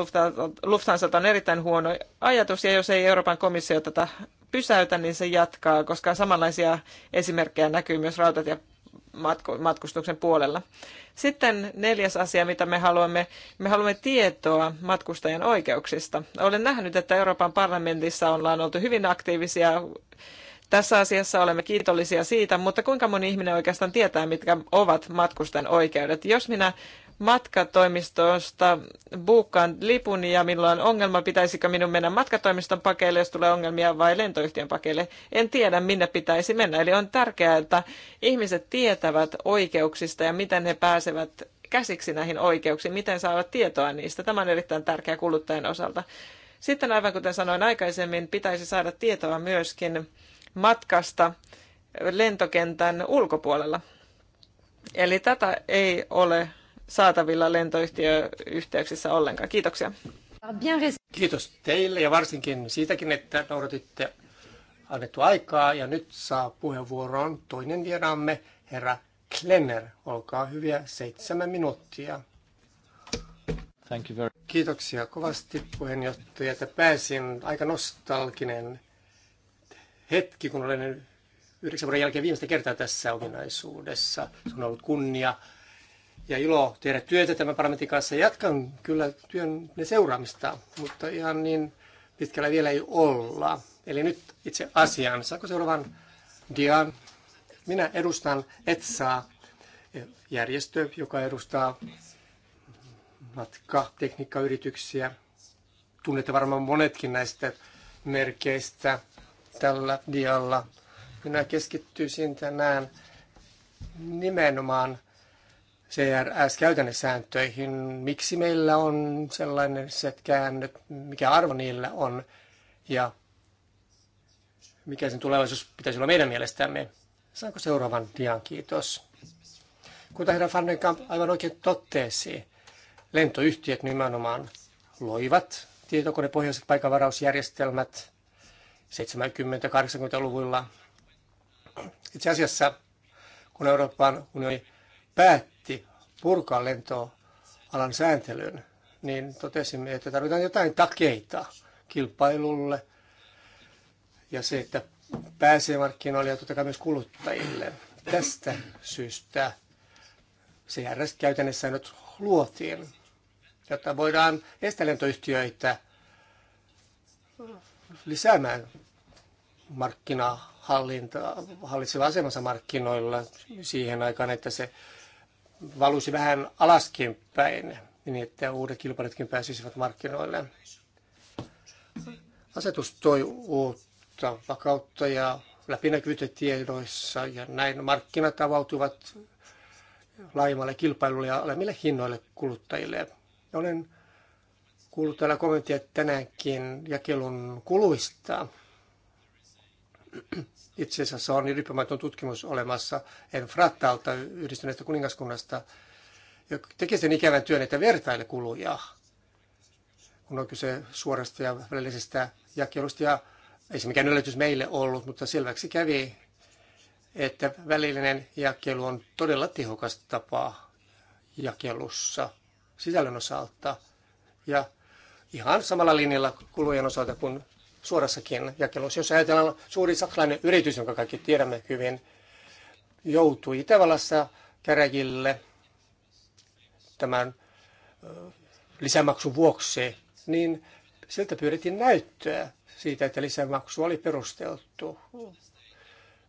Lufthansa on erittäin huono ajatus, ja jos ei Euroopan komissio tätä pysäytä, niin se jatkaa, koska samanlaisia esimerkkejä näkyy myös rautat- ja matku- matkustuksen puolella. Sitten neljäs asia, mitä me haluamme, me haluamme tietoa matkustajan oikeuksista. Olen nähnyt, että Euroopan parlamentissa ollaan oltu hyvin aktiivisia tässä asiassa olemme kiitollisia siitä, mutta kuinka moni ihminen oikeastaan tietää, mitkä ovat matkustajan oikeudet? Jos minä matkatoimistosta buukkaan lipun ja milloin on ongelma, pitäisikö minun mennä matkatoimiston pakeille, jos tulee ongelmia vai lentoyhtiön pakeille. En tiedä, minne pitäisi mennä. Eli on tärkeää, että ihmiset tietävät oikeuksista ja miten he pääsevät käsiksi näihin oikeuksiin, miten saavat tietoa niistä. Tämä on erittäin tärkeää kuluttajan osalta. Sitten aivan kuten sanoin aikaisemmin, pitäisi saada tietoa myöskin matkasta lentokentän ulkopuolella. Eli tätä ei ole saatavilla lentoyhtiöyhteyksissä ollenkaan. Kiitoksia. Kiitos teille ja varsinkin siitäkin, että noudatitte annettu aikaa. Ja nyt saa puheenvuoron toinen vieraamme, herra Klenner. Olkaa hyviä, seitsemän minuuttia. Thank you very... Kiitoksia kovasti puheenjohtaja, että pääsin. Aika nostalginen hetki, kun olen yhdeksän vuoden jälkeen viimeistä kertaa tässä ominaisuudessa. Se on ollut kunnia ja ilo tehdä työtä tämän parlamentin kanssa. Jatkan kyllä työn seuraamista, mutta ihan niin pitkällä vielä ei olla. Eli nyt itse asiaan. Saako seuraavan dian? Minä edustan ETSAa, järjestö, joka edustaa matka tekniikkayrityksiä. Tunnette varmaan monetkin näistä merkeistä tällä dialla. Minä keskittyisin tänään nimenomaan CRS-käytännesääntöihin, miksi meillä on sellainen set käännöt, mikä arvo niillä on ja mikä sen tulevaisuus pitäisi olla meidän mielestämme. Saanko seuraavan dian? Kiitos. Kuten herra Fannenkamp aivan oikein totteesi, lentoyhtiöt nimenomaan loivat tietokonepohjaiset paikanvarausjärjestelmät 70-80-luvulla. Itse asiassa, kun Euroopan unioni päätti purkaa lentoalan sääntelyn, niin totesimme, että tarvitaan jotain takeita kilpailulle ja se, että pääsee markkinoille ja totta kai myös kuluttajille. Tästä syystä CRS käytännössä nyt luotiin, jotta voidaan estää lentoyhtiöitä lisäämään markkinahallintaa, hallitseva asemansa markkinoilla siihen aikaan, että se valuisi vähän alaskin päin, niin että uudet kilpailutkin pääsisivät markkinoille. Asetus toi uutta vakautta ja läpinäkyvyyttä tiedoissa ja näin markkinat avautuvat laajemmalle kilpailulle ja alemmille hinnoille kuluttajille. Olen kuullut täällä kommenttia tänäänkin jakelun kuluista. Itse asiassa on riippumaton niin tutkimus olemassa en Frattalta yhdistyneestä kuningaskunnasta, joka tekee sen ikävän työn, että vertaile kuluja, kun on kyse suorasta ja välillisestä jakelusta. Ja ei se mikään yllätys meille ollut, mutta selväksi kävi, että välillinen jakelu on todella tehokas tapa jakelussa sisällön osalta. Ja ihan samalla linjalla kulujen osalta kuin suorassakin jakelussa. Jos ajatellaan suuri saksalainen yritys, jonka kaikki tiedämme hyvin, joutui Itävallassa käräjille tämän lisämaksun vuoksi, niin siltä pyydettiin näyttöä siitä, että lisämaksu oli perusteltu.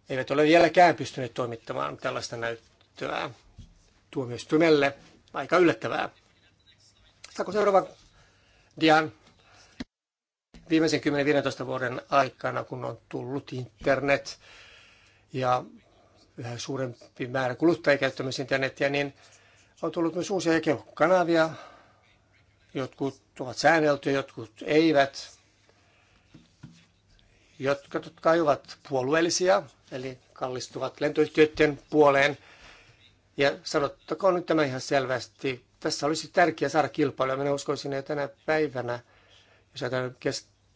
Eivät ole vieläkään pystyneet toimittamaan tällaista näyttöä tuomioistuimelle. Aika yllättävää. Saako seuraava dian? viimeisen 10-15 vuoden aikana, kun on tullut internet ja yhä suurempi määrä kuluttajia käyttämässä internetiä, niin on tullut myös uusia kanavia. Jotkut ovat säänneltyjä, jotkut eivät. Jotkut, jotka ovat puolueellisia, eli kallistuvat lentoyhtiöiden puoleen. Ja sanottakoon nyt tämä ihan selvästi. Tässä olisi tärkeää saada kilpailua. Minä uskoisin, että tänä päivänä, jos ajatellaan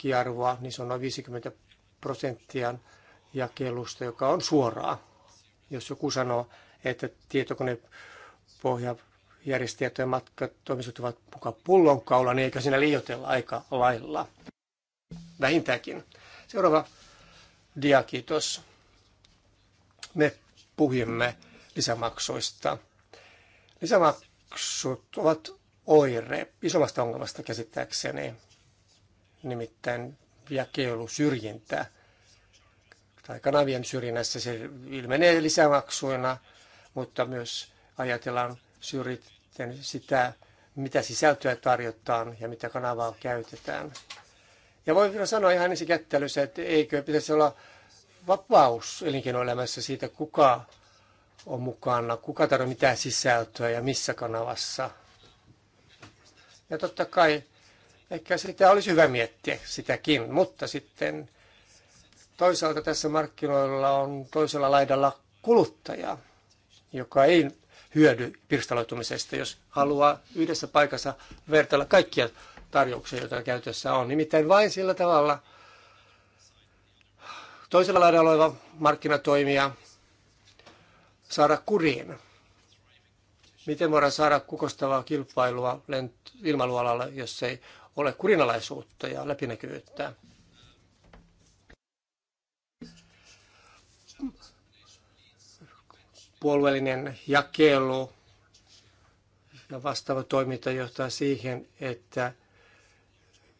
keskiarvoa, niin se on noin 50 prosenttia jakelusta, joka on suoraa. Jos joku sanoo, että tietokonepohjajärjestäjät ja matkatoimistot ovat mukaan pullonkaula, niin eikä siinä liioitella aika lailla? Vähintäänkin. Seuraava dia, kiitos. Me puhumme lisämaksuista. Lisämaksut ovat oire isommasta ongelmasta käsittääkseni nimittäin jakelusyrjintää. Tai kanavien syrjinnässä se ilmenee lisämaksuina, mutta myös ajatellaan syrjitten sitä, mitä sisältöä tarjotaan ja mitä kanavaa käytetään. Ja voi vielä sanoa ihan ensi kättelyssä, että eikö pitäisi olla vapaus elinkeinoelämässä siitä, kuka on mukana, kuka tarjoaa mitä sisältöä ja missä kanavassa. Ja totta kai Ehkä sitä olisi hyvä miettiä sitäkin, mutta sitten toisaalta tässä markkinoilla on toisella laidalla kuluttaja, joka ei hyödy pirstaloitumisesta, jos haluaa yhdessä paikassa vertailla kaikkia tarjouksia, joita käytössä on. Nimittäin vain sillä tavalla toisella laidalla oleva markkinatoimija saada kuriin. Miten voidaan saada kukostavaa kilpailua ilmailualalla, jos ei ole kurinalaisuutta ja läpinäkyvyyttä. Puolueellinen jakelu ja vastaava toiminta johtaa siihen, että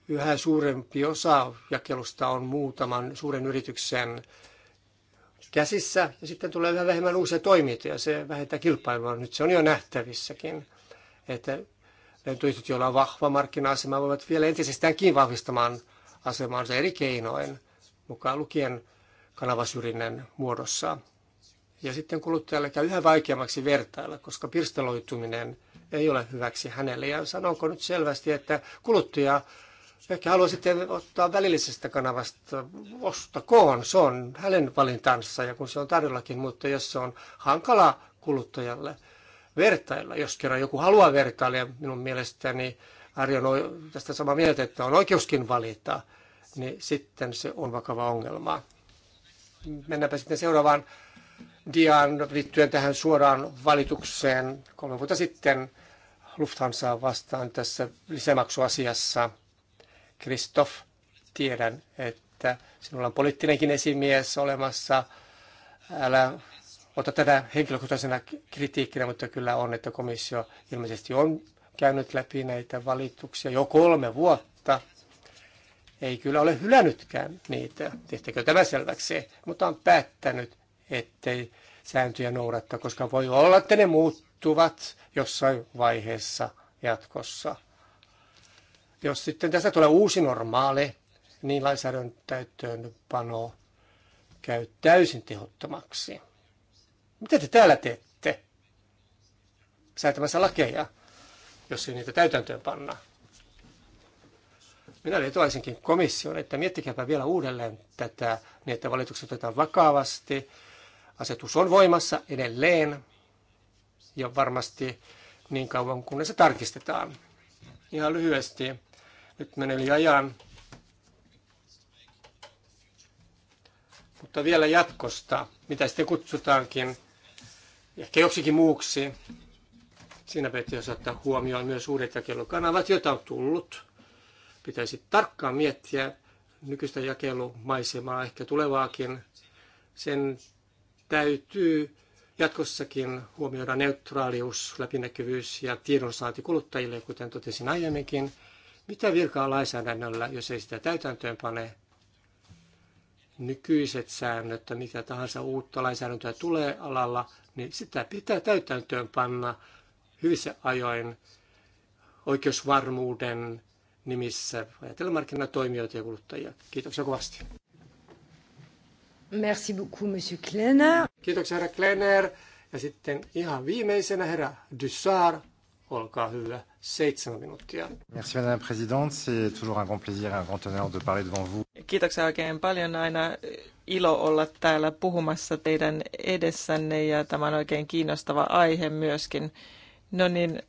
yhä suurempi osa jakelusta on muutaman suuren yrityksen käsissä ja sitten tulee yhä vähemmän uusia toimintoja. Se vähentää kilpailua. Nyt se on jo nähtävissäkin, että Täytyy joilla olla vahva markkina-asema, voivat vielä entisestäänkin vahvistamaan asemaansa eri keinoin, mukaan lukien kanavasyrjinnän muodossa. Ja sitten kuluttajalle käy yhä vaikeammaksi vertailla, koska pirstaloituminen ei ole hyväksi hänelle. Ja sanonko nyt selvästi, että kuluttaja ehkä haluaa sitten ottaa välillisestä kanavasta ostakoon. Se on hänen valintansa ja kun se on tarjollakin, mutta jos se on hankala kuluttajalle – vertailla, jos kerran joku haluaa vertailla. Ja minun mielestäni Arjo on tästä samaa mieltä, että on oikeuskin valita, niin sitten se on vakava ongelma. Mennäänpä sitten seuraavaan diaan liittyen tähän suoraan valitukseen kolme vuotta sitten Lufthansaa vastaan tässä lisämaksuasiassa. Kristoff, tiedän, että sinulla on poliittinenkin esimies olemassa. Älä ota tätä henkilökohtaisena kritiikkinä, mutta kyllä on, että komissio ilmeisesti on käynyt läpi näitä valituksia jo kolme vuotta. Ei kyllä ole hylännytkään niitä, tehtäkö tämä selväksi, mutta on päättänyt, ettei sääntöjä noudattaa, koska voi olla, että ne muuttuvat jossain vaiheessa jatkossa. Jos sitten tästä tulee uusi normaali, niin lainsäädännön täyttöönpano käy täysin tehottomaksi. Mitä te täällä teette säätämässä lakeja, jos ei niitä täytäntöön panna? Minä vetoaisinkin komission, että miettikääpä vielä uudelleen tätä, niin että valitukset otetaan vakavasti. Asetus on voimassa edelleen ja varmasti niin kauan, kunnes se tarkistetaan. Ihan lyhyesti. Nyt menen yli ajan. Mutta vielä jatkosta, mitä sitten kutsutaankin ehkä joksikin muuksi. Siinä pitäisi ottaa huomioon myös uudet jakelukanavat, joita on tullut. Pitäisi tarkkaan miettiä nykyistä jakelumaisemaa, ehkä tulevaakin. Sen täytyy jatkossakin huomioida neutraalius, läpinäkyvyys ja tiedonsaanti kuluttajille, kuten totesin aiemminkin. Mitä virkaa lainsäädännöllä, jos ei sitä täytäntöön pane? nykyiset säännöt tai mikä tahansa uutta lainsäädäntöä tulee alalla, niin sitä pitää täytäntöön panna hyvissä ajoin oikeusvarmuuden nimissä. Ajatellen markkinatoimijoita ja kuluttajia. Kiitoksia kovasti. Merci beaucoup, monsieur Klenner. Kiitoksia, herra Klenner. Ja sitten ihan viimeisenä herra Dussard, olkaa hyvä seitsemän minuuttia. Merci madame présidente, c'est toujours un grand plaisir un grand honneur de parler devant vous. Kiitoksia oikein paljon aina eh, ilo olla täällä puhumassa teidän edessänne ja tämä on oikein kiinnostava aihe myöskin. No niin,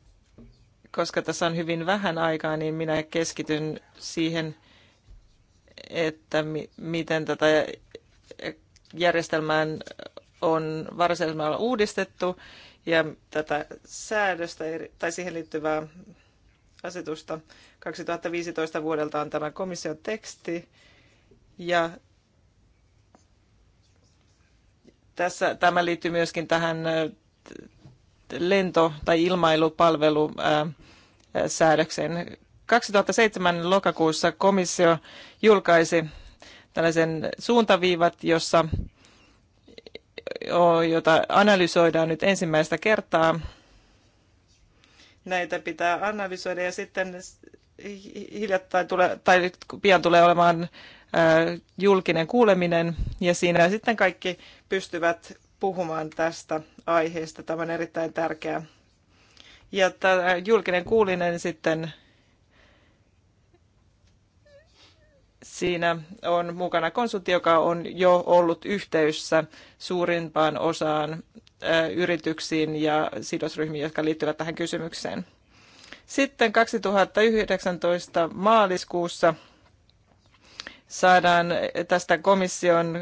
koska tässä on hyvin vähän aikaa, niin minä keskityn siihen, että mi- miten tätä eh, järjestelmään on varsinaisella uudistettu ja tätä säädöstä tai siihen liittyvää asetusta 2015 vuodelta on tämä komission teksti ja tässä, tämä liittyy myöskin tähän lento- tai ilmailupalvelusäädökseen. 2007 lokakuussa komissio julkaisi tällaisen suuntaviivat, jossa jota analysoidaan nyt ensimmäistä kertaa. Näitä pitää analysoida ja sitten hiljattain tulee, tai pian tulee olemaan julkinen kuuleminen ja siinä sitten kaikki pystyvät puhumaan tästä aiheesta. Tämä on erittäin tärkeää. Ja tämä julkinen kuulinen sitten Siinä on mukana konsultti, joka on jo ollut yhteydessä suurimpaan osaan äh, yrityksiin ja sidosryhmiin, jotka liittyvät tähän kysymykseen. Sitten 2019 maaliskuussa saadaan tästä komission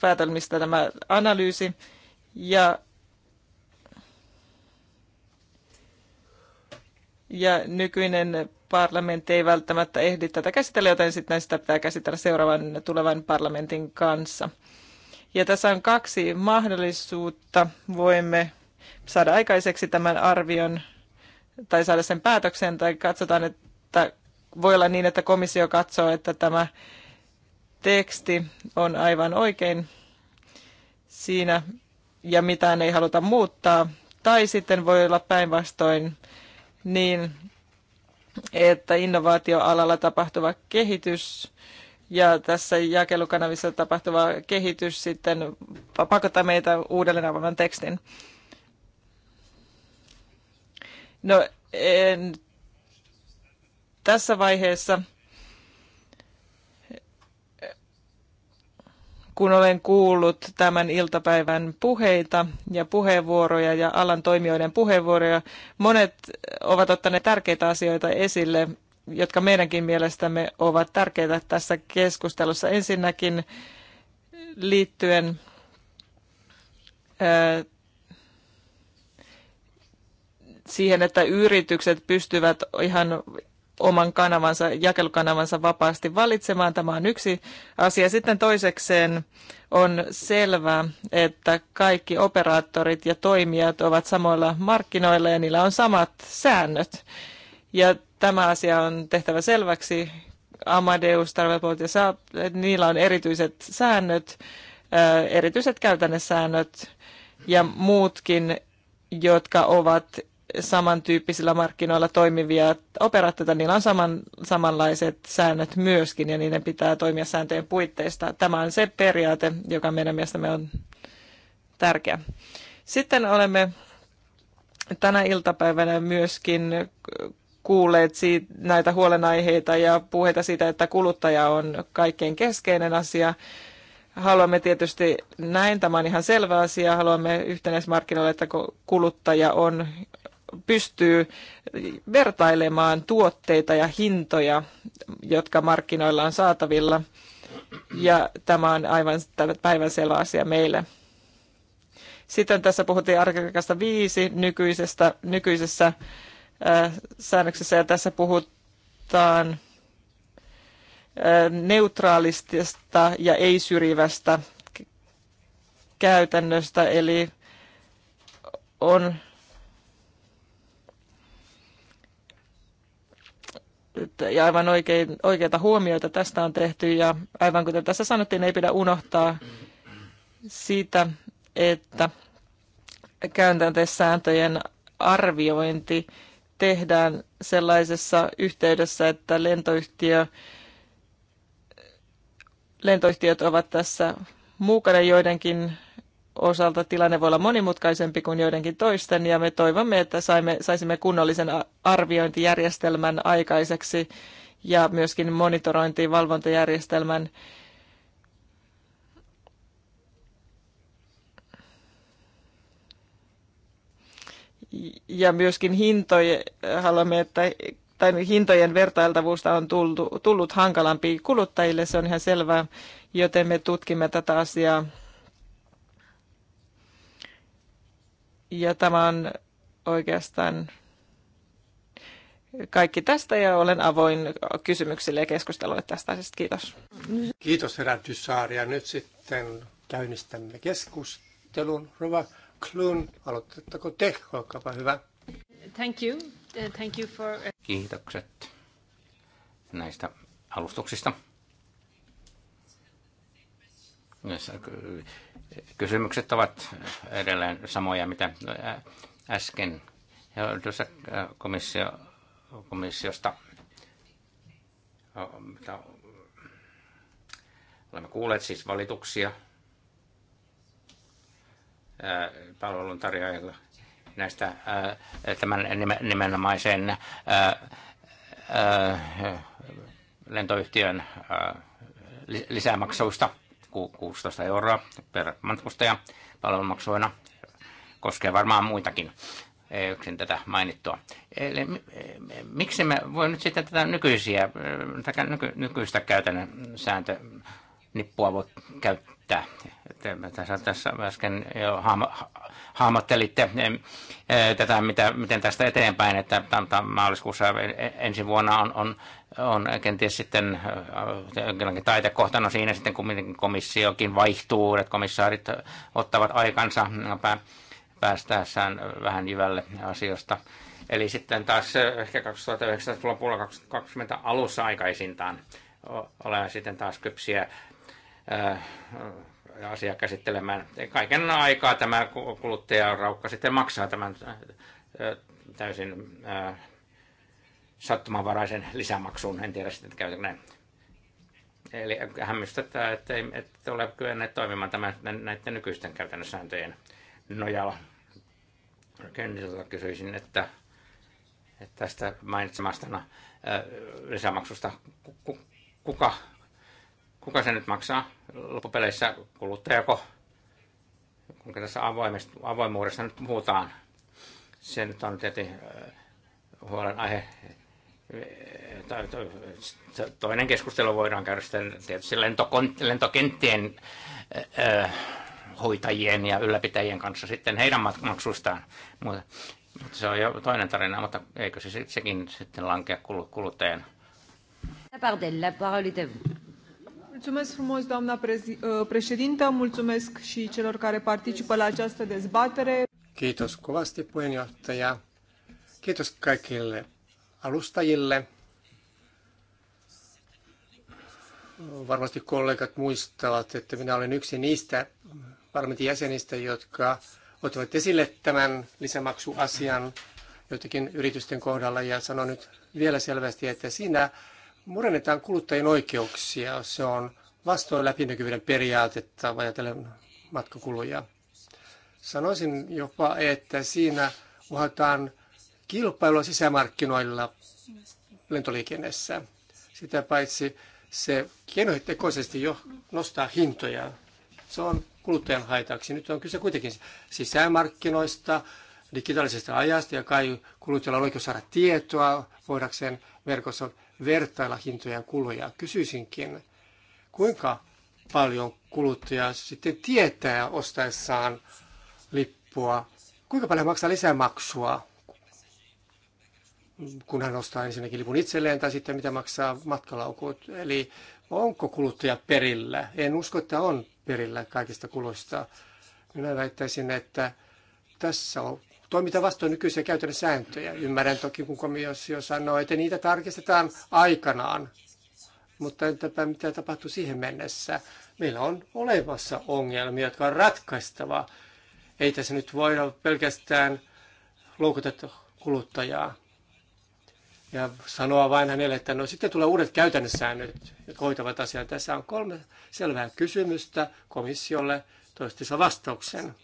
päätelmistä tämä analyysi ja ja nykyinen parlamentti ei välttämättä ehdi tätä käsitellä, joten sitten näistä pitää käsitellä seuraavan tulevan parlamentin kanssa. Ja tässä on kaksi mahdollisuutta. Voimme saada aikaiseksi tämän arvion tai saada sen päätöksen tai katsotaan, että voi olla niin, että komissio katsoo, että tämä teksti on aivan oikein siinä ja mitään ei haluta muuttaa. Tai sitten voi olla päinvastoin niin, että innovaatioalalla tapahtuva kehitys ja tässä jakelukanavissa tapahtuva kehitys sitten pakottaa meitä uudelleen avaamaan tekstin. No, en, tässä vaiheessa kun olen kuullut tämän iltapäivän puheita ja puheenvuoroja ja alan toimijoiden puheenvuoroja, monet ovat ottaneet tärkeitä asioita esille, jotka meidänkin mielestämme ovat tärkeitä tässä keskustelussa. Ensinnäkin liittyen ää, siihen, että yritykset pystyvät ihan oman kanavansa, jakelukanavansa vapaasti valitsemaan. Tämä on yksi asia. Sitten toisekseen on selvää, että kaikki operaattorit ja toimijat ovat samoilla markkinoilla ja niillä on samat säännöt. Ja tämä asia on tehtävä selväksi. Amadeus, Tarveport ja Saab, niillä on erityiset säännöt, äh, erityiset käytännössäännöt ja muutkin, jotka ovat samantyyppisillä markkinoilla toimivia operaattoreita, niillä on saman, samanlaiset säännöt myöskin ja niiden pitää toimia sääntöjen puitteista. Tämä on se periaate, joka meidän mielestämme on tärkeä. Sitten olemme tänä iltapäivänä myöskin kuulleet siitä, näitä huolenaiheita ja puheita siitä, että kuluttaja on kaikkein keskeinen asia. Haluamme tietysti näin, tämä on ihan selvä asia, haluamme yhtenäismarkkinoille, että kuluttaja on pystyy vertailemaan tuotteita ja hintoja, jotka markkinoilla on saatavilla. Ja tämä on aivan päivänselvä asia meille. Sitten tässä puhuttiin artikasta viisi nykyisestä, nykyisessä ää, äh, säännöksessä ja tässä puhutaan ää, äh, neutraalistista ja ei-syrjivästä käytännöstä, eli on ja aivan oikein, oikeita huomioita tästä on tehty. Ja aivan kuten tässä sanottiin, ei pidä unohtaa sitä, että käytäntesääntöjen arviointi tehdään sellaisessa yhteydessä, että lentoyhtiö, lentoyhtiöt ovat tässä mukana joidenkin osalta tilanne voi olla monimutkaisempi kuin joidenkin toisten, ja me toivomme, että saimme, saisimme kunnollisen arviointijärjestelmän aikaiseksi ja myöskin monitorointiin valvontajärjestelmän. Ja myöskin hintoja, haluamme, että tai niin hintojen vertailtavuusta on tullut, tullut hankalampi kuluttajille, se on ihan selvää, joten me tutkimme tätä asiaa Ja tämä on oikeastaan kaikki tästä ja olen avoin kysymyksille ja keskustelulle tästä asiasta. Kiitos. Kiitos herra Ja nyt sitten käynnistämme keskustelun. Rova Klun, aloitettako te? Olkaapa hyvä. Thank you. Uh, thank you for... Uh, Kiitokset näistä alustuksista. Äh, kysymykset ovat edelleen samoja, mitä äh, äsken äh, komissio, komissiosta mitä olemme kuulleet siis valituksia palveluntarjoajilla näistä tämän nimenomaisen lentoyhtiön lisämaksuista – 16 euroa per matkustaja palvelumaksuina. Koskee varmaan muitakin, ei yksin tätä mainittua. Eli miksi me voi nyt sitten tätä nykyisiä, nyky, nykyistä käytännön sääntö, nippua voi käyttää? että, että tässä, tässä äsken jo hahmottelitte niin, tätä, mitä, miten tästä eteenpäin, että maaliskuussa ensi vuonna on, on, on kenties sitten jonkinlainen taitekohtana no siinä sitten, kun komissiokin vaihtuu, että komissaarit ottavat aikansa no, päästäessään vähän jyvälle asioista. Eli sitten taas ehkä 2019 lopulla 2020 alussa aikaisintaan olemme sitten taas kypsiä asia käsittelemään. Kaiken aikaa tämä kuluttajaraukka sitten maksaa tämän täysin sattumanvaraisen lisämaksun. En tiedä sitten käykö näin. Eli hämmästyttää, että ei että ole kyenneet toimimaan tämän, näiden nykyisten käytännön sääntöjen nojalla. Kentiltä kysyisin, että, että tästä mainitsemastana lisämaksusta kuka kuka se nyt maksaa loppupeleissä, kuluttajako, kun tässä avoimesta, avoimuudesta nyt puhutaan. Se nyt on tietenkin äh, huolenaihe. Toinen keskustelu voidaan käydä sitten tietysti lentokenttien äh, äh, hoitajien ja ylläpitäjien kanssa sitten heidän maksustaan. Mutta se on jo toinen tarina, mutta eikö se sekin sitten lankea kuluttajan? La parole est à vous. Mulțumesc frumos, doamna uh, președintă, mulțumesc și celor care participă la această dezbatere. Kiitos kovasti puheenjohtaja. Kiitos kaikille alustajille. Varmasti kollegat muistavat, että minä olen yksi niistä parlamentin jäsenistä, jotka ottavat esille tämän lisämaksuasian joitakin yritysten kohdalla ja sanon nyt vielä selvästi, että siinä murennetaan kuluttajien oikeuksia. Se on vastoin läpinäkyvyyden periaatetta ajatellen matkakuluja. Sanoisin jopa, että siinä uhataan kilpailua sisämarkkinoilla lentoliikenteessä. Sitä paitsi se keinotekoisesti jo nostaa hintoja. Se on kuluttajan haitaksi. Nyt on kyse kuitenkin sisämarkkinoista, digitaalisesta ajasta ja kai kuluttajalla on oikeus saada tietoa voidakseen verkossa vertailla hintoja ja kuluja. Kysyisinkin, kuinka paljon kuluttaja sitten tietää ostaessaan lippua, kuinka paljon maksaa lisämaksua, kun hän ostaa ensinnäkin lipun itselleen tai sitten mitä maksaa matkalaukut. Eli onko kuluttaja perillä? En usko, että on perillä kaikista kuluista. Minä väittäisin, että tässä on toimita vastoin nykyisiä käytännön sääntöjä. Ymmärrän toki, kun komissio sanoo, että niitä tarkistetaan aikanaan. Mutta entäpä mitä tapahtuu siihen mennessä? Meillä on olemassa ongelmia, jotka on ratkaistava. Ei tässä nyt voida pelkästään loukutetta kuluttajaa ja sanoa vain hänelle, että no sitten tulee uudet säännöt, jotka hoitavat asiaa. Tässä on kolme selvää kysymystä komissiolle, toistensa vastauksen.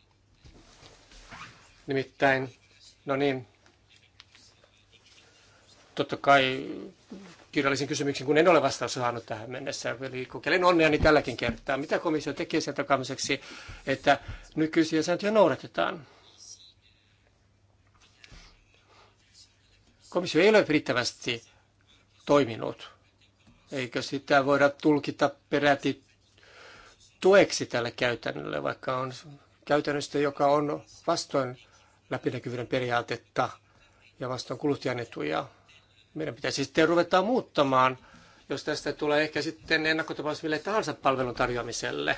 Nimittäin, no niin, totta kai kirjallisen kysymyksen kun en ole vastaus saanut tähän mennessä. Eli kokeilen onneani tälläkin kertaa. Mitä komissio tekee sen takamiseksi, että nykyisiä sääntöjä noudatetaan? Komissio ei ole riittävästi toiminut. Eikö sitä voida tulkita peräti tueksi tälle käytännölle, vaikka on käytännöstä, joka on vastoin läpinäkyvyyden periaatetta ja vastaan kuluttajan etuja. Meidän pitäisi sitten ruveta muuttamaan, jos tästä tulee ehkä sitten ennakkotapaus mille tahansa palvelun tarjoamiselle,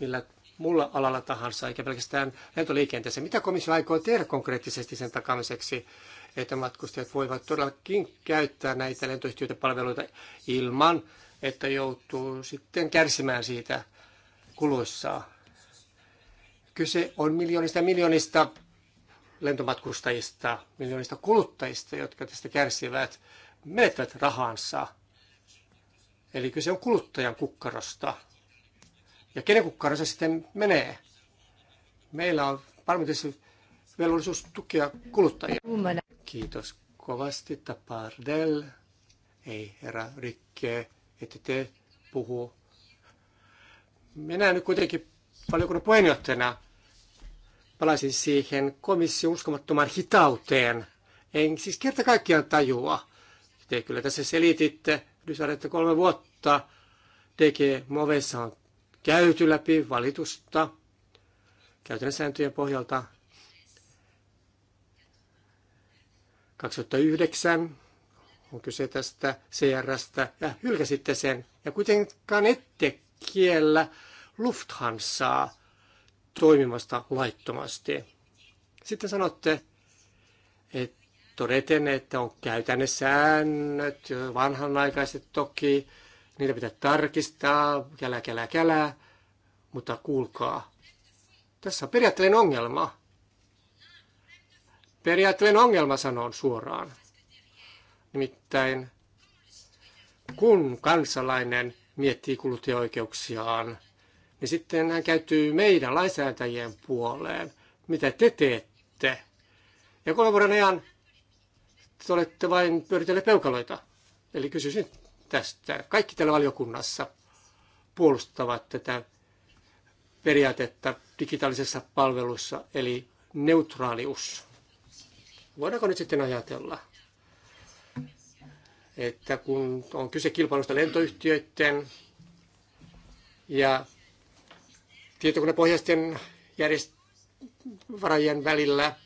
millä mulla alalla tahansa, eikä pelkästään lentoliikenteessä. Mitä komissio aikoo tehdä konkreettisesti sen takamiseksi, että matkustajat voivat todellakin käyttää näitä lentoyhtiöiden palveluita ilman, että joutuu sitten kärsimään siitä kuluissaan. Kyse on miljoonista ja miljoonista lentomatkustajista, miljoonista kuluttajista, jotka tästä kärsivät, menettävät rahansa. Eli kyse on kuluttajan kukkarosta. Ja kenen kukkaro se sitten menee? Meillä on varmasti velvollisuus tukea kuluttajia. Kiitos kovasti, Tapardel. Ei, herra Rikke, ette te puhu. Minä nyt kuitenkin valiokunnan puheenjohtajana palaisin siihen komission uskomattomaan hitauteen. En siis kerta kaikkiaan tajua. Te kyllä tässä selititte, että kolme vuotta DG Movessa on käyty läpi valitusta käytännön sääntöjen pohjalta 2009 on kyse tästä CRstä ja hylkäsitte sen. Ja kuitenkaan ette kiellä Lufthansaa toimimasta laittomasti. Sitten sanotte, että todeten, että on käytännön säännöt, vanhanaikaiset toki, niitä pitää tarkistaa, kälä, kälä, kälä, mutta kuulkaa, tässä on periaatteellinen ongelma. Periaatteellinen ongelma sanon suoraan. Nimittäin kun kansalainen miettii kuluttajaoikeuksiaan, ja sitten hän käytyy meidän lainsäätäjien puoleen. Mitä te teette? Ja kolmen vuoden ajan te olette vain pyöritelleet peukaloita. Eli kysyisin tästä. Kaikki täällä valiokunnassa puolustavat tätä periaatetta digitaalisessa palvelussa, eli neutraalius. Voidaanko nyt sitten ajatella, että kun on kyse kilpailusta lentoyhtiöiden ja tietokonepohjaisten järjest- varajien välillä,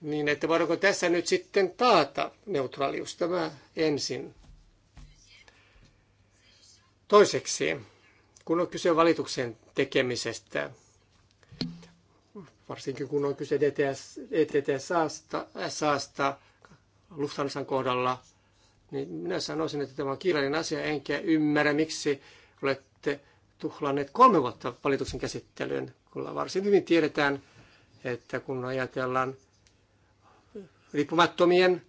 niin että voidaanko tässä nyt sitten taata neutraalius tämä ensin. Toiseksi, kun on kyse valituksen tekemisestä, varsinkin kun on kyse DTS, ETTSAsta, SAsta Lufthansan kohdalla, niin minä sanoisin, että tämä on kiireellinen asia, enkä ymmärrä, miksi olette tuhlanneet kolme vuotta valituksen käsittelyyn, kyllä varsin hyvin tiedetään, että kun ajatellaan riippumattomien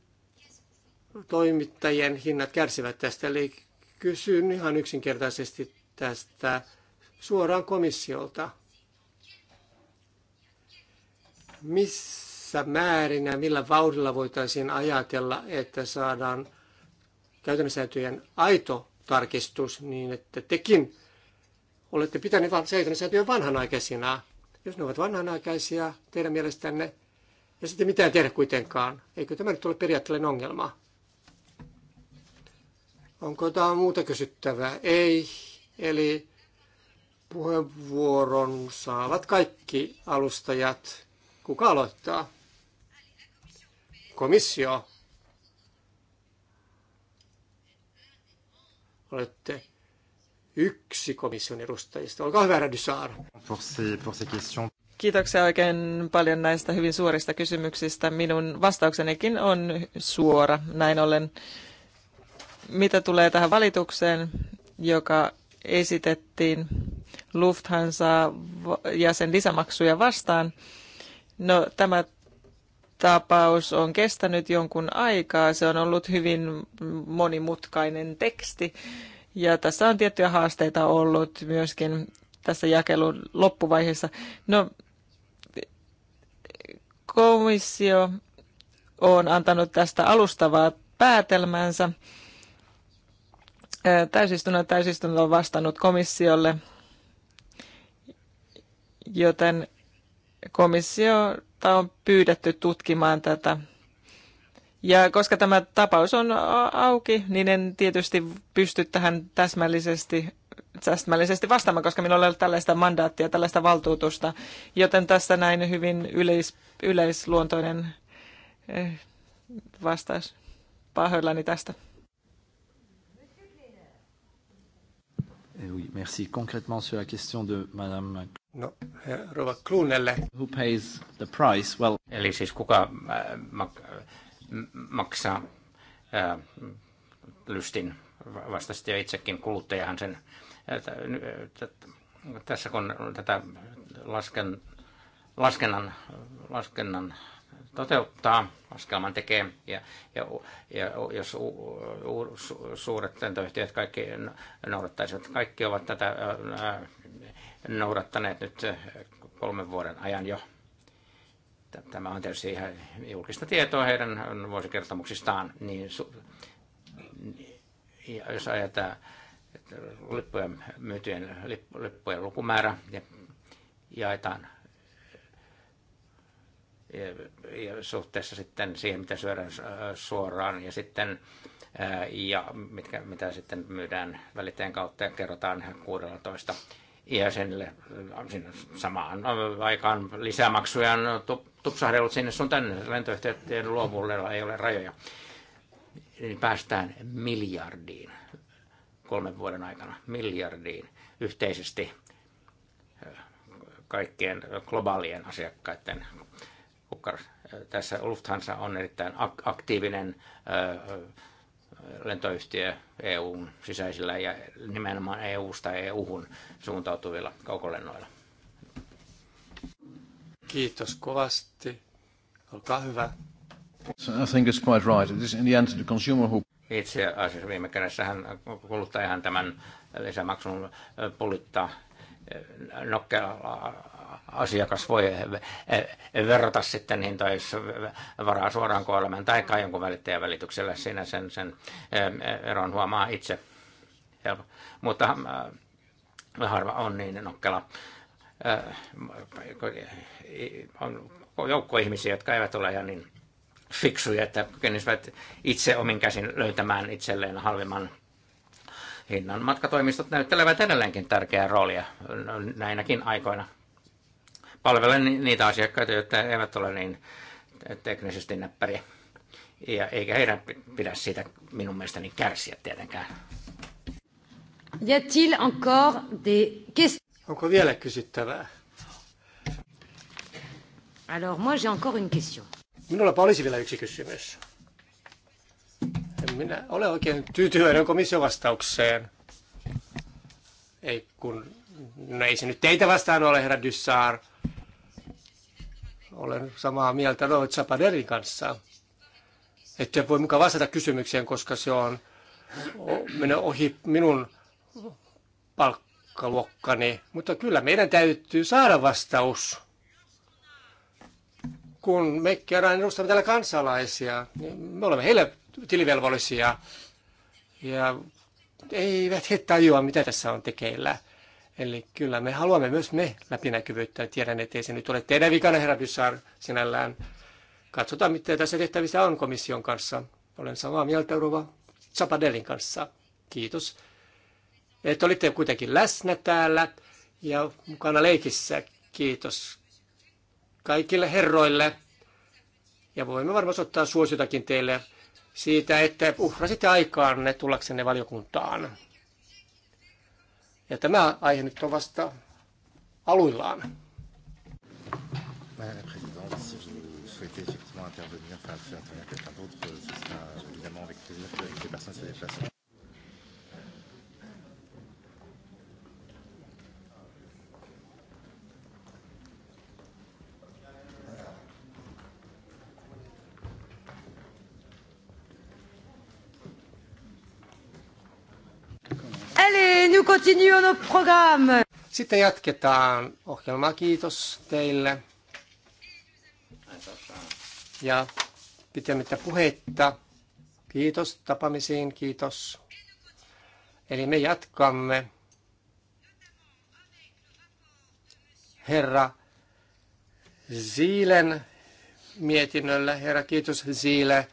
toimittajien hinnat kärsivät tästä. Eli kysyn ihan yksinkertaisesti tästä suoraan komissiolta. Missä määrin ja millä vauhdilla voitaisiin ajatella, että saadaan käytännössä aito tarkistus niin, että tekin olette pitäneet säätiön vanhanaikaisina. Jos ne ovat vanhanaikaisia teidän mielestänne, ja sitten mitään tehdä kuitenkaan. Eikö tämä nyt ole periaatteellinen ongelma? Onko jotain muuta kysyttävää? Ei. Eli puheenvuoron saavat kaikki alustajat. Kuka aloittaa? Komissio. Olette yksi komission edustajista. Olkaa hyvä, Radisar. Kiitoksia oikein paljon näistä hyvin suorista kysymyksistä. Minun vastauksenikin on suora. Näin ollen, mitä tulee tähän valitukseen, joka esitettiin Lufthansa ja sen lisämaksuja vastaan, no tämä tapaus on kestänyt jonkun aikaa. Se on ollut hyvin monimutkainen teksti. Ja tässä on tiettyjä haasteita ollut myöskin tässä jakelun loppuvaiheessa. No, komissio on antanut tästä alustavaa päätelmänsä. Täysistunnon täysistunto on vastannut komissiolle, joten komissiota on pyydetty tutkimaan tätä ja koska tämä tapaus on auki, niin en tietysti pysty tähän täsmällisesti, täsmällisesti vastaamaan, koska minulla ei ole tällaista mandaattia, tällaista valtuutusta. Joten tässä näin hyvin yleis, yleisluontoinen eh, vastaus. Pahoillani tästä. Eh merci. Concrètement sur la question de Madame No, rouva Kluunelle. Who pays the price? Well, Eli siis kuka äh, mak- maksaa ää, lystin vastaisesti ja itsekin kuluttajahan sen. tässä kun tätä lasken, laskennan, laskennan toteuttaa, laskelman tekee, ja, ja, ja jos u, u, suuret lentoyhtiöt kaikki noudattaisivat, kaikki ovat tätä ää, noudattaneet nyt kolmen vuoden ajan jo Tämä on tietysti ihan julkista tietoa heidän vuosikertomuksistaan. Niin ja jos ajatellaan lippujen myytyjen lippujen lukumäärä ja jaetaan ja suhteessa sitten siihen, mitä syödään äh, suoraan ja sitten äh, ja mitkä, mitä sitten myydään välittäjän kautta ja kerrotaan 16 jäsenille. Äh, siinä samaan aikaan lisämaksuja on tupsahdellut sinne sun tänne lentoyhteyttien luovuudella ei ole rajoja, niin päästään miljardiin kolmen vuoden aikana, miljardiin yhteisesti kaikkien globaalien asiakkaiden kukkarossa. Tässä Lufthansa on erittäin aktiivinen lentoyhtiö EUn sisäisillä ja nimenomaan EUsta sta eu suuntautuvilla kaukolennoilla. Kiitos kovasti. Olkaa hyvä. I think it's quite right. It is in the end the consumer who... Itse asiassa viime kädessähän kuluttajahan tämän lisämaksun äh, pulittaa äh, nokkela asiakas voi äh, verrata sitten hintoja, niin, jos varaa suoraan kuolemaan tai jonkun välittäjän välityksellä. Siinä sen, sen eron huomaa itse. Mutta harva on niin nokkela Äh, on joukko ihmisiä, jotka eivät ole ihan niin fiksuja, että kykenisivät itse omin käsin löytämään itselleen halvimman hinnan. Matkatoimistot näyttelevät edelleenkin tärkeää roolia näinäkin aikoina. Palvelen niitä asiakkaita, jotka eivät ole niin teknisesti näppäriä. Ja eikä heidän pidä siitä minun mielestäni kärsiä tietenkään. Y a-t-il encore des questions? Onko vielä kysyttävää? Alors moi j'ai encore une question. Minulla olisi vielä yksi kysymys. En minä ole oikein tyytyväinen komission vastaukseen. Ei kun, no ei se nyt teitä vastaan ole, herra Dussar. Olen samaa mieltä Rohit Zapaderin kanssa. Että voi mukaan vastata kysymykseen, koska se on mennyt ohi minun palk- mittaluokkani, mutta kyllä meidän täytyy saada vastaus. Kun me kerran edustamme täällä kansalaisia, niin me olemme heille tilivelvollisia. Ja eivät he tajua, mitä tässä on tekeillä. Eli kyllä me haluamme myös me läpinäkyvyyttä. Tiedän, ettei se nyt ole teidän vikana, herra Byssar, sinällään. Katsotaan, mitä tässä tehtävissä on komission kanssa. Olen samaa mieltä Rova Zapadelin kanssa. Kiitos että olitte kuitenkin läsnä täällä ja mukana leikissä. Kiitos kaikille herroille. Ja voimme varmasti ottaa suositakin teille siitä, että uhrasitte aikaanne tullaksenne valiokuntaan. Ja tämä aihe nyt on vasta aluillaan. Allez, nous continuons notre programme. Sitten jatketaan ohjelmaa. Kiitos teille. Ja pitemmittä puheitta. Kiitos tapamisiin. kiitos. Eli me jatkamme Herra Siilen mietinnöllä. Herra, kiitos Siile.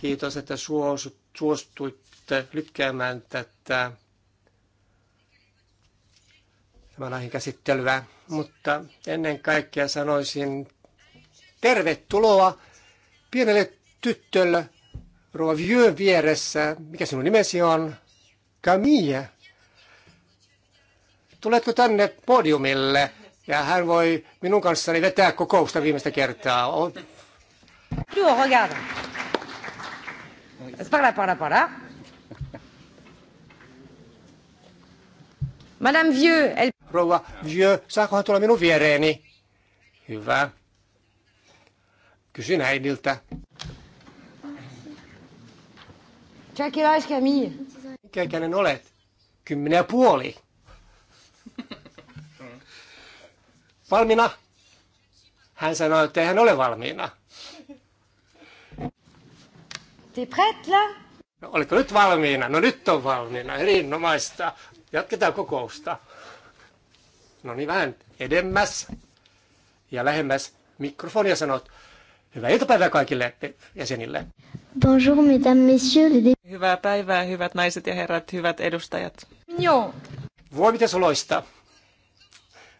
Kiitos, että suostuit lykkäämään tätä tämän aiheen käsittelyä, mutta ennen kaikkea sanoisin tervetuloa pienelle tyttölle Roviön vieressä. Mikä sinun nimesi on? Camille. Tuletko tänne podiumille? Ja hän voi minun kanssani vetää kokousta viimeistä kertaa. Joo, regarde. Parla, parla, parla. Madame Vieux, elle... Rouva Vieux, saako hän tulla minun viereeni? Hyvä. Kysyn äidiltä. Mikä Camille? Mikä ikäinen olet? Kymmenen ja puoli. Valmiina? Hän sanoi, että ei hän ole valmiina. Te prête là? No, oliko nyt valmiina? No nyt on valmiina. Erinomaista. Jatketaan kokousta. No niin, vähän edemmäs ja lähemmäs mikrofonia sanot. Hyvää iltapäivää kaikille jäsenille. Bonjour, mesdames, messieurs. Hyvää päivää, hyvät naiset ja herrat, hyvät edustajat. Joo. Voi miten suloista.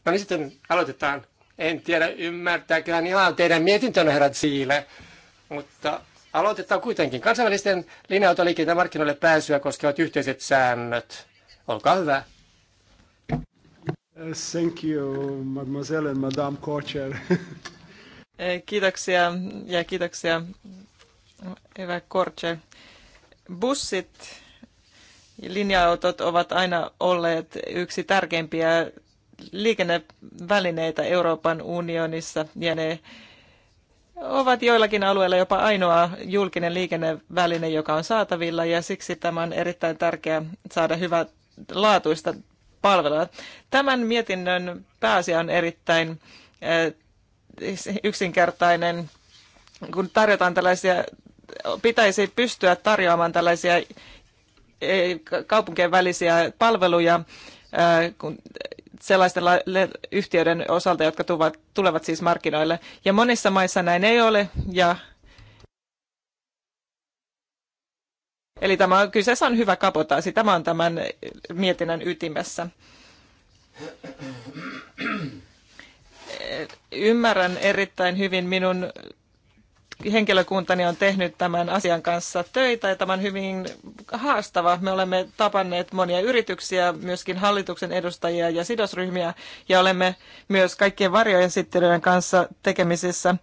No niin, sitten aloitetaan. En tiedä, ymmärtääköhän ihan teidän mietintönne, herrat Siile, mutta aloitetaan kuitenkin. Kansainvälisten linja-autoliikenteen markkinoille pääsyä koskevat yhteiset säännöt. Olkaa hyvä. Uh, thank you, mademoiselle and madame Korcher. Eh, kiitoksia ja kiitoksia, hyvä Korcher. Bussit ja linja-autot ovat aina olleet yksi tärkeimpiä liikennevälineitä Euroopan unionissa ja ne ovat joillakin alueilla jopa ainoa julkinen liikenneväline, joka on saatavilla ja siksi tämä on erittäin tärkeää saada hyvät laatuista palvelua. Tämän mietinnön pääasia on erittäin eh, yksinkertainen, kun tarjotaan tällaisia, pitäisi pystyä tarjoamaan tällaisia eh, kaupunkien välisiä palveluja eh, kun sellaisten yhtiöiden osalta, jotka tulevat siis markkinoille. Ja monissa maissa näin ei ole, ja Eli tämä on, kyseessä on hyvä kapotaasi. Tämä on tämän mietinnän ytimessä. Ymmärrän erittäin hyvin minun henkilökuntani on tehnyt tämän asian kanssa töitä ja tämä on hyvin haastava. Me olemme tapanneet monia yrityksiä, myöskin hallituksen edustajia ja sidosryhmiä ja olemme myös kaikkien varjojen kanssa tekemisissä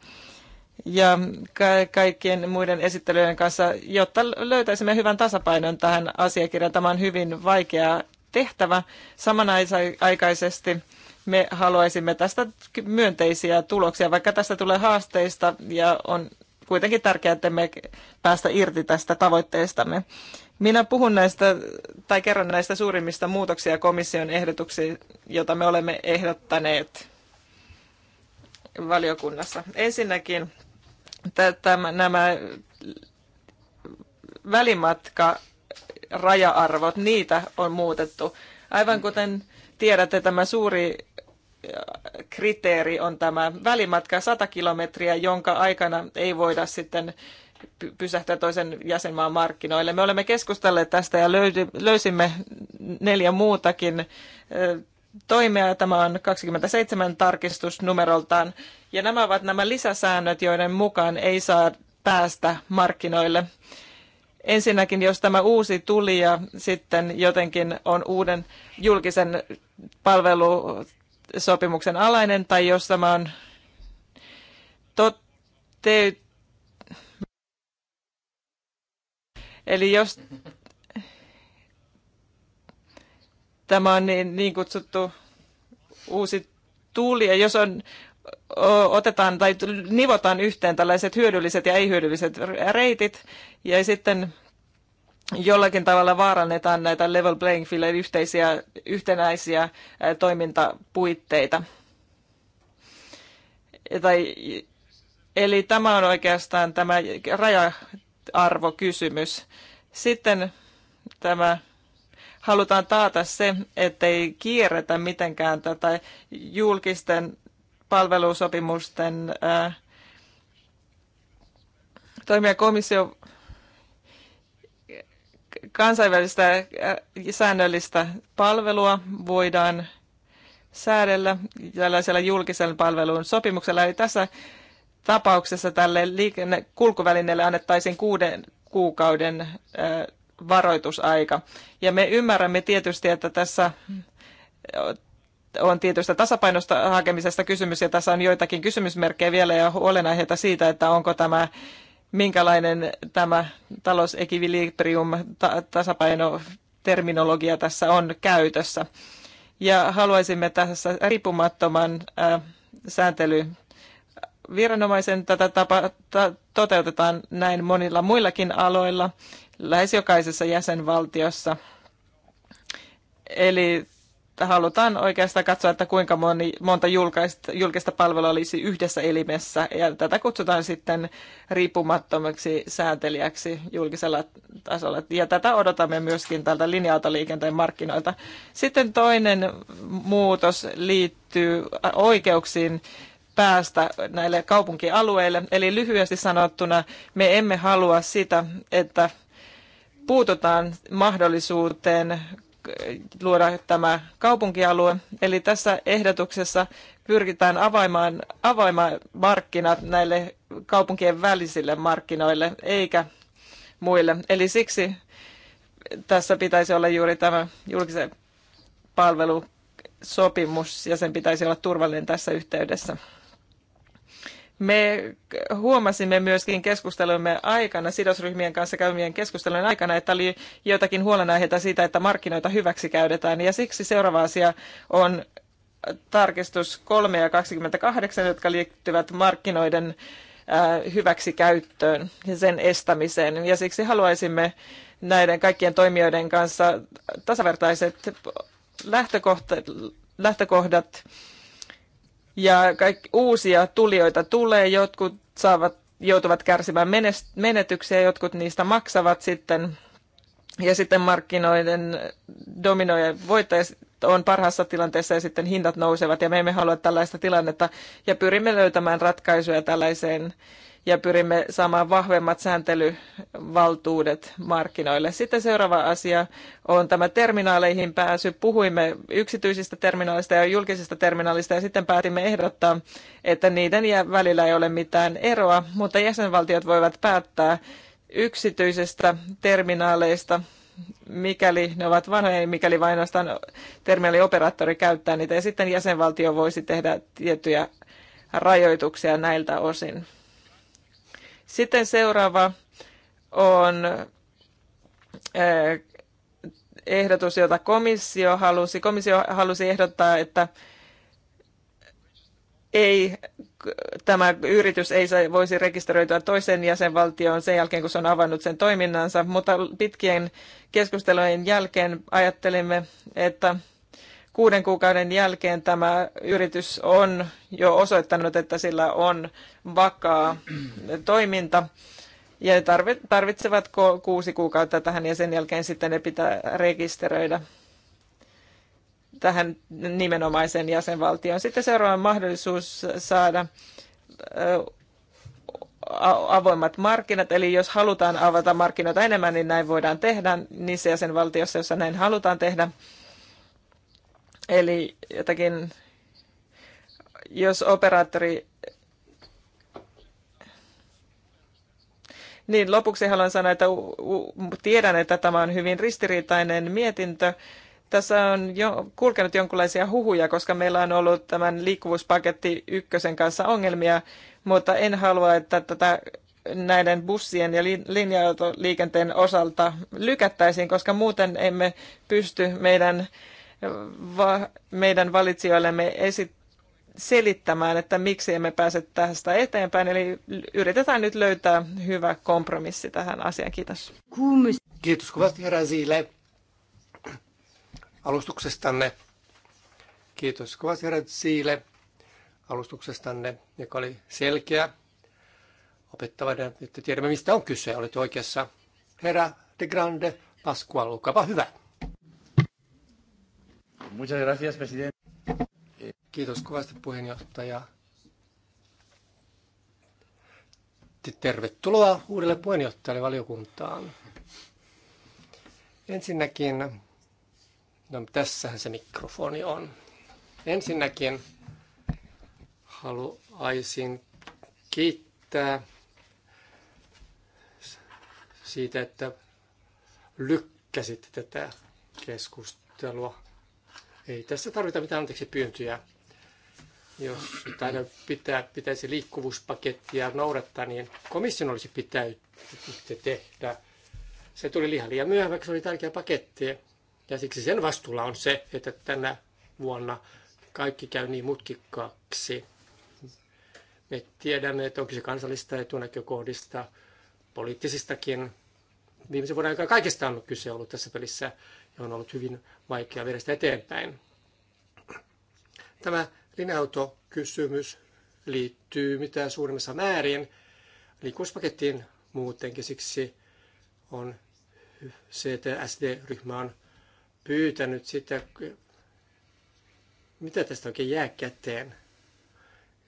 ja ka- kaikkien muiden esittelyjen kanssa, jotta löytäisimme hyvän tasapainon tähän asiakirjaan. Tämä on hyvin vaikea tehtävä. Samanaikaisesti me haluaisimme tästä myönteisiä tuloksia, vaikka tästä tulee haasteista ja on kuitenkin tärkeää, että me päästä irti tästä tavoitteestamme. Minä puhun näistä, tai kerron näistä suurimmista muutoksia komission ehdotuksiin, joita me olemme ehdottaneet valiokunnassa. Ensinnäkin tämä, nämä välimatka raja-arvot, niitä on muutettu. Aivan kuten tiedätte, tämä suuri äh, kriteeri on tämä välimatka 100 kilometriä, jonka aikana ei voida sitten pysähtyä toisen jäsenmaan markkinoille. Me olemme keskustelleet tästä ja löysimme neljä muutakin äh, toimia. Tämä on 27 tarkistus numeroltaan. Ja nämä ovat nämä lisäsäännöt, joiden mukaan ei saa päästä markkinoille. Ensinnäkin, jos tämä uusi tuli ja sitten jotenkin on uuden julkisen palvelusopimuksen alainen tai jos tämä on tote... Eli jos tämä on niin, niin kutsuttu uusi tuli. Ja jos on, otetaan tai nivotaan yhteen tällaiset hyödylliset ja ei-hyödylliset reitit ja sitten jollakin tavalla vaarannetaan näitä level playing field yhteisiä, yhtenäisiä toimintapuitteita. Tai, eli tämä on oikeastaan tämä raja-arvokysymys. Sitten tämä halutaan taata se, ettei kierretä mitenkään tätä julkisten palvelusopimusten äh, toimia komissio kansainvälistä äh, säännöllistä palvelua voidaan säädellä tällaisella julkisen palvelun sopimuksella. Eli tässä tapauksessa tälle liikenne- kulkuvälineelle annettaisiin kuuden kuukauden äh, varoitusaika. Ja me ymmärrämme tietysti, että tässä äh, on tietystä tasapainosta hakemisesta kysymys, ja tässä on joitakin kysymysmerkkejä vielä ja huolenaiheita siitä, että onko tämä minkälainen tämä talousekvilibrium tasapaino terminologia tässä on käytössä. Ja haluaisimme tässä riippumattoman äh, sääntely äh, viranomaisen tätä tapa, ta, toteutetaan näin monilla muillakin aloilla lähes jokaisessa jäsenvaltiossa. Eli halutaan oikeastaan katsoa, että kuinka moni, monta julkaista, julkista palvelua olisi yhdessä elimessä. Ja tätä kutsutaan sitten riippumattomaksi säätelijäksi julkisella tasolla. Ja tätä odotamme myöskin tältä linja-autoliikenteen markkinoilta. Sitten toinen muutos liittyy oikeuksiin päästä näille kaupunkialueille. Eli lyhyesti sanottuna me emme halua sitä, että puututaan mahdollisuuteen luoda tämä kaupunkialue. Eli tässä ehdotuksessa pyritään avaimaan, avaimaan markkinat näille kaupunkien välisille markkinoille, eikä muille. Eli siksi tässä pitäisi olla juuri tämä julkisen palvelusopimus ja sen pitäisi olla turvallinen tässä yhteydessä. Me huomasimme myöskin keskustelumme aikana, sidosryhmien kanssa käymien keskustelujen aikana, että oli joitakin huolenaiheita siitä, että markkinoita hyväksi käytetään. Ja siksi seuraava asia on tarkistus 3 ja 28, jotka liittyvät markkinoiden äh, hyväksikäyttöön ja sen estämiseen. Ja siksi haluaisimme näiden kaikkien toimijoiden kanssa tasavertaiset lähtökohdat, lähtökohdat ja kaikki, uusia tulijoita tulee, jotkut saavat, joutuvat kärsimään menetyksiä, jotkut niistä maksavat sitten ja sitten markkinoiden dominoja voittajat on parhaassa tilanteessa ja sitten hinnat nousevat ja me emme halua tällaista tilannetta ja pyrimme löytämään ratkaisuja tällaiseen ja pyrimme saamaan vahvemmat sääntelyvaltuudet markkinoille. Sitten seuraava asia on tämä terminaaleihin pääsy. Puhuimme yksityisistä terminaalista ja julkisista terminaalista ja sitten päätimme ehdottaa, että niiden välillä ei ole mitään eroa, mutta jäsenvaltiot voivat päättää yksityisistä terminaaleista mikäli ne ovat vanhoja, mikäli vain ainoastaan terminaalioperaattori käyttää niitä, ja sitten jäsenvaltio voisi tehdä tiettyjä rajoituksia näiltä osin. Sitten seuraava on eh, ehdotus, jota komissio halusi. Komissio halusi ehdottaa, että ei, tämä yritys ei voisi rekisteröityä toisen jäsenvaltioon sen jälkeen, kun se on avannut sen toiminnansa, mutta pitkien keskustelujen jälkeen ajattelimme, että kuuden kuukauden jälkeen tämä yritys on jo osoittanut, että sillä on vakaa toiminta. Ja tarvitsevat kuusi kuukautta tähän ja sen jälkeen sitten ne pitää rekisteröidä tähän nimenomaiseen jäsenvaltioon. Sitten seuraava mahdollisuus saada avoimat markkinat, eli jos halutaan avata markkinoita enemmän, niin näin voidaan tehdä niissä jäsenvaltioissa, joissa näin halutaan tehdä. Eli jotakin, jos operaattori... Niin, lopuksi haluan sanoa, että tiedän, että tämä on hyvin ristiriitainen mietintö. Tässä on jo kulkenut jonkinlaisia huhuja, koska meillä on ollut tämän liikkuvuuspaketti ykkösen kanssa ongelmia, mutta en halua, että tätä näiden bussien ja linja liikenteen osalta lykättäisiin, koska muuten emme pysty meidän meidän valitsijoillemme esit selittämään, että miksi emme pääse tästä eteenpäin. Eli yritetään nyt löytää hyvä kompromissi tähän asiaan. Kiitos. Kiitos kovasti herra Ziile alustuksestanne. Kiitos kovasti herra Ziile alustuksestanne, joka oli selkeä, opettavainen, että tiedämme mistä on kyse. Olet oikeassa. Herra de Grande Pascual, olkaapa hyvä. Muchas gracias, presidente. Kiitos kovasti puheenjohtaja. Tervetuloa uudelle puheenjohtajalle valiokuntaan. Ensinnäkin, no tässähän se mikrofoni on. Ensinnäkin haluaisin kiittää siitä, että lykkäsit tätä keskustelua. Ei tässä tarvita mitään anteeksi pyyntöjä. Jos aina pitää, pitäisi liikkuvuuspakettia noudattaa, niin komission olisi pitänyt tehdä. Se tuli liian liian myöhemmäksi, se oli tärkeä paketti. Ja siksi sen vastuulla on se, että tänä vuonna kaikki käy niin mutkikkaaksi. Me tiedämme, että onko se kansallista etunäkökohdista, poliittisistakin. Viimeisen vuoden aikana kaikesta on kyse ollut tässä pelissä on ollut hyvin vaikea viedä sitä eteenpäin. Tämä linja-autokysymys liittyy mitä suurimmassa määrin liikkuvuuspakettiin muutenkin. Siksi on CTSD-ryhmä on pyytänyt sitä, mitä tästä oikein jää käteen,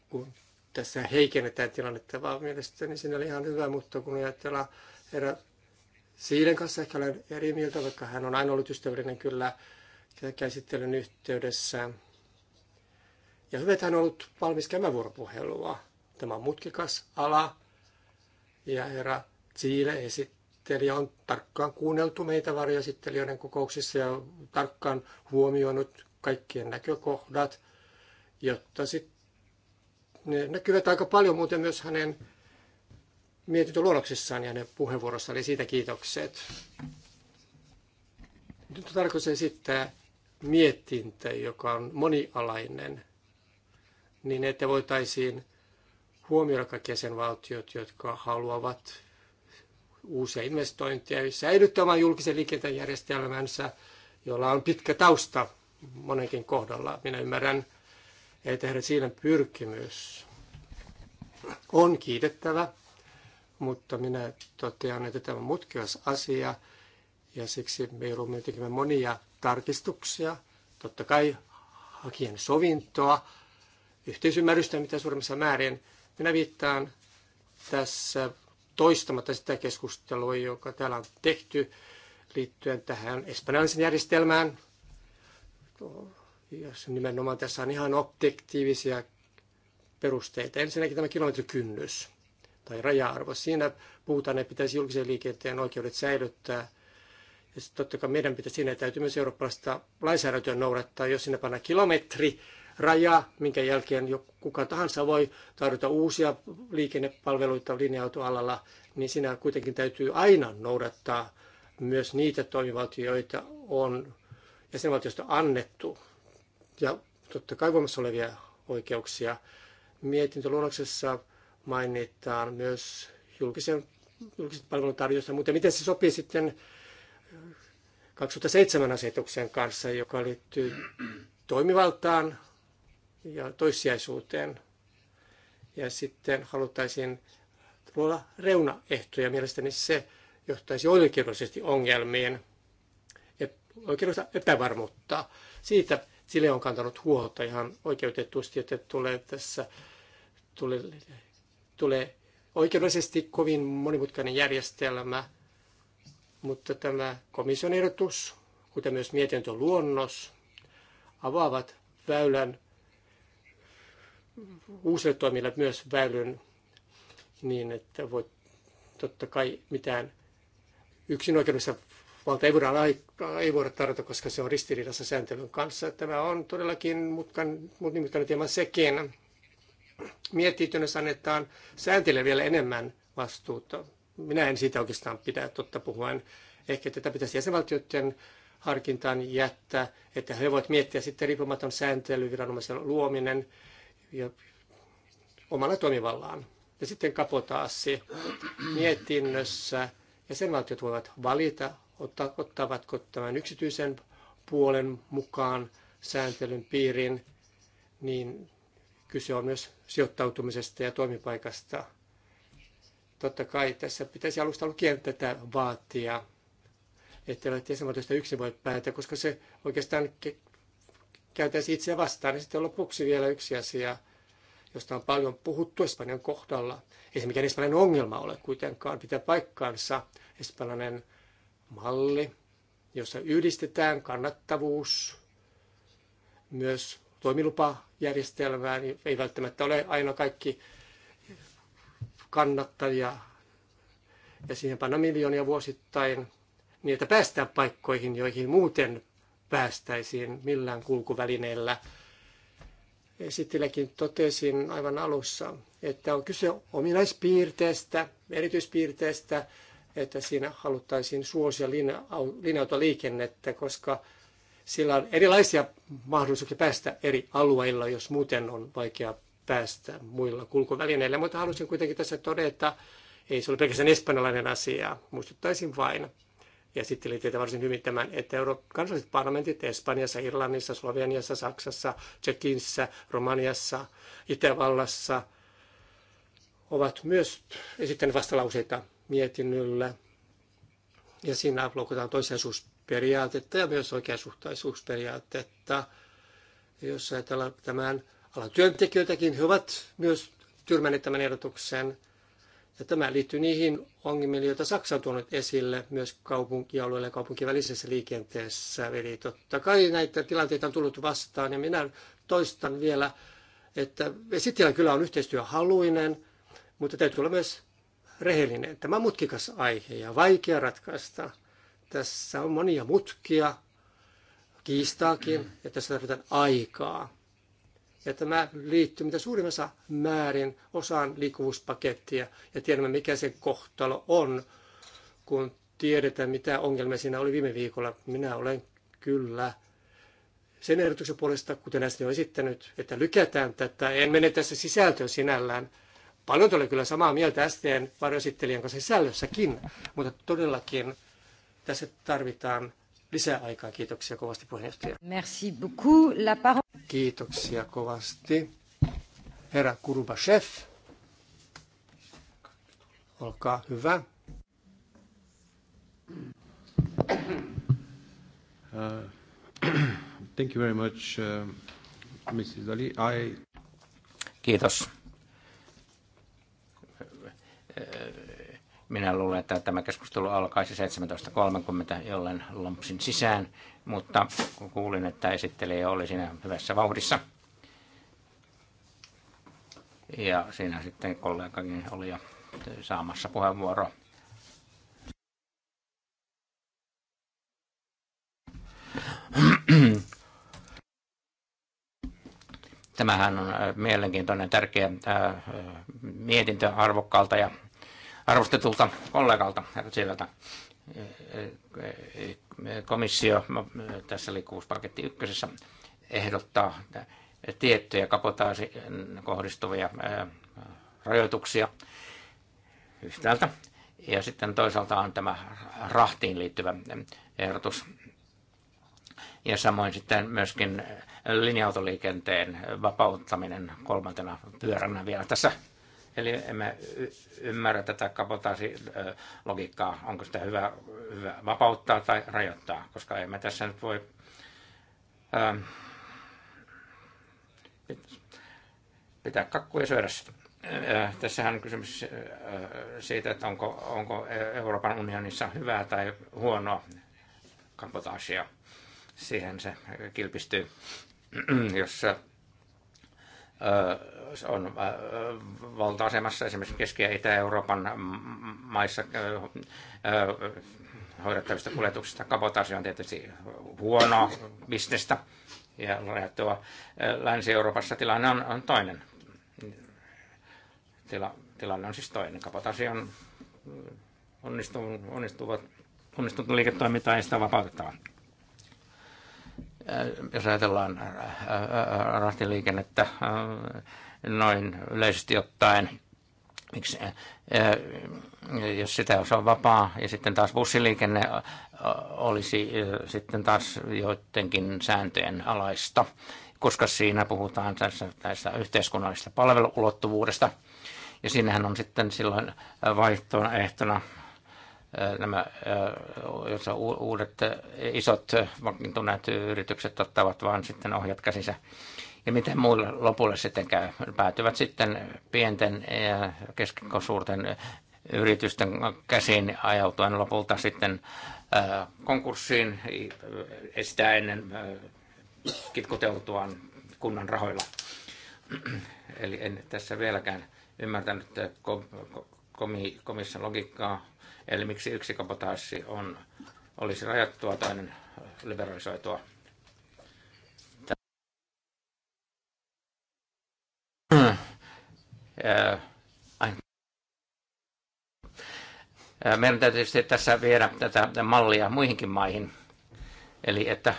kun tässä heikennetään tilannetta, vaan mielestäni siinä oli ihan hyvä, mutta kun ajatellaan herra Siiden kanssa ehkä olen eri mieltä, vaikka hän on aina ollut ystävällinen kyllä käsittelyn yhteydessä. Ja hyvä, että hän on ollut valmis käymään vuoropuhelua. Tämä on mutkikas ala ja herra Siile esittelijä on tarkkaan kuunneltu meitä varjoesittelijöiden kokouksissa ja tarkkaan huomioinut kaikkien näkökohdat, jotta sitten ne näkyvät aika paljon muuten myös hänen mietintö luonnoksessaan ja ne puheenvuorossa, eli siitä kiitokset. Nyt on tarkoitus esittää mietintö, joka on monialainen, niin että voitaisiin huomioida kaikki jäsenvaltiot, jotka haluavat uusia investointeja, säilyttää oman julkisen liikenteen järjestelmänsä, jolla on pitkä tausta monenkin kohdalla. Minä ymmärrän, että herra siinä pyrkimys on kiitettävä mutta minä totean, että tämä on mutkias asia ja siksi me joudumme tekemään monia tarkistuksia, totta kai hakien sovintoa, yhteisymmärrystä mitä suuremmassa määrin. Minä viittaan tässä toistamatta sitä keskustelua, joka täällä on tehty liittyen tähän espanjalaisen järjestelmään, jos nimenomaan tässä on ihan objektiivisia perusteita. Ensinnäkin tämä kilometrikynnys tai raja-arvo. Siinä puhutaan, että pitäisi julkisen liikenteen oikeudet säilyttää. Ja totta kai meidän pitäisi siinä täytyy myös eurooppalaista lainsäädäntöä noudattaa, jos sinne pannaan kilometri raja, minkä jälkeen jo kuka tahansa voi tarjota uusia liikennepalveluita linja-autoalalla, niin siinä kuitenkin täytyy aina noudattaa myös niitä toimivaltioita on jäsenvaltiosta annettu ja totta kai voimassa olevia oikeuksia. Mietintöluonnoksessa luonnoksessa mainitaan myös julkisen, julkiset palvelun mutta miten se sopii sitten 2007 asetuksen kanssa, joka liittyy toimivaltaan ja toissijaisuuteen. Ja sitten haluttaisiin luoda reunaehtoja. Mielestäni se johtaisi oikeudellisesti ongelmiin ja oikeudellista epävarmuutta. Siitä sille on kantanut huolta ihan oikeutetusti, että tulee tässä tulee tulee oikeudellisesti kovin monimutkainen järjestelmä, mutta tämä komission ehdotus, kuten myös mietintöluonnos, avaavat väylän uusille toimille myös väylän niin, että voi totta kai mitään yksinoikeudessa valta ei voida, ei voida tarjota, koska se on ristiriidassa sääntelyn kanssa. Tämä on todellakin mutkan, monimutkainen teema sekin mietinnössä annetaan sääntelijä vielä enemmän vastuuta. Minä en siitä oikeastaan pidä totta puhuen. Ehkä tätä pitäisi jäsenvaltioiden harkintaan jättää, että he voivat miettiä sitten riippumaton sääntelyviranomaisen luominen ja omalla toimivallaan. Ja sitten kapotaassi mietinnössä jäsenvaltiot voivat valita, ottavatko tämän yksityisen puolen mukaan sääntelyn piiriin, niin Kyse on myös sijoittautumisesta ja toimipaikasta. Totta kai tässä pitäisi alusta lukien tätä vaatia, ettei ole jäsenvaltiosta yksin voi päätä, koska se oikeastaan käytäisi itseä vastaan. Ja sitten lopuksi vielä yksi asia, josta on paljon puhuttu Espanjan kohdalla. Ei se mikään espanjan ongelma ole kuitenkaan pitää paikkaansa. Espanjanen malli, jossa yhdistetään kannattavuus myös toimilupajärjestelmää, niin ei välttämättä ole aina kaikki kannattajia ja siihen panna miljoonia vuosittain, niin että päästään paikkoihin, joihin muuten päästäisiin millään kulkuvälineellä. Esittilläkin totesin aivan alussa, että on kyse ominaispiirteestä, erityispiirteestä, että siinä haluttaisiin suosia linja-autoliikennettä, koska sillä on erilaisia mahdollisuuksia päästä eri alueilla, jos muuten on vaikea päästä muilla kulkuvälineillä. Mutta halusin kuitenkin tässä todeta, että ei se ole pelkästään espanjalainen asia. Muistuttaisin vain, ja sitten tietää varsin hyvin tämän, että Euroopan kansalliset parlamentit Espanjassa, Irlannissa, Sloveniassa, Saksassa, Tsekissä, Romaniassa, Itävallassa ovat myös esittäneet vastalauseita mietinnöllä. Ja siinä loukutaan suhteen periaatetta ja myös oikeasuhtaisuusperiaatetta. Jos ajatellaan tämän alan työntekijöitäkin, he ovat myös tyrmänneet tämän ehdotuksen. Ja tämä liittyy niihin ongelmiin, joita Saksa on tuonut esille myös kaupunkialueella ja kaupunkivälisessä liikenteessä. Eli totta kai näitä tilanteita on tullut vastaan ja minä toistan vielä, että esittelijä kyllä on yhteistyöhaluinen, mutta täytyy olla myös rehellinen. Tämä on mutkikas aihe ja vaikea ratkaista. Tässä on monia mutkia, kiistaakin, mm. ja tässä tarvitaan aikaa. Ja tämä liittyy mitä suurimmassa määrin osaan liikkuvuuspakettia ja tiedämme, mikä sen kohtalo on, kun tiedetään, mitä ongelmia siinä oli viime viikolla. Minä olen kyllä sen ehdotuksen puolesta, kuten äsken jo esittänyt, että lykätään tätä. En mene tässä sisältöön sinällään. Paljon tulee kyllä samaa mieltä STn varjoesittelijän kanssa sisällössäkin, mutta todellakin tässä tarvitaan lisää aikaa. Kiitoksia kovasti puheenjohtaja. Merci beaucoup. La parole... Kiitoksia kovasti. Herra Kurubashev, olkaa hyvä. Uh, thank you very much, uh, Mrs. Ali. I... Kiitos. Uh, minä luulen, että tämä keskustelu alkaisi 17.30, jollen lompsin sisään, mutta kuulin, että esittelijä oli siinä hyvässä vauhdissa. Ja siinä sitten kollegakin oli jo saamassa puheenvuoro. Tämähän on äh, mielenkiintoinen, tärkeä äh, mietintö arvokkaalta ja arvostetulta kollegalta, herra Siveltä. Komissio tässä liikkuvuuspaketti ykkösessä ehdottaa tiettyjä kapotaasi kohdistuvia rajoituksia yhtäältä. Ja sitten toisaalta on tämä rahtiin liittyvä ehdotus. Ja samoin sitten myöskin linja-autoliikenteen vapauttaminen kolmantena pyöränä vielä tässä Eli emme ymmärrä tätä logiikkaa, onko sitä hyvä, hyvä vapauttaa tai rajoittaa, koska emme tässä nyt voi... Ähm, pitää kakkuja syödä sitä. Äh, tässähän on kysymys äh, siitä, että onko, onko Euroopan unionissa hyvää tai huonoa kapotaasia. Siihen se kilpistyy, jos on valta-asemassa esimerkiksi Keski- ja Itä-Euroopan maissa hoidettavista kuljetuksista. Kabotaasi on tietysti huono bisnestä ja rajattua. Länsi-Euroopassa tilanne on, on toinen. Tila, tilanne on siis toinen. Kabotaasi on onnistunut, onnistunut liiketoimintaa ja sitä vapautettava. Äh, jos ajatellaan äh, äh, rahtiliikennettä noin yleisesti ottaen, miksi, jos sitä on vapaa ja sitten taas bussiliikenne olisi sitten taas joidenkin sääntöjen alaista, koska siinä puhutaan tässä, tästä yhteiskunnallisesta palveluulottuvuudesta. Ja siinähän on sitten silloin vaihtoehtona nämä jossa uudet isot vakiintuneet yritykset ottavat vaan sitten ohjat käsissä. Ja miten muille lopulle sitten käy? Päätyvät sitten pienten ja keskikosuurten yritysten käsiin ajautuen lopulta sitten konkurssiin sitä ennen kitkuteltuaan kunnan rahoilla. Eli en tässä vieläkään ymmärtänyt komission logiikkaa Eli miksi yksi kabotaassi on, olisi rajattua, tai liberalisoitua. Meidän täytyy tietysti tässä viedä tätä mallia muihinkin maihin. Eli että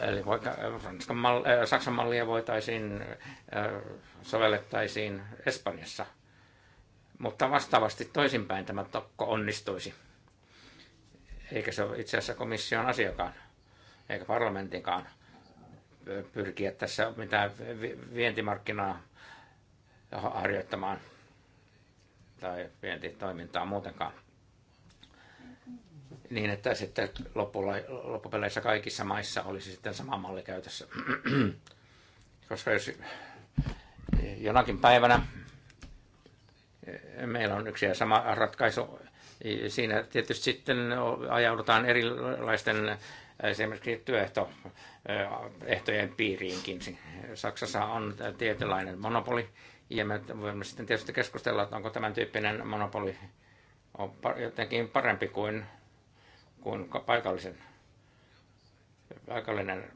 eli vaikka Ranskan Saksan mallia voitaisiin sovellettaisiin Espanjassa – mutta vastaavasti toisinpäin tämä tokko onnistuisi. Eikä se ole itse asiassa komission asiakaan, eikä parlamentinkaan pyrkiä tässä mitään vientimarkkinaa harjoittamaan tai vientitoimintaa muutenkaan. Niin, että sitten loppupeleissä kaikissa maissa olisi sitten sama malli käytössä. Koska jos jonakin päivänä meillä on yksi ja sama ratkaisu. Siinä tietysti sitten ajaudutaan erilaisten esimerkiksi työehtojen piiriinkin. Saksassa on tietynlainen monopoli, ja me voimme sitten tietysti keskustella, että onko tämän tyyppinen monopoli on jotenkin parempi kuin, kuin paikallisen, paikallinen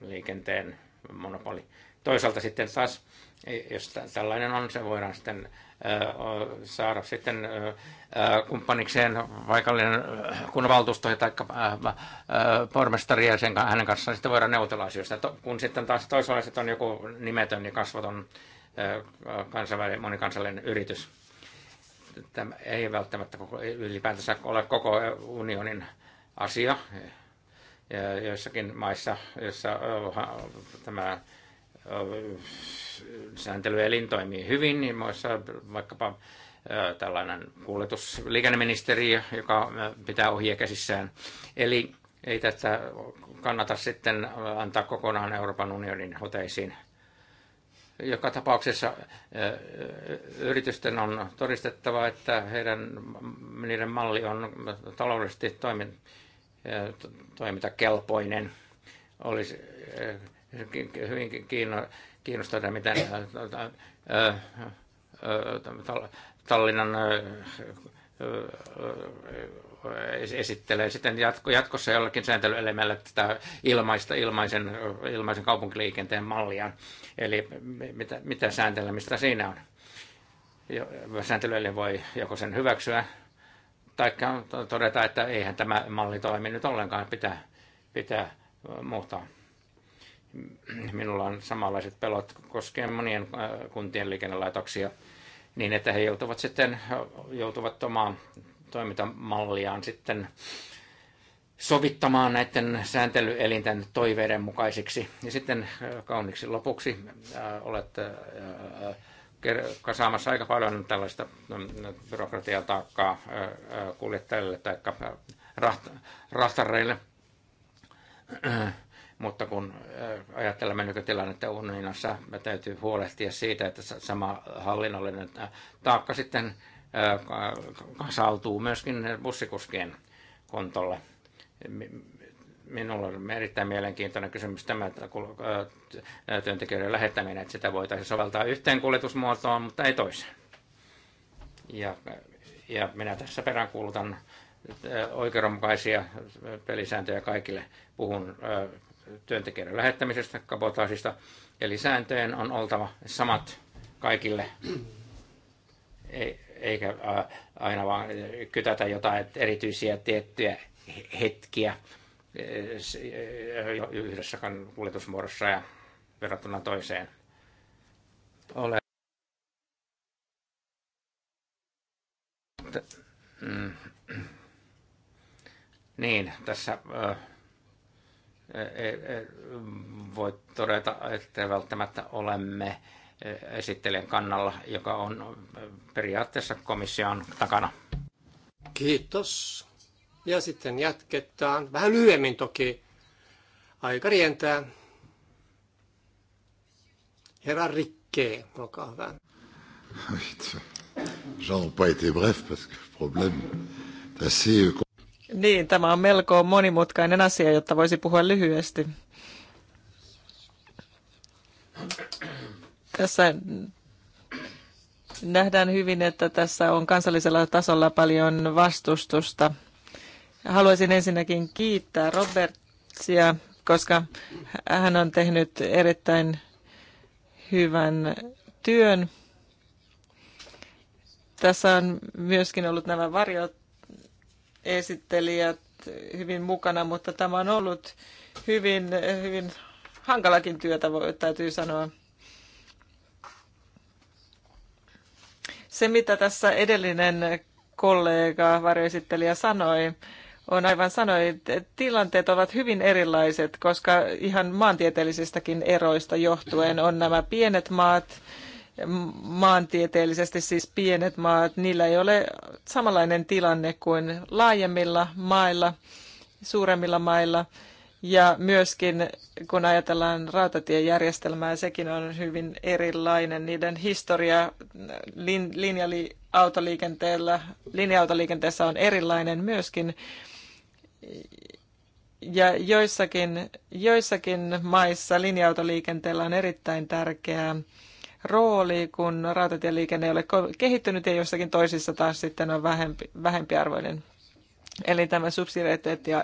liikenteen monopoli toisaalta sitten taas, jos tällainen on, se voidaan sitten saada sitten kumppanikseen paikallinen kunnanvaltuusto tai pormestari ja sen, hänen kanssaan sitten voidaan neuvotella asioista. Kun sitten taas sitten on joku nimetön ja niin kasvaton kansainvälinen, monikansallinen yritys, tämä ei välttämättä koko, ylipäätänsä ole koko unionin asia. ja Joissakin maissa, joissa tämä Äh, sääntelyelin toimii hyvin, niin muissa vaikkapa äh, tällainen kuljetusliikenneministeri, joka äh, pitää ohje käsissään. Eli ei tätä kannata sitten antaa kokonaan Euroopan unionin hoteisiin. Joka tapauksessa yritysten on todistettava, että heidän, niiden malli on taloudellisesti toimintakelpoinen. Olisi, hyvin kiinnostaa, miten äh, äh, äh, Tallinnan esittelee sitten jatkossa jollakin sääntelyelemellä tätä ilmaista, ilmaisen, ilmaisen kaupunkiliikenteen mallia. Eli mitä, mitä sääntelemistä siinä on? Sääntelyelin voi joko sen hyväksyä tai todeta, että eihän tämä malli toimi nyt ollenkaan, pitää, pitää muuttaa. Minulla on samanlaiset pelot koskien monien äh, kuntien liikennelaitoksia niin, että he joutuvat sitten joutuvat omaa toimintamalliaan sitten sovittamaan näiden sääntelyelinten toiveiden mukaisiksi. Ja sitten äh, kauniksi lopuksi äh, olet äh, äh, kasaamassa aika paljon tällaista mm, byrokratiataakkaa kuljettajille tai raht, rahtareille. Mutta kun ajattelemme nykytilannetta unionissa, me täytyy huolehtia siitä, että sama hallinnollinen taakka sitten kasautuu myöskin bussikuskien kontolle. Minulla on erittäin mielenkiintoinen kysymys tämä että työntekijöiden lähettäminen, että sitä voitaisiin soveltaa yhteen kuljetusmuotoon, mutta ei toiseen. Ja, ja minä tässä peräänkuulutan oikeudenmukaisia pelisääntöjä kaikille. Puhun työntekijöiden lähettämisestä, kabotaasista. Eli sääntöjen on oltava samat kaikille, eikä aina vaan kytätä jotain erityisiä tiettyjä hetkiä yhdessä kuljetusmuodossa ja verrattuna toiseen. Ole mm. niin, tässä äh, voi todeta, että välttämättä olemme eh, esittelijän kannalla, joka on eh, periaatteessa komission takana. Kiitos. Ja sitten jatketaan. Vähän lyhyemmin toki. Aika rientää. Herra Rikke, olkaa hyvä. Jean pas été bref parce que le problème est assez... Niin, tämä on melko monimutkainen asia, jotta voisi puhua lyhyesti. Tässä nähdään hyvin, että tässä on kansallisella tasolla paljon vastustusta. Haluaisin ensinnäkin kiittää Robertsia, koska hän on tehnyt erittäin hyvän työn. Tässä on myöskin ollut nämä varjot esittelijät hyvin mukana, mutta tämä on ollut hyvin, hyvin hankalakin työtä, täytyy sanoa. Se, mitä tässä edellinen kollega, varjoesittelijä sanoi, on aivan sanoi, että tilanteet ovat hyvin erilaiset, koska ihan maantieteellisistäkin eroista johtuen on nämä pienet maat, maantieteellisesti siis pienet maat, niillä ei ole samanlainen tilanne kuin laajemmilla mailla, suuremmilla mailla. Ja myöskin kun ajatellaan rautatiejärjestelmää, sekin on hyvin erilainen. Niiden historia lin, linja-autoliikenteellä, linja-autoliikenteessä on erilainen myöskin. Ja joissakin, joissakin maissa linja-autoliikenteellä on erittäin tärkeää rooli, kun rautatieliikenne ei ole kehittynyt ja jossakin toisissa taas sitten on vähempi, vähempiarvoinen. Eli tämä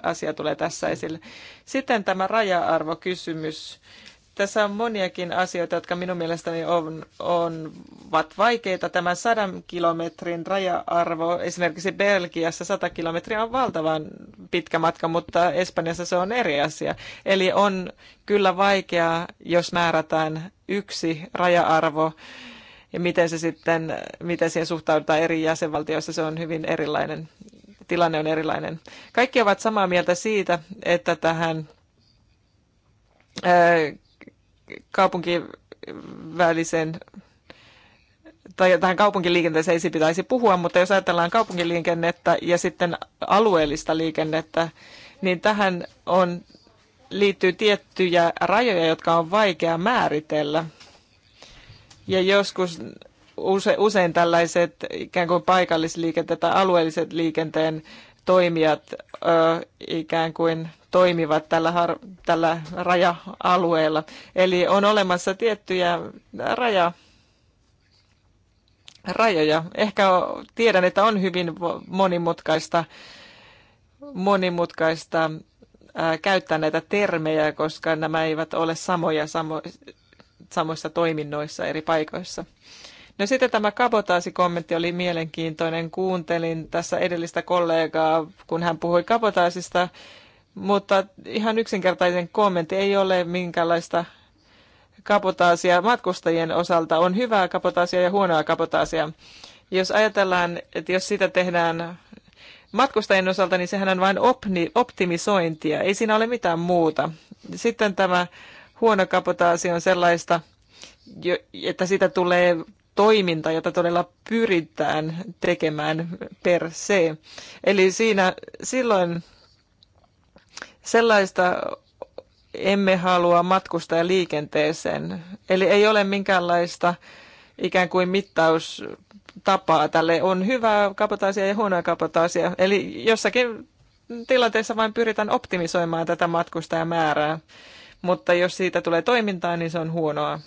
asia tulee tässä esille. Sitten tämä raja-arvokysymys. kysymys tässä on moniakin asioita, jotka minun mielestäni on, on, ovat vaikeita. Tämä sadan kilometrin raja-arvo esimerkiksi Belgiassa 100 kilometriä on valtavan pitkä matka, mutta Espanjassa se on eri asia. Eli on kyllä vaikeaa, jos määrätään yksi raja-arvo ja miten, se sitten, miten siihen suhtaudutaan eri jäsenvaltioissa, se on hyvin erilainen. Tilanne on erilainen. Kaikki ovat samaa mieltä siitä, että tähän kaupunkien välisen tai tähän kaupunkiliikenteeseen ei pitäisi puhua, mutta jos ajatellaan kaupunkiliikennettä ja sitten alueellista liikennettä, niin tähän on, liittyy tiettyjä rajoja, jotka on vaikea määritellä. Ja joskus use, usein tällaiset ikään kuin paikallisliikenteet tai alueelliset liikenteen toimijat ö, ikään kuin toimivat tällä, har- tällä raja-alueella. Eli on olemassa tiettyjä raja rajoja. Ehkä tiedän, että on hyvin monimutkaista, monimutkaista ää, käyttää näitä termejä, koska nämä eivät ole samoja samo, samoissa toiminnoissa eri paikoissa. No sitten tämä kabotaasikommentti oli mielenkiintoinen. Kuuntelin tässä edellistä kollegaa, kun hän puhui kabotaasista mutta ihan yksinkertainen kommentti ei ole minkäänlaista kapotaasia matkustajien osalta. On hyvää kapotaasia ja huonoa kapotaasia. Jos ajatellaan, että jos sitä tehdään matkustajien osalta, niin sehän on vain optimisointia. Ei siinä ole mitään muuta. Sitten tämä huono kapotaasi on sellaista, että sitä tulee toiminta, jota todella pyritään tekemään per se. Eli siinä silloin Sellaista emme halua matkustaa liikenteeseen. Eli ei ole minkäänlaista ikään kuin mittaustapaa tälle. On hyvää kapotaasia ja huonoa kapotaasia. Eli jossakin tilanteessa vain pyritään optimisoimaan tätä matkustajamäärää. Mutta jos siitä tulee toimintaa, niin se on huonoa,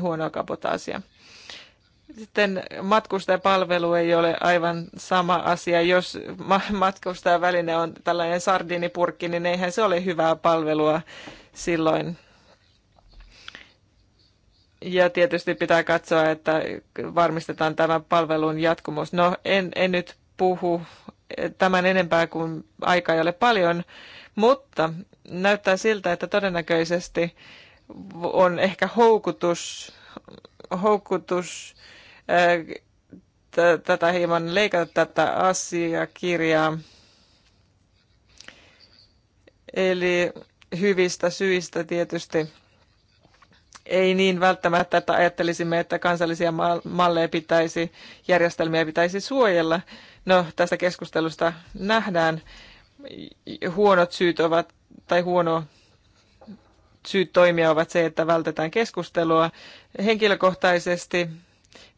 huonoa kapotaasia. Sitten matkustajapalvelu ei ole aivan sama asia. Jos matkustajaväline on tällainen sardinipurkki, niin eihän se ole hyvää palvelua silloin. Ja tietysti pitää katsoa, että varmistetaan tämän palvelun jatkumus. No, en, en nyt puhu tämän enempää, kuin aika ei ole paljon, mutta näyttää siltä, että todennäköisesti on ehkä houkutus, houkutus tätä hieman leikata tätä asiakirjaa. Eli hyvistä syistä tietysti ei niin välttämättä, että ajattelisimme, että kansallisia malleja pitäisi, järjestelmiä pitäisi suojella. No, tästä keskustelusta nähdään. Huonot syyt ovat, tai huono syyt toimia ovat se, että vältetään keskustelua. Henkilökohtaisesti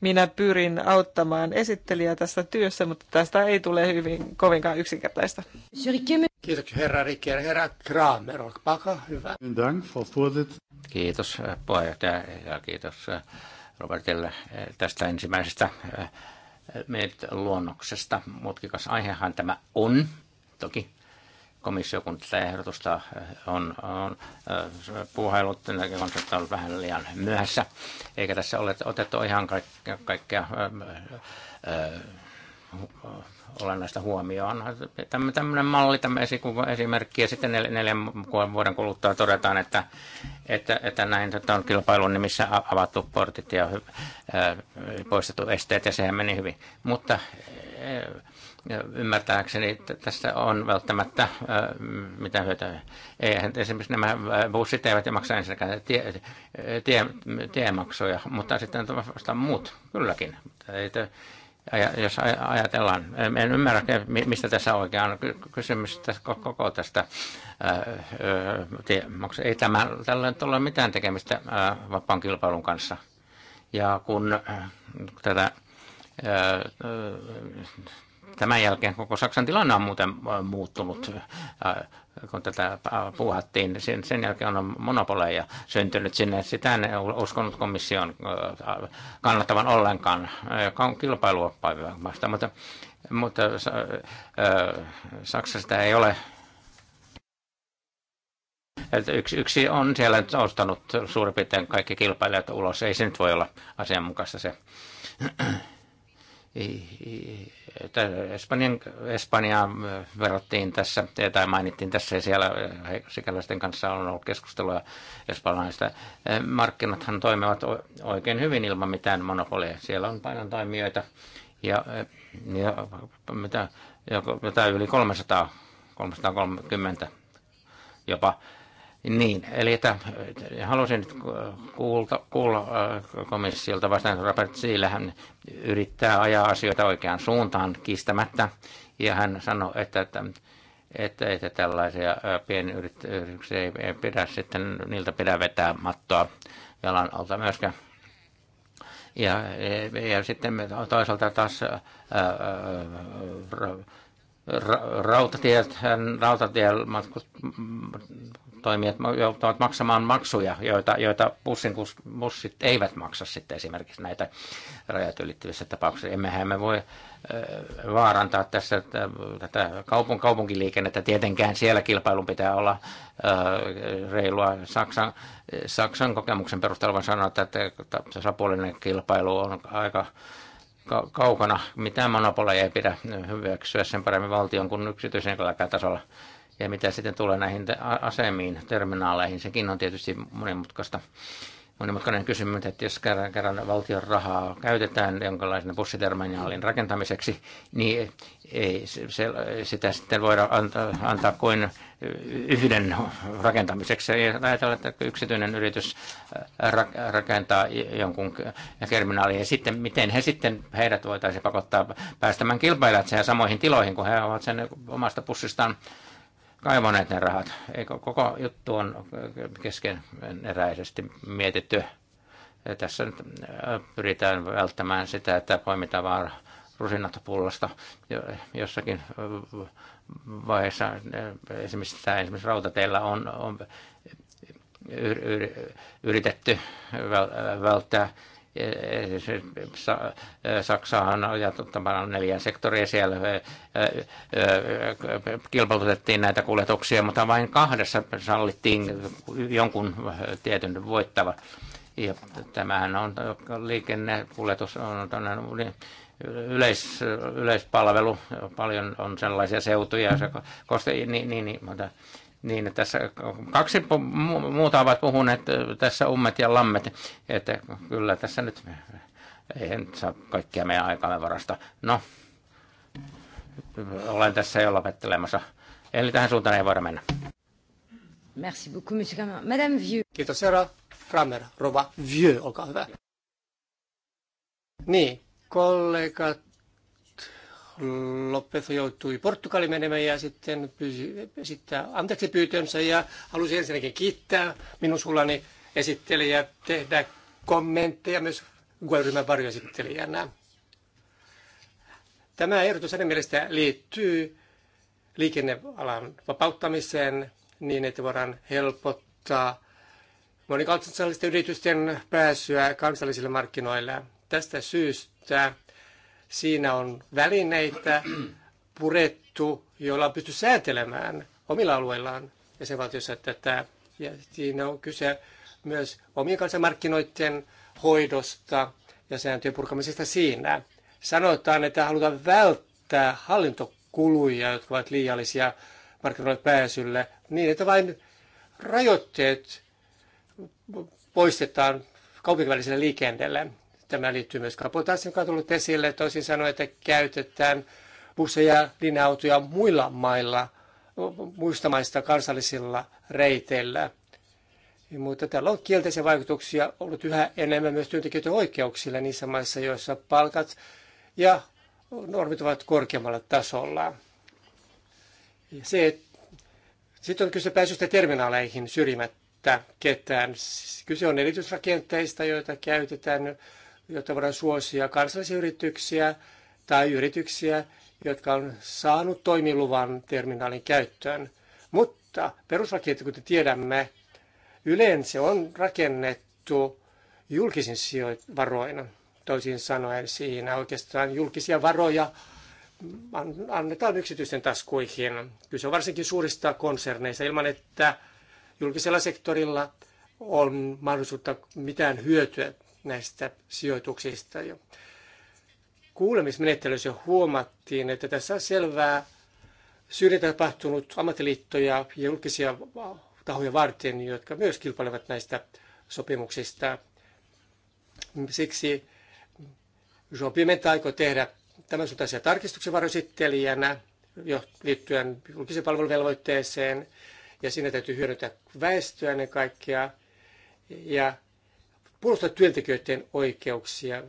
minä pyrin auttamaan esittelijää tästä työssä, mutta tästä ei tule hyvin kovinkaan yksinkertaista. Kiitoksia herra Rikker. Herra Kramer, olkaa hyvä. Kiitos eh, puheenjohtaja ja kiitos eh, Robertille eh, tästä ensimmäisestä luonnoksesta. Mutkikas aihehan tämä on, toki komissio, kun tätä ehdotusta eh, on, on eh, puuhailut, niin on ollut vähän liian myöhässä, eikä tässä ole otettu ihan kaikkea, kaikkea eh, olennaista huomioon. Tämmöinen malli, tämmöinen esimerkki, ja sitten nel, neljän vuoden kuluttua todetaan, että, että, että näin että on kilpailun nimissä avattu portit ja ää, poistettu esteet, ja sehän meni hyvin. Mutta ja ymmärtääkseni tässä on välttämättä mitä hyötyä. Eihän esimerkiksi nämä bussit eivät maksa ensinnäkään tie, tie, tiemaksuja, mutta sitten vasta muut kylläkin. Jos ajatellaan, en ymmärrä mistä tässä oikein on kysymys tässä, koko tästä tiemaksuja. Ei tämä, tällä ole mitään tekemistä vapaan kilpailun kanssa. Ja kun tätä Tämän jälkeen koko Saksan tilanne on muuten muuttunut, kun tätä puuhattiin. Niin sen, jälkeen on monopoleja syntynyt sinne. Sitä en uskonut komission kannattavan ollenkaan. Kilpailua vasta, mutta, mutta Saksassa sitä ei ole yksi, yksi on siellä nyt ostanut suurin piirtein kaikki kilpailijat ulos. Ei se nyt voi olla asianmukaista se Espanjan, Espanjaa äh, verrattiin tässä, tai mainittiin tässä, ja siellä äh, sikäläisten kanssa on ollut keskustelua espanjalaisista. Äh, markkinathan toimivat oikein hyvin ilman mitään monopolia. Siellä on paljon toimijoita, ja, ja mitä, jotain yli 300, 330 jopa niin, eli että halusin nyt kuulta, kuulla äh, komissiolta vastaan, Robert Seale, hän yrittää ajaa asioita oikeaan suuntaan kiistämättä, ja hän sanoi, että, että, että, että tällaisia äh, pienyrityksiä ei, ei pidä sitten, niiltä pidä vetää mattoa jalan alta myöskään. Ja, ja, ja sitten toisaalta taas ää, äh, ää, ra, rautatiet, rautatiematkut, toimijat joutuvat maksamaan maksuja, joita, joita bussin, bussit eivät maksa sitten esimerkiksi näitä rajat ylittyvissä tapauksissa. Emmehän me voi vaarantaa tässä tätä kaupun, kaupunkiliikennettä. Tietenkään siellä kilpailun pitää olla reilua. Saksan, Saksan kokemuksen perusteella voin sanoa, että tasapuolinen kilpailu on aika kaukana. Mitään monopoleja ei pidä hyväksyä sen paremmin valtion kuin yksityisen tasolla. Ja mitä sitten tulee näihin asemiin, terminaaleihin, sekin on tietysti monimutkaista monimutkainen kysymys, että jos kerran, kerran valtion rahaa käytetään jonkinlaisen bussiterminaalin rakentamiseksi, niin ei se, se, sitä sitten voida antaa, antaa kuin yhden rakentamiseksi. Ei ajatella, että yksityinen yritys rakentaa jonkun terminaalin ja sitten miten he sitten heidät voitaisiin pakottaa päästämään kilpailijat samoihin tiloihin, kun he ovat sen omasta pussistaan kaivaneet ne rahat. Eikö koko juttu on kesken eräisesti mietitty. Ja tässä nyt äh, pyritään välttämään sitä, että poimitaan vaan rusinat pullasta jossakin äh, vaiheessa. Äh, esimerkiksi tämä esimerkiksi rautateillä on, on yritetty välttää Saksahan ja jatkuvana neljän sektoria siellä kilpailutettiin näitä kuljetuksia, mutta vain kahdessa sallittiin jonkun tietyn voittava. Ja tämähän on liikennekuljetus on yleis, yleispalvelu, paljon on sellaisia seutuja, se koste, niin, niin, niin, mutta niin, tässä kaksi muuta ovat puhuneet, äh, tässä ummet ja lammet, että kyllä tässä nyt ei nyt saa kaikkia meidän aikamme varasta. No, olen tässä jo lopettelemassa. Eli tähän suuntaan ei voida mennä. Merci beaucoup, monsieur Cameron. Madame Vieux. Kiitos, herra Kramer. Rova Vieux, olkaa hyvä. Niin, kollegat Lopezo joutui Portugali menemään ja sitten pyysi, esittää anteeksi pyytönsä ja halusi ensinnäkin kiittää minun sullani esittelijä tehdä kommentteja myös ryhmän varjoesittelijänä. Tämä ehdotus hänen mielestä liittyy liikennealan vapauttamiseen niin, että voidaan helpottaa monikansallisten yritysten pääsyä kansallisille markkinoille. Tästä syystä Siinä on välineitä purettu, joilla on pysty säätelemään omilla alueillaan jäsenvaltiossa tätä. Ja siinä on kyse myös omien kansanmarkkinoiden hoidosta ja sääntöjen purkamisesta siinä. Sanotaan, että halutaan välttää hallintokuluja, jotka ovat liiallisia markkinoille pääsylle, niin että vain rajoitteet poistetaan kaupunkiväliselle liikenteelle. Tämä liittyy myös kapotaasiin, joka on tullut esille. Toisin sanoen, että käytetään busseja, linja-autoja muilla mailla, muista maista kansallisilla reiteillä. Mutta tällä on kielteisiä vaikutuksia ollut yhä enemmän myös työntekijöiden oikeuksille niissä maissa, joissa palkat ja normit ovat korkeammalla tasolla. Se, sitten on kyse pääsystä terminaaleihin syrjimättä ketään. Kyse on erityisrakenteista, joita käytetään jotta voidaan suosia kansallisia yrityksiä tai yrityksiä, jotka on saanut toimiluvan terminaalin käyttöön. Mutta peruslaki, kuten tiedämme, yleensä on rakennettu julkisin varoin. Toisin sanoen siinä oikeastaan julkisia varoja annetaan yksityisten taskuihin. Kyse on varsinkin suurista konserneista ilman, että julkisella sektorilla on mahdollisuutta mitään hyötyä näistä sijoituksista. Kuulemismenettelyssä huomattiin, että tässä on selvää syrjintä tapahtunut ammattiliittoja ja julkisia tahoja varten, jotka myös kilpailevat näistä sopimuksista. Siksi Jean Pimenta aikoi tehdä tämän suuntaisia tarkistuksia varjoesittelijänä jo liittyen julkisen palveluvelvoitteeseen ja siinä täytyy hyödyntää väestöä ennen kaikkea ja puolustaa työntekijöiden oikeuksia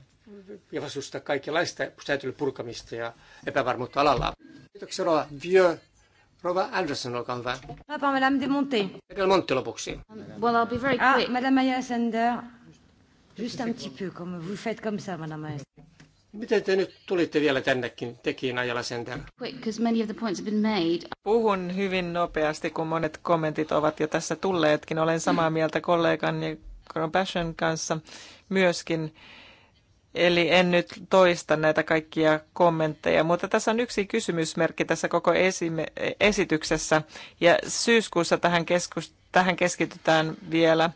ja vastustaa kaikenlaista säätelyn purkamista ja epävarmuutta alalla. Kiitoksia Rova Vieux. Rova Anderson, olkaa hyvä. Rapa Madame de Monte. Madame Monte lopuksi. Well, I'll be very ah. quick. Ah, Madame Ayersender, Just un petit peu, comme vous faites comme ça, Madame Ayersender. Miten te nyt tulitte vielä tännekin, tekiin ajalla sen Puhun hyvin nopeasti, kun monet kommentit ovat jo tässä tulleetkin. Olen samaa mieltä kollegan ja Grobashen kanssa myöskin. Eli en nyt toista näitä kaikkia kommentteja, mutta tässä on yksi kysymysmerkki tässä koko esityksessä. Ja syyskuussa tähän, keskus- tähän keskitytään vielä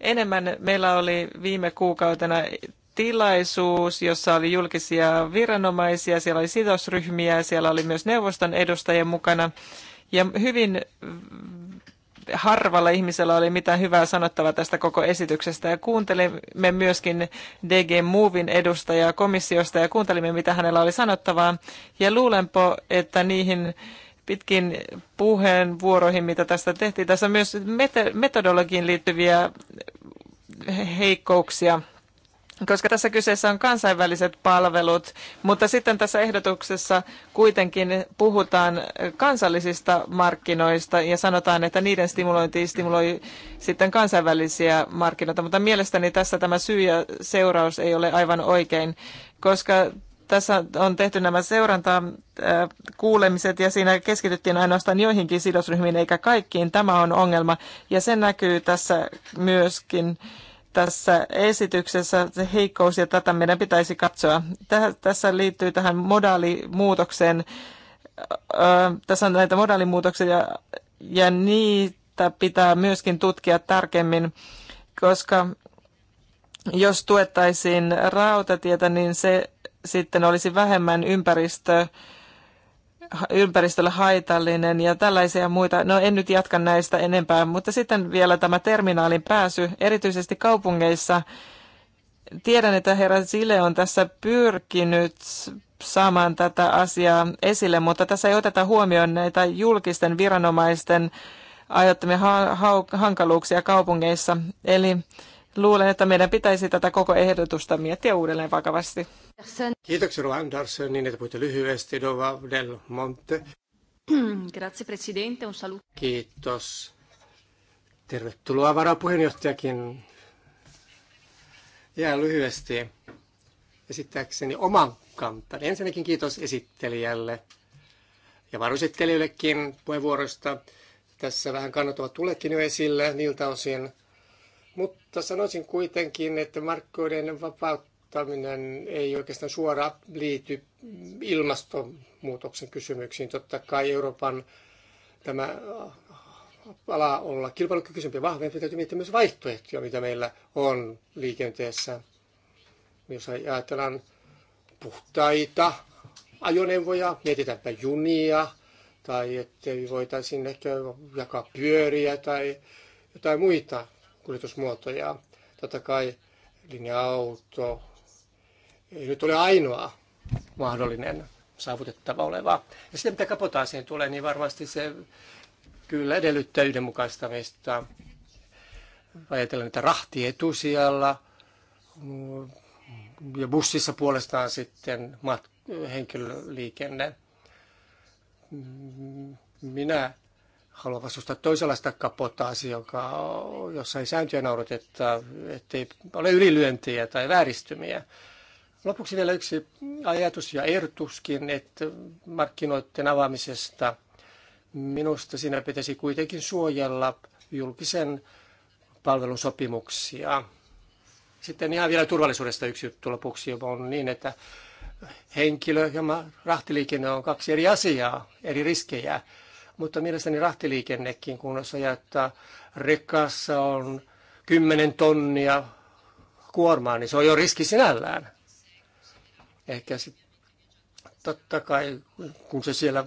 enemmän. Meillä oli viime kuukautena tilaisuus, jossa oli julkisia viranomaisia, siellä oli sidosryhmiä, siellä oli myös neuvoston edustajia mukana. Ja hyvin harvalla ihmisellä oli mitään hyvää sanottavaa tästä koko esityksestä. Ja kuuntelimme myöskin DG Movin edustajaa komissiosta ja kuuntelimme, mitä hänellä oli sanottavaa. Ja luulenpo, että niihin pitkin puheenvuoroihin, mitä tästä tehtiin, tässä on myös metodologiin liittyviä heikkouksia koska tässä kyseessä on kansainväliset palvelut, mutta sitten tässä ehdotuksessa kuitenkin puhutaan kansallisista markkinoista ja sanotaan, että niiden stimulointi stimuloi sitten kansainvälisiä markkinoita, mutta mielestäni tässä tämä syy ja seuraus ei ole aivan oikein, koska tässä on tehty nämä seurantakuulemiset äh, ja siinä keskityttiin ainoastaan joihinkin sidosryhmiin eikä kaikkiin. Tämä on ongelma ja se näkyy tässä myöskin tässä esityksessä se heikkous, ja tätä meidän pitäisi katsoa. Tässä liittyy tähän modaalimuutokseen. Tässä on näitä modaalimuutoksia, ja niitä pitää myöskin tutkia tarkemmin, koska jos tuettaisiin rautatietä, niin se sitten olisi vähemmän ympäristö ympäristölle haitallinen ja tällaisia muita. No en nyt jatka näistä enempää, mutta sitten vielä tämä terminaalin pääsy, erityisesti kaupungeissa. Tiedän, että herra Sile on tässä pyrkinyt saamaan tätä asiaa esille, mutta tässä ei oteta huomioon näitä julkisten viranomaisten aiheuttamia ha- ha- hankaluuksia kaupungeissa. Eli Luulen, että meidän pitäisi tätä koko ehdotusta miettiä uudelleen vakavasti. Kiitoksia Rova Andersson, niin että puhutte lyhyesti Dova del Monte. Grazie Presidente, un saluto. Kiitos. Tervetuloa varapuheenjohtajakin. Ja lyhyesti esittääkseni oman kantani. Ensinnäkin kiitos esittelijälle ja varusittelijöillekin puheenvuoroista. Tässä vähän kannat ovat tulleetkin jo esille niiltä osin – mutta sanoisin kuitenkin, että markkinoiden vapauttaminen ei oikeastaan suoraan liity ilmastonmuutoksen kysymyksiin. Totta kai Euroopan tämä ala olla kilpailukykyisempi ja vahvempi, täytyy miettiä myös vaihtoehtoja, mitä meillä on liikenteessä. Jos ajatellaan puhtaita ajoneuvoja, mietitäänpä junia, tai että voitaisiin ehkä jakaa pyöriä tai jotain muita kuljetusmuotoja. Totta kai linja-auto ei nyt ole ainoa mahdollinen saavutettava oleva. Ja sitten mitä kapotaasiin tulee, niin varmasti se kyllä edellyttää yhdenmukaistamista. Ajatellaan että rahti etusijalla ja bussissa puolestaan sitten mat- henkilöliikenne. Minä halua vastustaa toisenlaista kapotaasi, joka, jossa ei sääntöjä noudateta, ettei ole ylilyöntiä tai vääristymiä. Lopuksi vielä yksi ajatus ja ehdotuskin, että markkinoiden avaamisesta minusta siinä pitäisi kuitenkin suojella julkisen palvelun sopimuksia. Sitten ihan vielä turvallisuudesta yksi juttu lopuksi on niin, että henkilö ja rahtiliikenne on kaksi eri asiaa, eri riskejä mutta mielestäni rahtiliikennekin, kun se jättää rekassa on 10 tonnia kuormaa, niin se on jo riski sinällään. Ehkä sitten totta kai, kun se siellä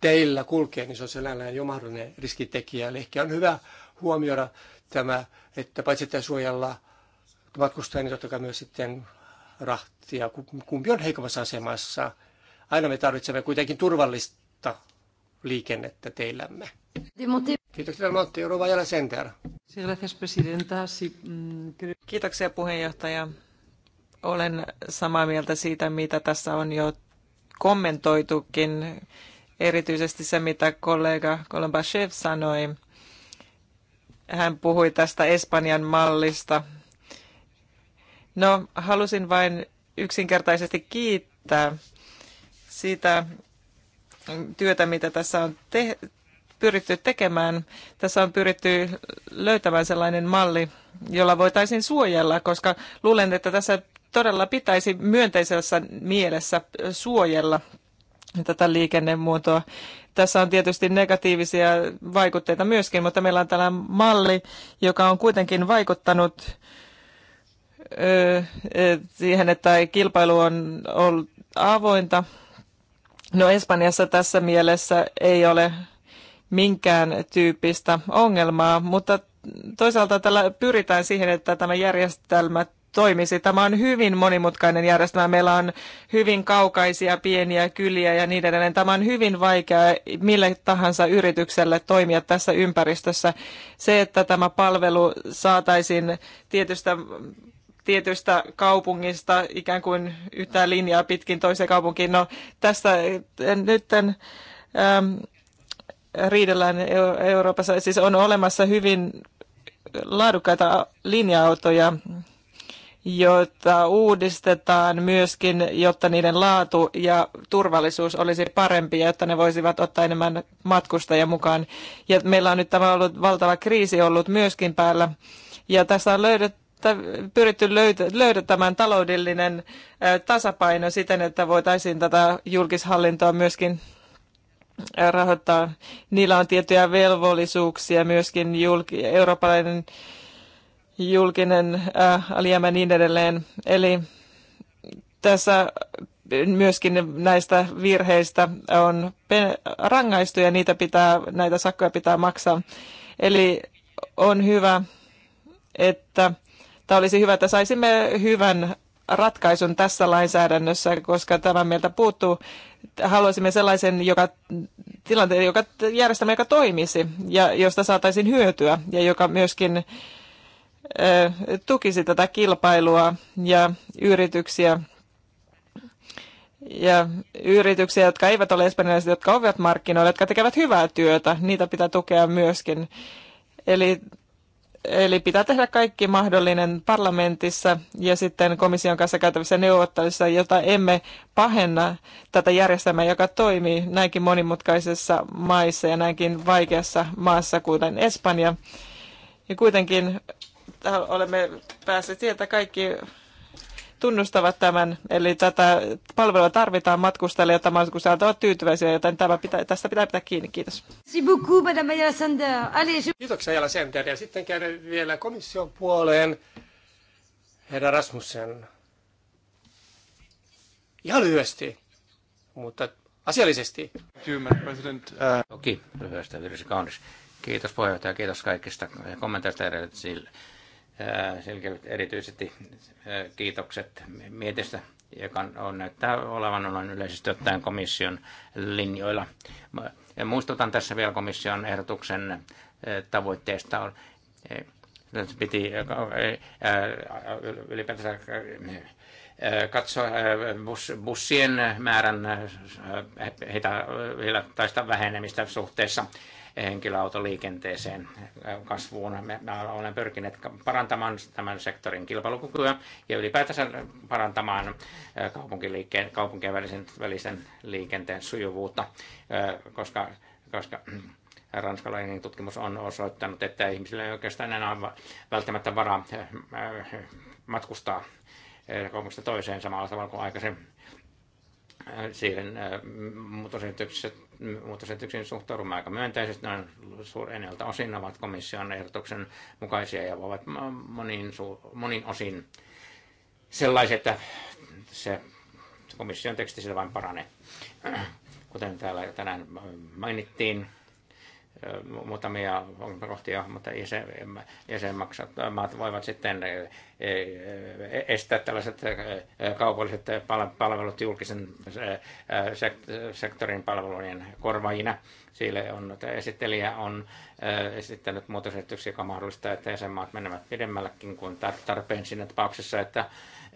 teillä kulkee, niin se on sinällään jo mahdollinen riskitekijä. Eli ehkä on hyvä huomioida tämä, että paitsi että suojella matkustajia, niin totta kai myös sitten rahtia, kumpi on heikommassa asemassa. Aina me tarvitsemme kuitenkin turvallista liikennettä teillämme. Kiitoksia, Montti. Eurova Jala mm, Kiitoksia, puheenjohtaja. Olen samaa mieltä siitä, mitä tässä on jo kommentoitukin, erityisesti se, mitä kollega Kolombashev sanoi. Hän puhui tästä Espanjan mallista. No, halusin vain yksinkertaisesti kiittää siitä, työtä, mitä tässä on te- pyritty tekemään. Tässä on pyritty löytämään sellainen malli, jolla voitaisiin suojella, koska luulen, että tässä todella pitäisi myönteisessä mielessä suojella tätä liikennemuotoa. Tässä on tietysti negatiivisia vaikutteita myöskin, mutta meillä on tällainen malli, joka on kuitenkin vaikuttanut siihen, että kilpailu on ollut avointa No Espanjassa tässä mielessä ei ole minkään tyyppistä ongelmaa, mutta toisaalta tällä pyritään siihen, että tämä järjestelmä toimisi. Tämä on hyvin monimutkainen järjestelmä. Meillä on hyvin kaukaisia pieniä kyliä ja niin edelleen. Tämä on hyvin vaikea mille tahansa yritykselle toimia tässä ympäristössä. Se, että tämä palvelu saataisiin tietystä tietystä kaupungista ikään kuin yhtään linjaa pitkin toiseen kaupunkiin. No tässä eh, nyt tämän, ähm, riidellään Euroopassa, siis on olemassa hyvin laadukkaita linja-autoja, joita uudistetaan myöskin, jotta niiden laatu ja turvallisuus olisi parempi ja jotta ne voisivat ottaa enemmän matkustajia mukaan. Ja meillä on nyt tämä ollut valtava kriisi ollut myöskin päällä. Ja tässä on löydetty että pyritty tämän taloudellinen tasapaino siten, että voitaisiin tätä julkishallintoa myöskin rahoittaa. Niillä on tiettyjä velvollisuuksia myöskin julki, eurooppalainen julkinen alijäämä niin edelleen. Eli tässä myöskin näistä virheistä on rangaistu ja niitä pitää, näitä sakkoja pitää maksaa. Eli on hyvä, että Tämä olisi hyvä, että saisimme hyvän ratkaisun tässä lainsäädännössä, koska tämä meiltä puuttuu. Haluaisimme sellaisen joka, tilanteen, joka järjestelmä, joka toimisi ja josta saataisiin hyötyä ja joka myöskin ö, tukisi tätä kilpailua ja yrityksiä ja yrityksiä, jotka eivät ole espanjalaiset, jotka ovat markkinoilla, jotka tekevät hyvää työtä, niitä pitää tukea myöskin. Eli Eli pitää tehdä kaikki mahdollinen parlamentissa ja sitten komission kanssa käytävissä neuvotteluissa, jota emme pahenna tätä järjestelmää, joka toimii näinkin monimutkaisessa maissa ja näinkin vaikeassa maassa, kuten Espanja. Ja kuitenkin olemme päässeet sieltä kaikki tunnustavat tämän. Eli tätä palvelua tarvitaan matkustajille, jotta matkustajat ovat tyytyväisiä, joten tämä pitää, tästä pitää pitää kiinni. Kiitos. Kiitoksia Jala Sender. Ja sitten käydään vielä komission puoleen. Herra Rasmussen. Ihan lyhyesti, mutta asiallisesti. Toki lyhyesti, virsi kaunis. Kiitos puheenjohtaja, kiitos kaikista kommenteista edellisille selkeät erityisesti kiitokset mietistä, joka on, näyttää olevan noin yleisesti ottaen komission linjoilla. Muistutan tässä vielä komission ehdotuksen tavoitteesta piti ylipäätänsä katsoa bussien määrän heitä, heitä vähenemistä suhteessa henkilöautoliikenteeseen äh, kasvuun. Me, olen pyrkineet parantamaan tämän sektorin kilpailukykyä ja ylipäätänsä parantamaan äh, kaupunkien välisen, välisen liikenteen sujuvuutta, äh, koska, koska ranskalainen tutkimus on osoittanut, että ihmisillä ei oikeastaan enää välttämättä varaa matkustaa kaupungista toiseen samalla tavalla kuin aikaisemmin siihen muutosyritykset yksin suhtaudumme aika myönteisesti. Nämä suurenelta osin ovat komission ehdotuksen mukaisia ja ovat monin, monin osin sellaisia, että se komission teksti sitä vain paranee. Kuten täällä tänään mainittiin, muutamia ongelmakohtia, mutta jäsenmaat voivat sitten e, e, estää tällaiset e, kaupalliset palvelut julkisen sektorin palvelujen korvaajina. Sille on, että esittelijä on esittänyt muutosehdotuksia, joka mahdollistaa, että jäsenmaat menevät pidemmällekin kuin tarpeen siinä tapauksessa, että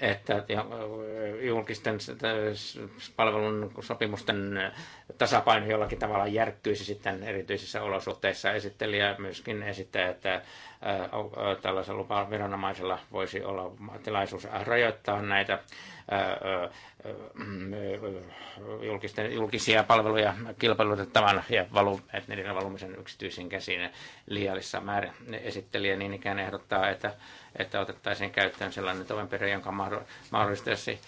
että julkisten palvelun sopimusten tasapaino jollakin tavalla järkkyisi sitten erityisissä olosuhteissa. Esittelijä myöskin esittää, että tällaisella lupaviranomaisella voisi olla tilaisuus rajoittaa näitä julkisten, julkisia palveluja kilpailutettavan ja valu, että niiden valumisen yksityisiin käsiin liiallisessa määrin. Esittelijä niin ikään ehdottaa, että, että otettaisiin käyttöön sellainen toimenpide, jonka mahdollistaisi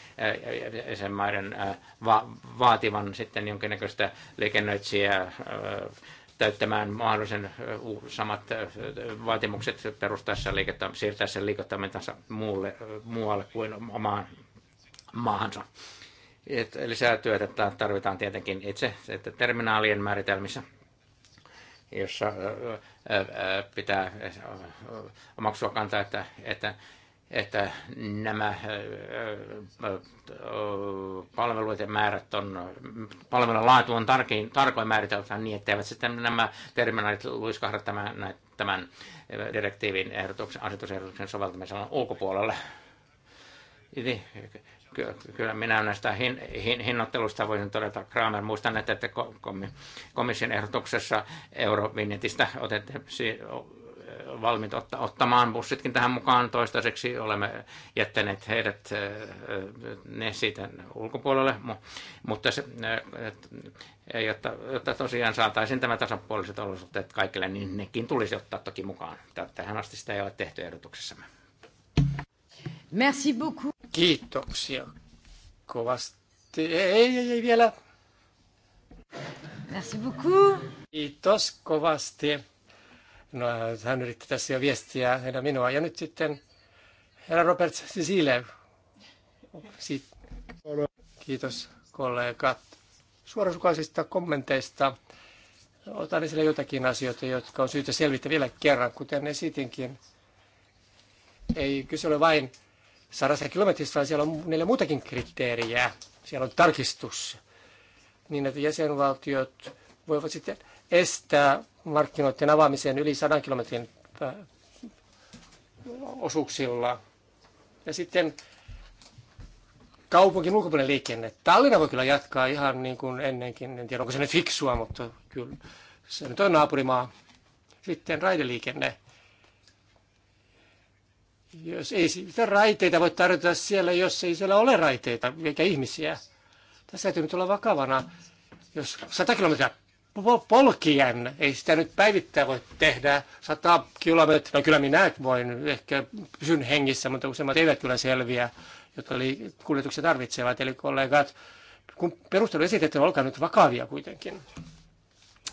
jäsenmaiden va, vaativan sitten jonkinnäköistä liikennöitsijää täyttämään mahdollisen samat vaatimukset perustaessa liikettä, siirtäessä liiketoimintansa muulle, muualle kuin omaan maahansa. Et lisää työtä tarvitaan tietenkin itse että terminaalien määritelmissä, jossa pitää omaksua kantaa, että, että että nämä palveluiden määrät on, palvelun laatu on tarkein, tarkoin määriteltävä niin, eivät sitten nämä terminaalit luiskahda tämän, tämän direktiivin ehdotuksen, asetusehdotuksen soveltamisen ulkopuolelle. Eli niin, kyllä minä näistä hin, hin, hinnoittelusta voisin todeta Kramer. Muistan, että komission ehdotuksessa eurovinjetistä otettiin valmiit ottamaan bussitkin tähän mukaan. Toistaiseksi olemme jättäneet heidät ne siitä ulkopuolelle, mutta se, jotta, jotta tosiaan saataisiin tämä tasapuoliset olosuhteet kaikille, niin nekin tulisi ottaa toki mukaan. Tähän asti sitä ei ole tehty ehdotuksessamme. Merci beaucoup. Kiitoksia kovasti. Ei, ei, ei vielä. Merci beaucoup. Kiitos kovasti. No, hän yritti tässä jo viestiä heidän minua. Ja nyt sitten herra Robert Sisile. Kiitos kollegat suorasukaisista kommenteista. Otan esille jotakin asioita, jotka on syytä selvittää vielä kerran, kuten esitinkin. Ei kyse ole vain sadasta kilometristä, vaan siellä on neljä muutakin kriteeriä. Siellä on tarkistus, niin että jäsenvaltiot voivat sitten estää markkinoiden avaamisen yli 100 kilometrin äh, osuuksilla. Ja sitten kaupunkin ulkopuolinen liikenne. Tallinna voi kyllä jatkaa ihan niin kuin ennenkin. En tiedä, onko se nyt fiksua, mutta kyllä se nyt on naapurimaa. Sitten raideliikenne. Jos ei sitä raiteita voi tarjota siellä, jos ei siellä ole raiteita eikä ihmisiä. Tässä täytyy nyt olla vakavana. Jos 100 kilometriä polkien. Ei sitä nyt päivittäin voi tehdä. 100 kilometriä, no kyllä minä voin, ehkä pysyn hengissä, mutta useimmat eivät kyllä selviä, jotka oli kuljetuksia tarvitsevat. Eli kollegat, kun perustelu esitetään, niin olkaa nyt vakavia kuitenkin.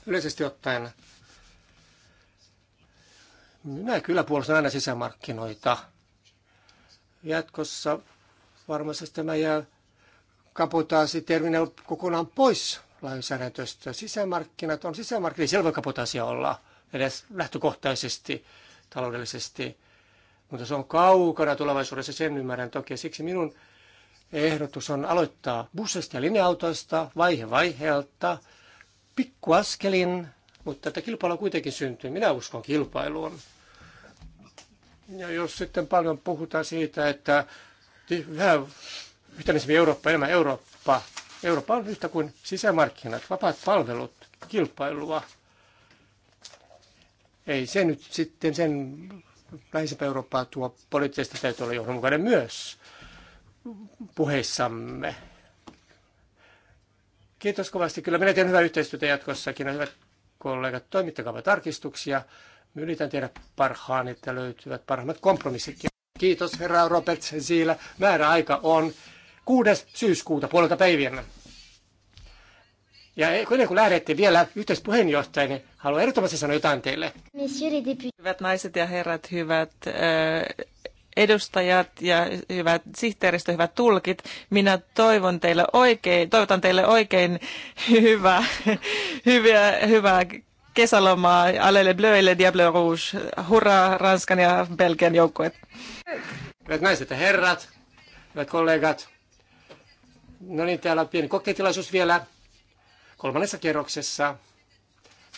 Yleisesti ottaen, minä kyllä puolustan aina sisämarkkinoita. Jatkossa varmasti tämä jää kapotaasi terminal kokonaan pois lainsäädäntöstä. Sisämarkkinat on sisämarkkinat, ei siellä voi kapotaisia olla edes lähtökohtaisesti taloudellisesti, mutta se on kaukana tulevaisuudessa, sen ymmärrän toki. Siksi minun ehdotus on aloittaa bussista ja linja-autoista vaihe vaiheelta, pikkuaskelin, mutta että kilpailu kuitenkin syntyy. Minä uskon kilpailuun. Ja jos sitten paljon puhutaan siitä, että yhä yhtenäisemmin Eurooppa, enemmän Eurooppa, Eurooppa on yhtä kuin sisämarkkinat, vapaat palvelut, kilpailua. Ei se nyt sitten sen läheisempää Eurooppaa tuo poliittisesti täytyy olla johdonmukainen myös puheissamme. Kiitos kovasti. Kyllä minä teen hyvää yhteistyötä jatkossakin. Ja no, hyvät kollegat, toimittakaa tarkistuksia. Me yritän tehdä parhaani, että löytyvät parhaimmat kompromissit. Kiitos herra Robert Siilä. Määräaika on 6. syyskuuta puolelta päivienä. Ja ennen kuin lähdette vielä niin haluan erityisesti sanoa jotain teille. Hyvät naiset ja herrat, hyvät edustajat ja hyvät sihteeristö, hyvät tulkit, minä toivon teille oikein, toivotan teille oikein hyvää, hyviä, hyvää kesälomaa Alele Bleuille Diablo Rouge. Hurra Ranskan ja Belgian joukkueet. Hyvät naiset ja herrat, hyvät kollegat, No niin, täällä on pieni kokeetilaisuus vielä kolmannessa kerroksessa.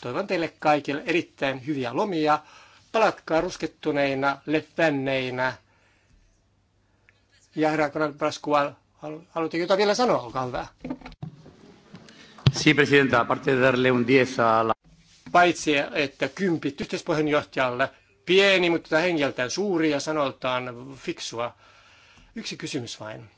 Toivon teille kaikille erittäin hyviä lomia. Palatkaa ruskettuneina, lepänneinä. Ja herra Konan Pascual, haluatteko jotain vielä sanoa? Olkaa hyvä. Sí, presidenta, aparte de darle un 10 a la... Paitsi, että kympi yhteispuheenjohtajalle, pieni, mutta hengeltään suuri ja sanoltaan fiksua. Yksi kysymys vain.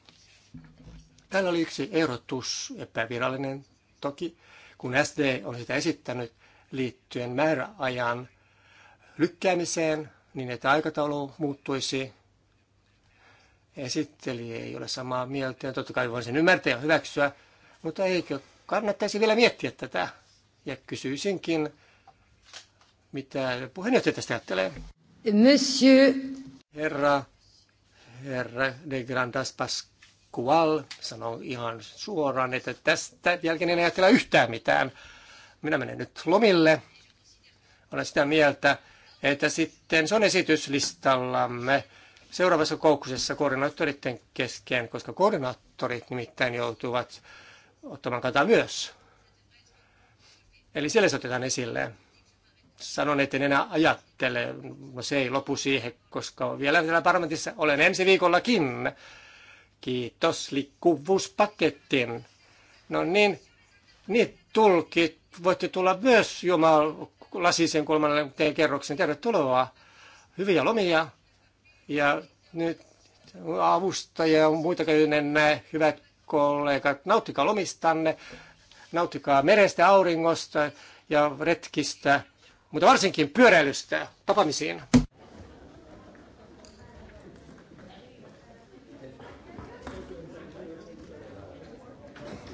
Täällä oli yksi ehdotus, epävirallinen toki, kun SD on sitä esittänyt liittyen määräajan lykkäämiseen, niin että aikataulu muuttuisi. Esitteli ei ole samaa mieltä, ja totta kai voisin ymmärtää ja hyväksyä, mutta eikö kannattaisi vielä miettiä tätä? Ja kysyisinkin, mitä puheenjohtaja tästä ajattelee. Monsieur. Herra, herra de Grandas Pascal. Kual sanoi ihan suoraan, että tästä jälkeen en ajatella yhtään mitään. Minä menen nyt lomille. Olen sitä mieltä, että sitten se on esityslistallamme seuraavassa koukkuisessa koordinaattoritten kesken, koska koordinaattorit nimittäin joutuvat ottamaan kantaa myös. Eli siellä se otetaan esille. Sanon, että en enää ajattele, no se ei lopu siihen, koska vielä täällä parlamentissa olen ensi viikollakin Kiitos liikkuvuuspaketin. No niin, niin tulkit, voitte tulla myös Jumal lasisen teidän kerroksen. Tervetuloa. Hyviä lomia. Ja nyt avustajia ja muita käyden hyvät kollegat. Nauttikaa lomistanne, nauttikaa merestä, auringosta ja retkistä, mutta varsinkin pyöräilystä. Tapamisiin.